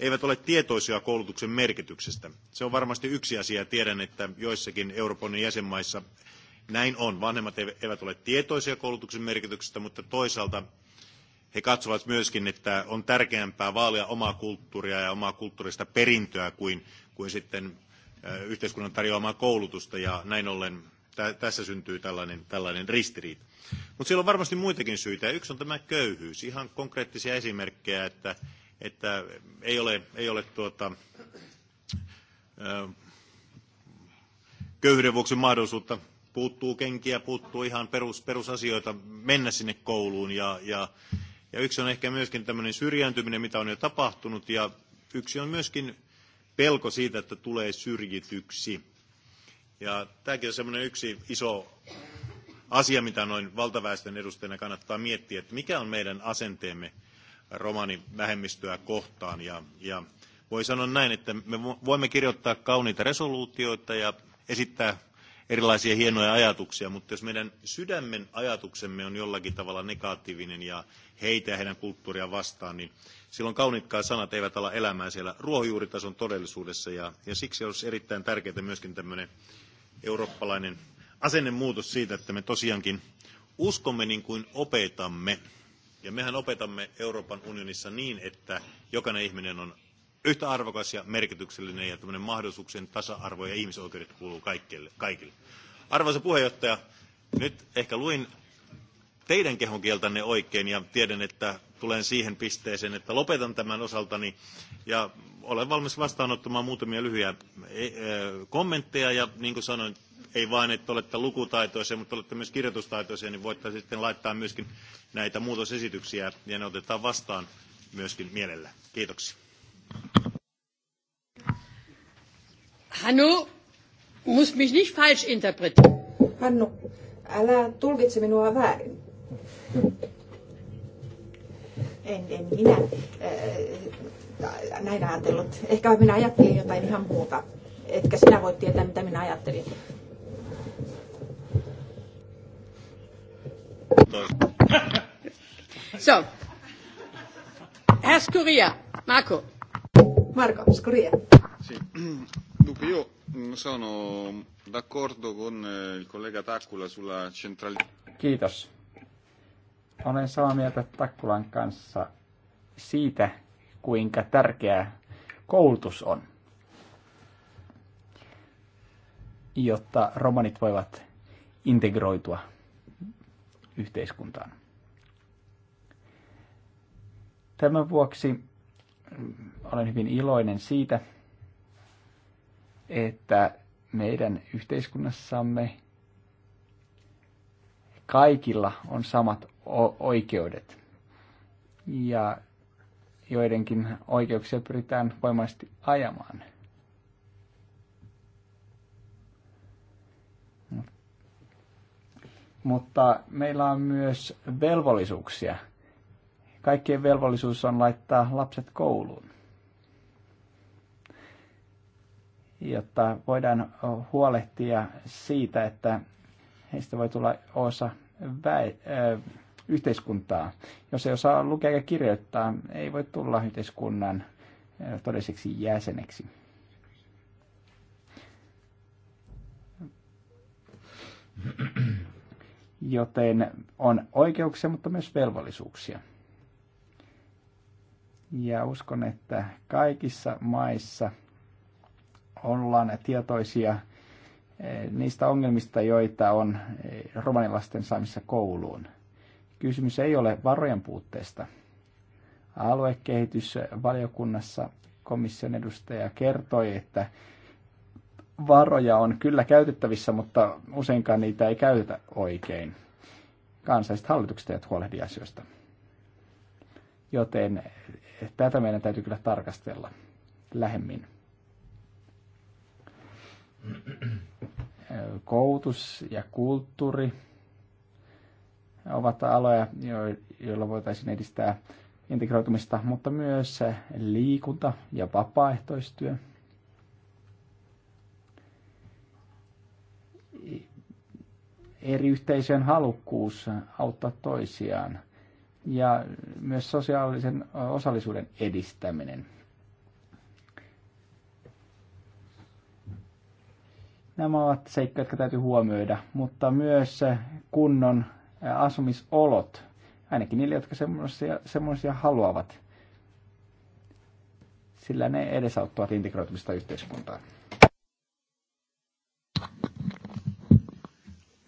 eivät ole tietoisia koulutuksen merkityksestä. Se on varmasti yksi asia. Tiedän, että joissakin Euroopan jäsenmaissa näin on. Vanhemmat eivät ole tietoisia koulutuksen merkityksestä, mutta toisaalta he katsovat myöskin, että on tärkeämpää vaalia omaa kulttuuria ja omaa kulttuurista perintöä kuin, kuin sitten yhteiskunnan tarjoamaa koulutusta. Ja näin ollen tässä syntyy tällainen, tällainen ristiriita. Mutta siellä on varmasti muitakin syitä. Ja yksi on tämä köyhyys. Ihan konkreettisia esimerkkejä, että, että ei ole, ei ole tuota, köyhyyden vuoksi mahdollisuutta puuttuu kenkiä, puuttuu ihan perus, perusasioita mennä sinne kouluun ja, ja, ja yksi on ehkä myöskin tämmöinen syrjäytyminen, mitä on jo tapahtunut ja yksi on myöskin pelko siitä, että tulee syrjityksi. Ja tämäkin on semmoinen yksi iso asia, mitä noin valtaväestön edustajana kannattaa miettiä, että mikä on meidän asenteemme romanivähemmistöä kohtaan. Ja, ja voi sanoa näin, että me voimme kirjoittaa kauniita resoluutioita ja esittää erilaisia hienoja ajatuksia, mutta jos meidän sydämen ajatuksemme on jollakin tavalla negatiivinen ja heitä ja heidän kulttuuria vastaan, niin silloin kaunitkaan sanat eivät ala elämään siellä ruohonjuuritason todellisuudessa. Ja, ja siksi olisi erittäin tärkeää myöskin tämmöinen eurooppalainen asennemuutos siitä, että me tosiaankin uskomme niin kuin opetamme. Ja mehän opetamme Euroopan unionissa niin, että jokainen ihminen on yhtä arvokas ja merkityksellinen ja tämmöinen mahdollisuuksien tasa-arvo ja ihmisoikeudet kuuluu kaikille. kaikille. Arvoisa puheenjohtaja, nyt ehkä luin teidän kehonkieltänne oikein ja tiedän, että tulen siihen pisteeseen, että lopetan tämän osaltani ja olen valmis vastaanottamaan muutamia lyhyitä e, e, kommentteja ja niin kuin sanoin, ei vain, että olette lukutaitoisia, mutta olette myös kirjoitustaitoisia, niin voitte sitten laittaa myöskin näitä muutosesityksiä ja ne otetaan vastaan myöskin mielellä. Kiitoksia. Hannu, muss mich nicht falsch interpretieren. Hannu, älä tulkitse minua väärin en, en minä ää, äh, näin ajatellut. Ehkä minä ajattelin jotain ihan muuta. Etkä sinä voi tietää, mitä minä ajattelin. *laughs* So, Herr Scuria, Marco. Marco, Scuria. Sì. *clears throat* Dunque io mm, sono d'accordo con eh, il collega Taccula sulla centralità. Kiitos. Olen samaa mieltä Takkulan kanssa siitä, kuinka tärkeää koulutus on, jotta romanit voivat integroitua yhteiskuntaan. Tämän vuoksi olen hyvin iloinen siitä, että meidän yhteiskunnassamme kaikilla on samat oikeudet. Ja joidenkin oikeuksia pyritään voimasti ajamaan. Mutta meillä on myös velvollisuuksia. Kaikkien velvollisuus on laittaa lapset kouluun, jotta voidaan huolehtia siitä, että heistä voi tulla osa väe, äh, yhteiskuntaa. Jos ei osaa lukea ja kirjoittaa, ei voi tulla yhteiskunnan eh, todelliseksi jäseneksi. Joten on oikeuksia, mutta myös velvollisuuksia. Ja uskon, että kaikissa maissa ollaan tietoisia eh, niistä ongelmista, joita on eh, romanilasten saamissa kouluun. Kysymys ei ole varojen puutteesta. Aluekehitysvaliokunnassa komission edustaja kertoi, että varoja on kyllä käytettävissä, mutta useinkaan niitä ei käytetä oikein. Kansalliset hallitukset eivät huolehdi asioista. Joten tätä meidän täytyy kyllä tarkastella lähemmin. Koulutus ja kulttuuri ovat aloja, joilla voitaisiin edistää integroitumista, mutta myös liikunta ja vapaaehtoistyö. Eri yhteisöjen halukkuus auttaa toisiaan ja myös sosiaalisen osallisuuden edistäminen. Nämä ovat seikkoja, jotka täytyy huomioida, mutta myös kunnon asumisolot, ainakin niille, jotka semmoisia, semmoisia haluavat, sillä ne edesauttavat integroitumista yhteiskuntaan.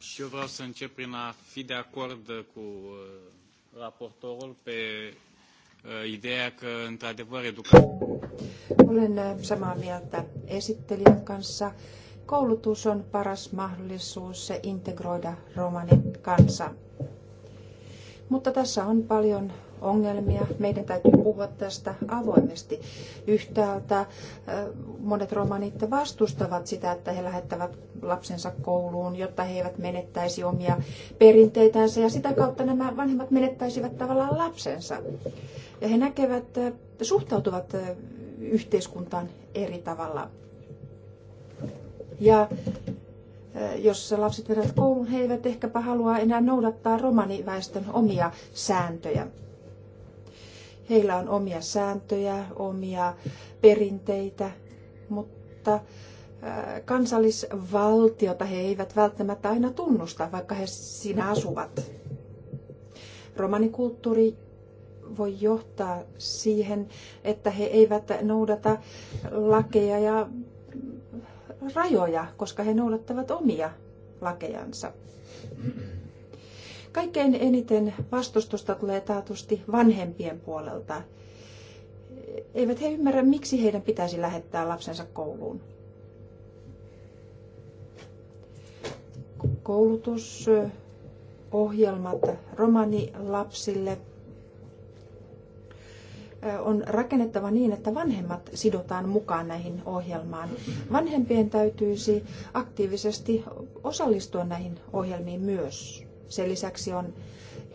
Și eu vreau să încep prin a fi de acord cu uh, raportorul pe uh, ideea că, într-adevăr, educația... Olen uh, samaa mieltä esittelijän kanssa koulutus on paras mahdollisuus se integroida romanin kansa. Mutta tässä on paljon ongelmia. Meidän täytyy puhua tästä avoimesti. Yhtäältä monet romanit vastustavat sitä, että he lähettävät lapsensa kouluun, jotta he eivät menettäisi omia perinteitänsä ja sitä kautta nämä vanhemmat menettäisivät tavallaan lapsensa. Ja he näkevät, suhtautuvat yhteiskuntaan eri tavalla. Ja jos lapset menevät kouluun, he eivät ehkäpä halua enää noudattaa romaniväestön omia sääntöjä. Heillä on omia sääntöjä, omia perinteitä, mutta kansallisvaltiota he eivät välttämättä aina tunnusta, vaikka he siinä asuvat. Romanikulttuuri voi johtaa siihen, että he eivät noudata lakeja ja rajoja, koska he noudattavat omia lakejansa. Kaikkein eniten vastustusta tulee taatusti vanhempien puolelta. Eivät he ymmärrä, miksi heidän pitäisi lähettää lapsensa kouluun. Koulutusohjelmat lapsille on rakennettava niin, että vanhemmat sidotaan mukaan näihin ohjelmaan. Vanhempien täytyisi aktiivisesti osallistua näihin ohjelmiin myös. Sen lisäksi on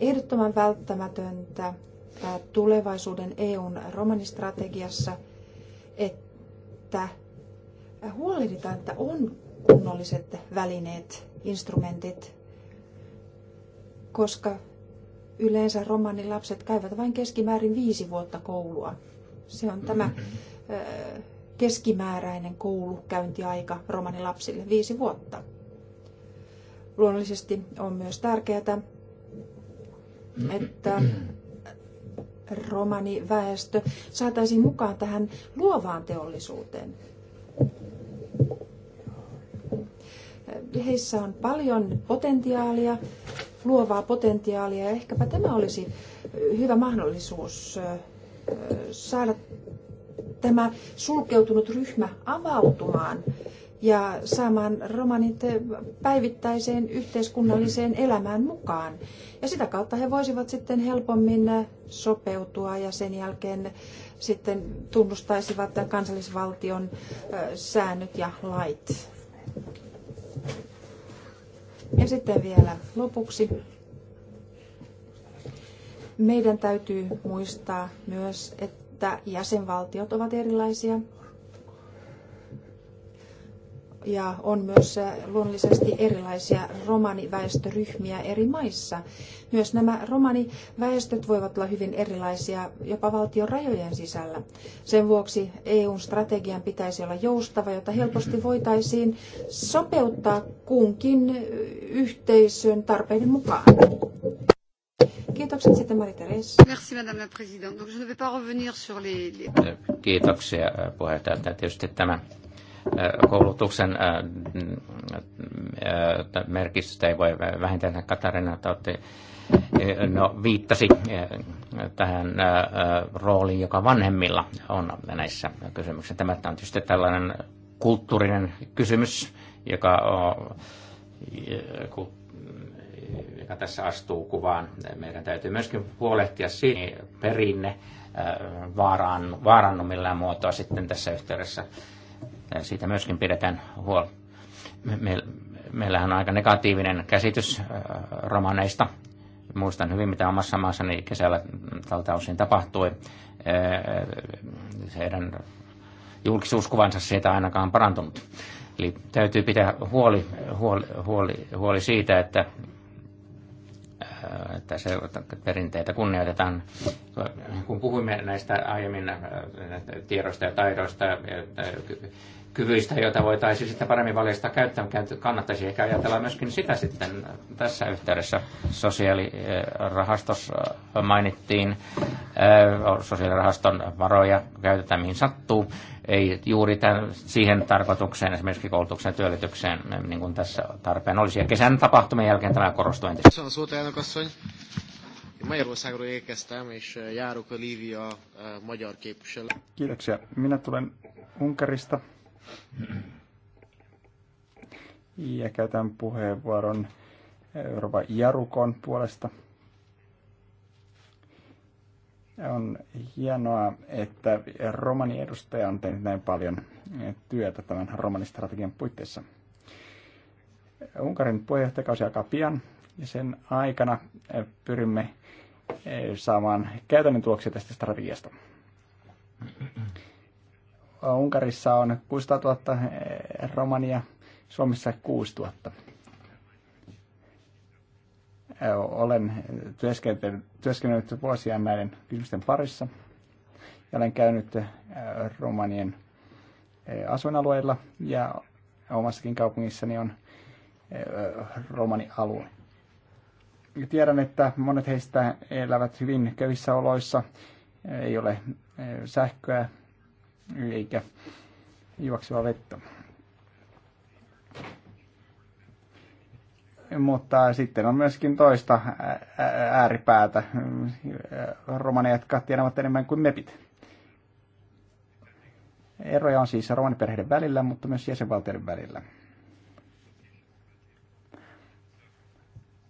ehdottoman välttämätöntä tulevaisuuden EUn romanistrategiassa, että huolehditaan, että on kunnolliset välineet, instrumentit, koska Yleensä lapset käyvät vain keskimäärin viisi vuotta koulua. Se on tämä mhm. keskimääräinen koulukäyntiaika lapsille, viisi vuotta. Luonnollisesti on myös tärkeää, että romaniväestö saataisiin mukaan tähän luovaan teollisuuteen. Heissä on paljon potentiaalia luovaa potentiaalia ja ehkäpä tämä olisi hyvä mahdollisuus saada tämä sulkeutunut ryhmä avautumaan ja saamaan romanit päivittäiseen yhteiskunnalliseen elämään mukaan. Ja sitä kautta he voisivat sitten helpommin sopeutua ja sen jälkeen sitten tunnustaisivat kansallisvaltion säännöt ja lait sitten vielä lopuksi. Meidän täytyy muistaa myös, että jäsenvaltiot ovat erilaisia ja on myös äh, luonnollisesti erilaisia romaniväestöryhmiä eri maissa. Myös nämä romaniväestöt voivat olla hyvin erilaisia jopa valtion rajojen sisällä. Sen vuoksi EUn strategian pitäisi olla joustava, jota helposti voitaisiin sopeuttaa kunkin yhteisön tarpeiden mukaan. Kiitokset sitten Marie-Therese. Merci Madame la Présidente. Donc je ne vais pas revenir sur les... Kiitoksia puheenjohtaja. Tietysti tämä koulutuksen merkistä ei voi vähintään Katarina otti, no, viittasi tähän rooliin, joka vanhemmilla on näissä kysymyksissä. Tämä on tietysti tällainen kulttuurinen kysymys, joka, on, joka tässä astuu kuvaan. Meidän täytyy myöskin huolehtia siinä perinne vaaraan, vaarannu millään muotoa sitten tässä yhteydessä siitä myöskin pidetään huolta. Me, meillähän on aika negatiivinen käsitys romaneista. Muistan hyvin, mitä omassa maassani kesällä tältä osin tapahtui. Heidän julkisuuskuvansa siitä ainakaan parantunut. Eli täytyy pitää huoli, huoli, huoli, huoli siitä, että, että se, perinteitä kunnioitetaan. Kun puhuimme näistä aiemmin tiedoista ja taidoista, kyvyistä, joita voitaisiin sitten paremmin valjastaa käyttöön. Kannattaisi ehkä ajatella myöskin sitä sitten äh, tässä yhteydessä. Sosiaalirahastossa äh, äh, mainittiin, sosiaalirahaston varoja käytetään mihin sattuu. Ei juuri tämän, siihen tarkoitukseen, esimerkiksi koulutuksen ja työllitykseen, niin kuin tässä tarpeen olisi. Ja kesän tapahtumien jälkeen tämä korostuu entisestään. Magyarországról érkeztem, és járok a Lívia magyar képviselő. Kiitoksia. Minä tulen Unkarista ja käytän puheenvuoron Euroopan eh, Jarukon puolesta. On hienoa, että romaniedustaja on tehnyt näin paljon eh, työtä tämän romanistrategian puitteissa. Unkarin puheenjohtajakausi alkaa pian ja sen aikana eh, pyrimme saamaan käytännön tuloksia tästä strategiasta. Unkarissa on 600 000 eh, romania, Suomessa 6 000. Eh, olen työskennellyt, työskennellyt vuosia näiden kysymysten parissa ja olen käynyt eh, romanien asuinalueilla ja omassakin kaupungissani on romanialue. Tiedän, että monet heistä elävät hyvin kevissä oloissa, ei ole sähköä eikä juoksua vettä. Mutta sitten on myöskin toista ääripäätä. Romaneet tienavat enemmän kuin mepit. Eroja on siis romaniperheiden välillä, mutta myös jäsenvaltioiden välillä.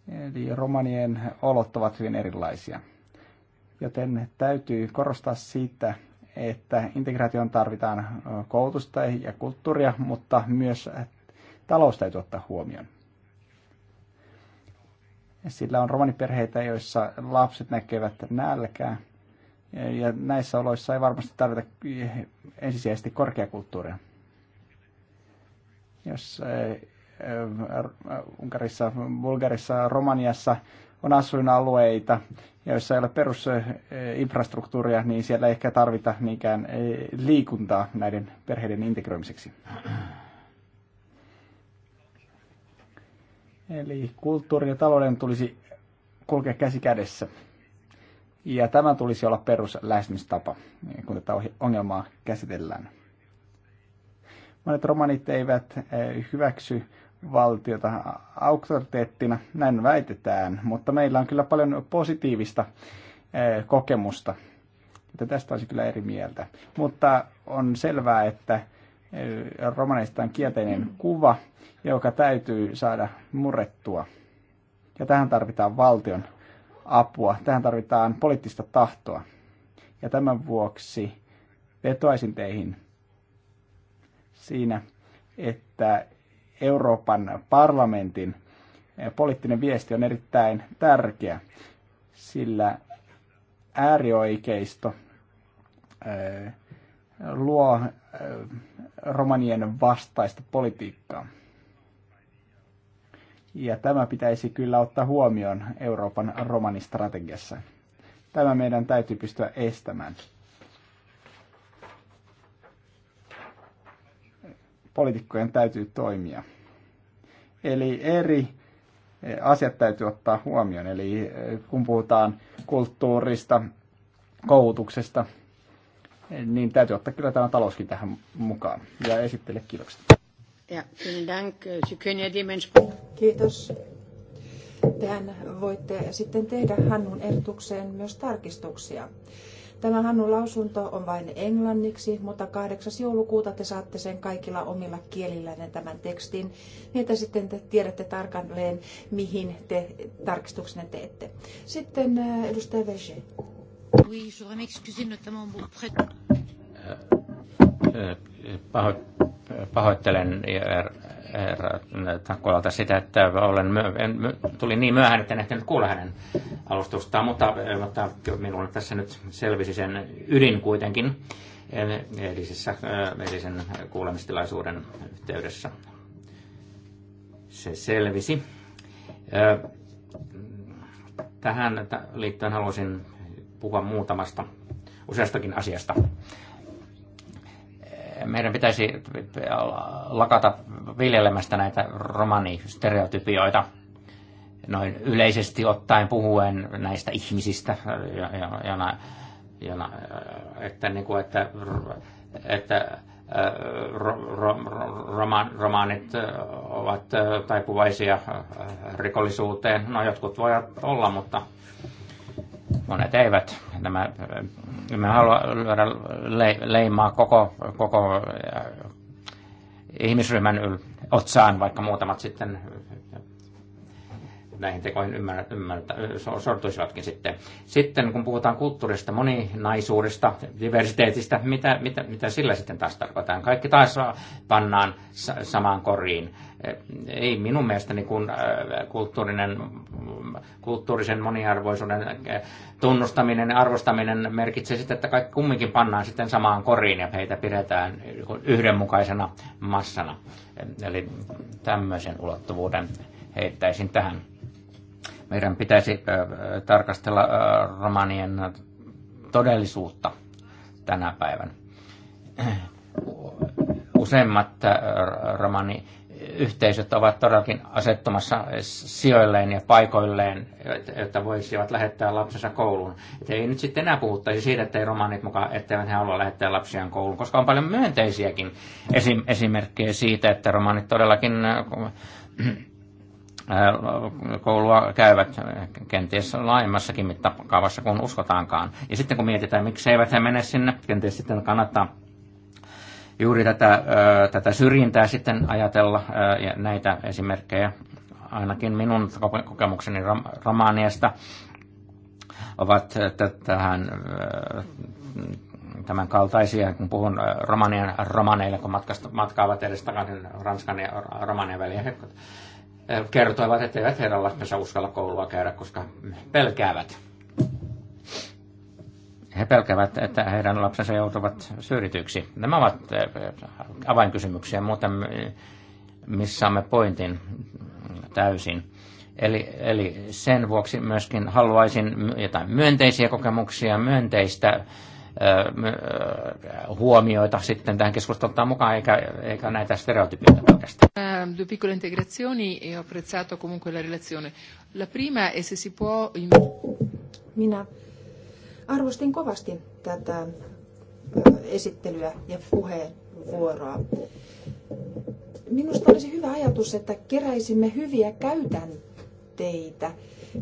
Eli romanien olot ovat hyvin erilaisia. Joten täytyy korostaa siitä, että integraation tarvitaan koulutusta ja kulttuuria, mutta myös talous täytyy ottaa huomioon. Sillä on romaniperheitä, joissa lapset näkevät nälkää, ja näissä oloissa ei varmasti tarvita ensisijaisesti korkeakulttuuria. Jos Unkarissa, Bulgarissa, Romaniassa on asuinalueita, joissa ei ole perusinfrastruktuuria, niin siellä ei ehkä tarvita niinkään eh, liikuntaa näiden perheiden integroimiseksi. Eli kulttuuri ja talouden tulisi kulkea käsi kädessä. Ja tämä tulisi olla peruslähestymistapa, eh, kun tätä ongelmaa käsitellään. Monet romanit eivät eh, hyväksy valtiota auktoriteettina, näin väitetään, mutta meillä on kyllä paljon positiivista eh, kokemusta. Että tästä olisi kyllä eri mieltä. Mutta on selvää, että eh, romaneista on kielteinen kuva, joka täytyy saada murrettua. Ja tähän tarvitaan valtion apua, tähän tarvitaan poliittista tahtoa. Ja tämän vuoksi vetoaisin teihin siinä, että Euroopan parlamentin eh, poliittinen viesti on erittäin tärkeä, sillä äärioikeisto eh, luo eh, romanien vastaista politiikkaa. Ja tämä pitäisi kyllä ottaa huomioon Euroopan romanistrategiassa. Tämä meidän täytyy pystyä estämään. poliitikkojen täytyy toimia. Eli eri eh, asiat täytyy ottaa huomioon. Eli eh, kun puhutaan kulttuurista, koulutuksesta, eh, niin täytyy ottaa kyllä tämä talouskin tähän mukaan. Ja esittele kiitokset. Ja, dank. Kiitos. Tähän voitte sitten tehdä Hannun ehdotukseen myös tarkistuksia. Tämä Hannun lausunto on vain englanniksi, mutta 8. joulukuuta te saatte sen kaikilla omilla kielillänne tämän tekstin, niin että sitten te tiedätte tarkalleen, mihin te tarkistuksenne teette. Sitten äh, edustaja Verger. Oui, je voudrais m'excuser notamment pour près... auprès pahoittelen Takkolalta sitä, että olen, en, tuli niin myöhään, että en ehtinyt kuulla hänen alustustaan, mutta, eh, mutta minulle tässä nyt selvisi sen ydin kuitenkin eh, edisessä, edisen eh, kuulemistilaisuuden yhteydessä. Se selvisi. Tähän liittyen haluaisin puhua muutamasta useastakin asiasta meidän pitäisi lakata viljelemästä näitä stereotypioita, noin yleisesti ottaen puhuen näistä ihmisistä, jona, jona, että, niin kuin, että, että ro, ro, romaanit ovat taipuvaisia rikollisuuteen. No jotkut voivat olla, mutta monet eivät. Nämä, me haluamme lyödä leimaa koko, koko äh, ihmisryhmän otsaan, vaikka muutamat sitten näihin tekoihin ymmärtä, ymmärtä, sortuisivatkin sitten. Sitten kun puhutaan kulttuurista, moninaisuudesta, diversiteetistä, mitä, mitä, mitä sillä sitten taas tarkoitetaan? Kaikki taas pannaan samaan koriin ei minun mielestäni kun äh, kulttuurinen, kulttuurisen moniarvoisuuden äh, tunnustaminen ja arvostaminen merkitsee sitä, että kaikki kumminkin pannaan sitten samaan koriin ja heitä pidetään yhdenmukaisena massana. Eli tämmöisen ulottuvuuden heittäisin tähän. Meidän pitäisi äh, tarkastella romanien todellisuutta tänä päivänä. Useimmat romani yhteisöt ovat todellakin asettumassa sijoilleen ja paikoilleen, että voisivat lähettää lapsensa kouluun. Että ei nyt sitten enää puhuttaisi siitä, että ei romanit mukaan, etteivät he halua lähettää lapsiaan kouluun, koska on paljon myönteisiäkin esimerkkejä siitä, että romanit todellakin äh, koulua käyvät kenties laajemmassakin mittakaavassa kuin uskotaankaan. Ja sitten kun mietitään, miksi eivät he mene sinne, kenties sitten kannattaa juuri tätä, tätä syrjintää sitten ajatella ja näitä esimerkkejä, ainakin minun kokemukseni romaaniasta ovat tähän, tämän kaltaisia, kun puhun romanian romaneille, kun matkasta, matkaavat edes takaisin Ranskan ja Romanian väliä, he kertoivat, että eivät heidän lastensa uskalla koulua käydä, koska pelkäävät he pelkävät, että heidän lapsensa joutuvat syrjityksi. Nämä ovat eh, avainkysymyksiä, muuten missaamme pointin täysin. Eli, eli sen vuoksi myöskin haluaisin jotain myönteisiä kokemuksia, myönteistä eh, eh, huomioita sitten tähän keskusteltaan mukaan, eikä, eikä näitä stereotypioita pelkästään. Due piccole integrazioni e ho apprezzato comunque la relazione. La prima è se si può... Minä Arvostin kovasti tätä esittelyä ja puheenvuoroa. Minusta olisi hyvä ajatus, että keräisimme hyviä käytänteitä,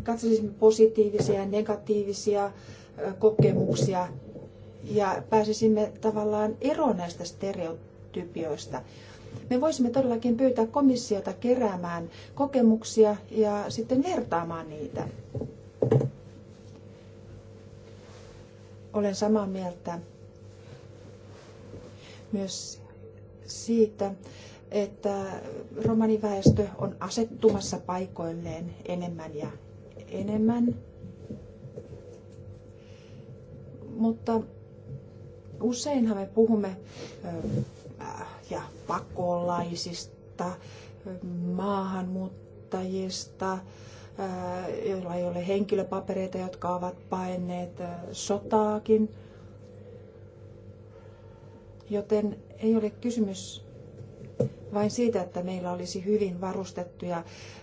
katselisimme positiivisia ja negatiivisia kokemuksia ja pääsisimme tavallaan eroon näistä stereotypioista. Me voisimme todellakin pyytää komissiota keräämään kokemuksia ja sitten vertaamaan niitä. Olen samaa mieltä myös siitä, että romaniväestö on asettumassa paikoilleen enemmän ja enemmän. Mutta useinhan me puhumme äh, ja pakolaisista, maahanmuuttajista, Äh, joilla ei ole henkilöpapereita, jotka ovat paenneet äh, sotaakin. Joten ei ole kysymys vain siitä, että meillä olisi hyvin varustettuja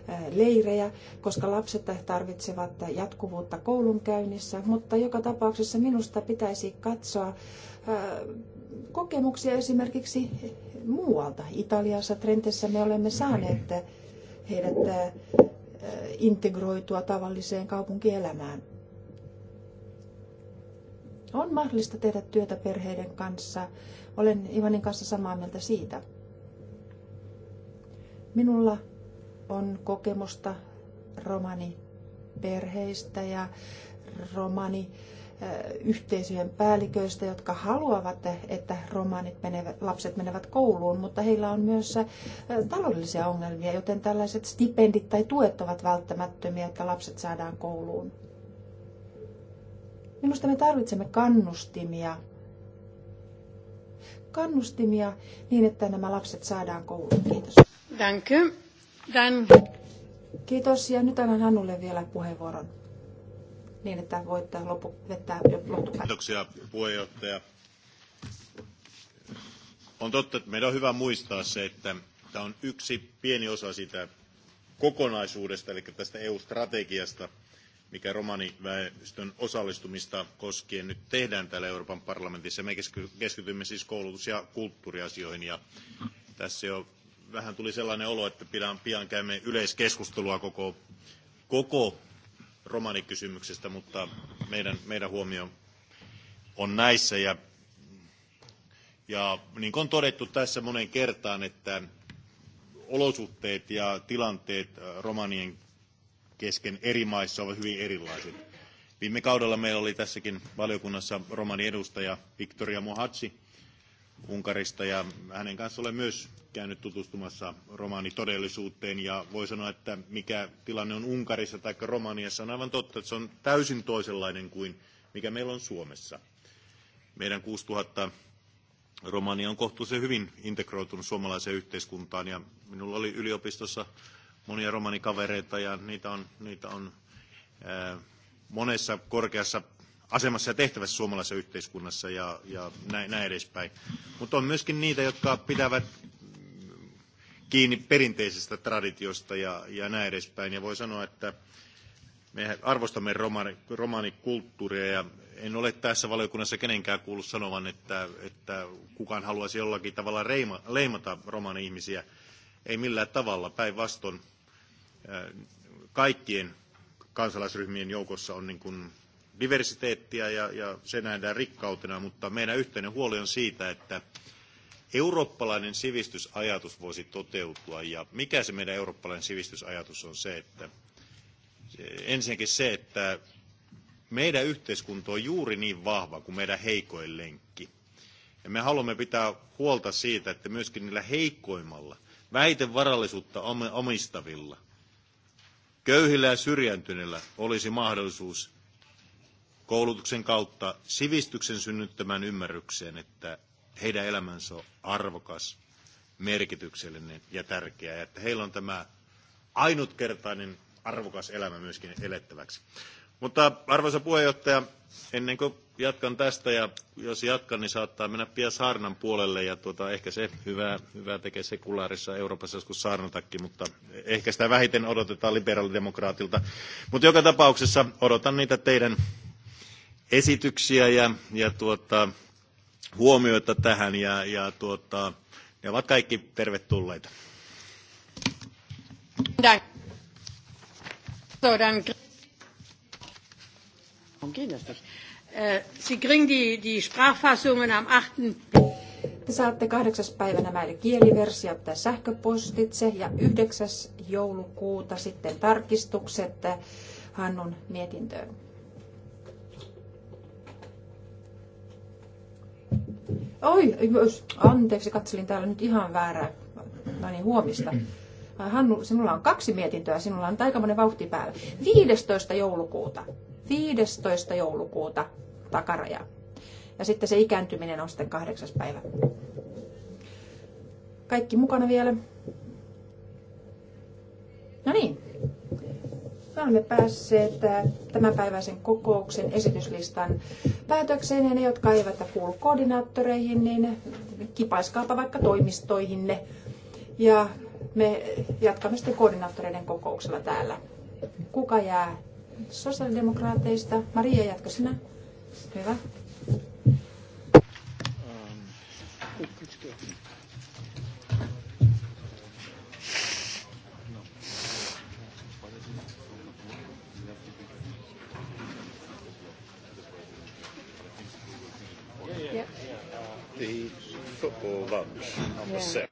äh, leirejä, koska lapset tarvitsevat jatkuvuutta koulunkäynnissä, mutta joka tapauksessa minusta pitäisi katsoa kokemuksia esimerkiksi muualta. Italiassa Trentessä me olemme saaneet heidät Eh, integroitua tavalliseen kaupunkielämään. On mahdollista tehdä työtä perheiden kanssa. Olen Ivanin kanssa samaa mieltä siitä. Minulla on kokemusta romani perheistä ja romani yhteisöjen päälliköistä, jotka haluavat, että romaanit menevät, lapset menevät kouluun, mutta heillä on myös taloudellisia ongelmia, joten tällaiset stipendit tai tuet ovat välttämättömiä, että lapset saadaan kouluun. Minusta me tarvitsemme kannustimia. Kannustimia niin, että nämä lapset saadaan kouluun. Kiitos. Kiitos. Dan. Kiitos ja nyt annan Hannulle vielä puheenvuoron niin, että voitte vetää vettää lohtupäätöksen. Kiitoksia puheenjohtaja. On totta, että meidän on hyvä muistaa se, että tämä on yksi pieni osa sitä kokonaisuudesta, eli tästä EU-strategiasta, mikä romaniväestön osallistumista koskien nyt tehdään täällä Euroopan parlamentissa. Me keskitymme siis koulutus- ja kulttuuriasioihin ja tässä jo vähän tuli sellainen olo, että pian käymme yleiskeskustelua koko, koko romanikysymyksestä, mutta meidän, meidän huomio on näissä. Ja, ja niin kuin on todettu tässä monen kertaan, että olosuhteet ja tilanteet äh, romanien kesken eri maissa ovat hyvin erilaiset. Viime kaudella meillä oli tässäkin valiokunnassa romani edustaja Victoria Mohatsi, Unkarista ja hänen kanssa olen myös käynyt tutustumassa romaanitodellisuuteen ja voi sanoa, että mikä tilanne on Unkarissa tai Romaniassa on aivan totta, että se on täysin toisenlainen kuin mikä meillä on Suomessa. Meidän 6000 Romania on kohtuullisen hyvin integroitunut suomalaiseen yhteiskuntaan ja minulla oli yliopistossa monia romanikavereita ja niitä on, niitä on ää, monessa korkeassa asemassa ja tehtävässä suomalaisessa yhteiskunnassa ja, ja näin, näin edespäin. Mutta on myöskin niitä, jotka pitävät kiinni perinteisestä traditiosta ja, ja näin edespäin. Ja voi sanoa, että me arvostamme romani, romanikulttuuria ja en ole tässä valiokunnassa kenenkään kuullut sanovan, että, että kukaan haluaisi jollakin tavalla reima, leimata romani-ihmisiä. Ei millään tavalla. Päinvastoin kaikkien kansalaisryhmien joukossa on niin kuin diversiteettiä ja, ja se nähdään rikkautena, mutta meidän yhteinen huoli on siitä, että eurooppalainen sivistysajatus voisi toteutua. Ja mikä se meidän eurooppalainen sivistysajatus on se, että ensinnäkin se, että meidän yhteiskunta on juuri niin vahva kuin meidän heikoin lenkki. Ja me haluamme pitää huolta siitä, että myöskin niillä heikoimmalla, varallisuutta omistavilla, köyhillä ja syrjäntyneillä olisi mahdollisuus koulutuksen kautta sivistyksen synnyttämään ymmärrykseen, että heidän elämänsä on arvokas, merkityksellinen ja tärkeä, ja että heillä on tämä ainutkertainen arvokas elämä myöskin elettäväksi. Mutta arvoisa puheenjohtaja, ennen kuin jatkan tästä ja jos jatkan, niin saattaa mennä pian saarnan puolelle ja tuota, ehkä se hyvää, hyvää tekee sekulaarissa Euroopassa joskus saarnatakin, mutta ehkä sitä vähiten odotetaan liberaalidemokraatilta. Mutta joka tapauksessa odotan niitä teidän esityksiä ja, ja tuota, huomioita tähän ja, ja tuota, ne ovat kaikki tervetulleita. Dank. die, die Sprachfassungen am 8. Te saatte kahdeksas päivä nämä eli kieliversiot sähköpostitse ja 9. joulukuuta sitten tarkistukset Hannun mietintöön. Oi, anteeksi, katselin täällä nyt ihan väärää. No niin, huomista. Äh, Hannu, sinulla on kaksi mietintöä, sinulla on aikamoinen vauhti päällä. 15. joulukuuta. 15. joulukuuta takaraja. Ja sitten se ikääntyminen on sitten kahdeksas päivä. Kaikki mukana vielä. No niin, näin olemme päässeet äh, tämänpäiväisen kokouksen esityslistan päätökseen. Ja ne, jotka eivät kuulu koordinaattoreihin, niin kipaiskaapa vaikka toimistoihinne. Ja me jatkamme sitten koordinaattoreiden kokouksella täällä. Kuka jää sosiaalidemokraateista? Maria, jatko sinä. Hyvä. Ähm, the football lunch on yeah. the set.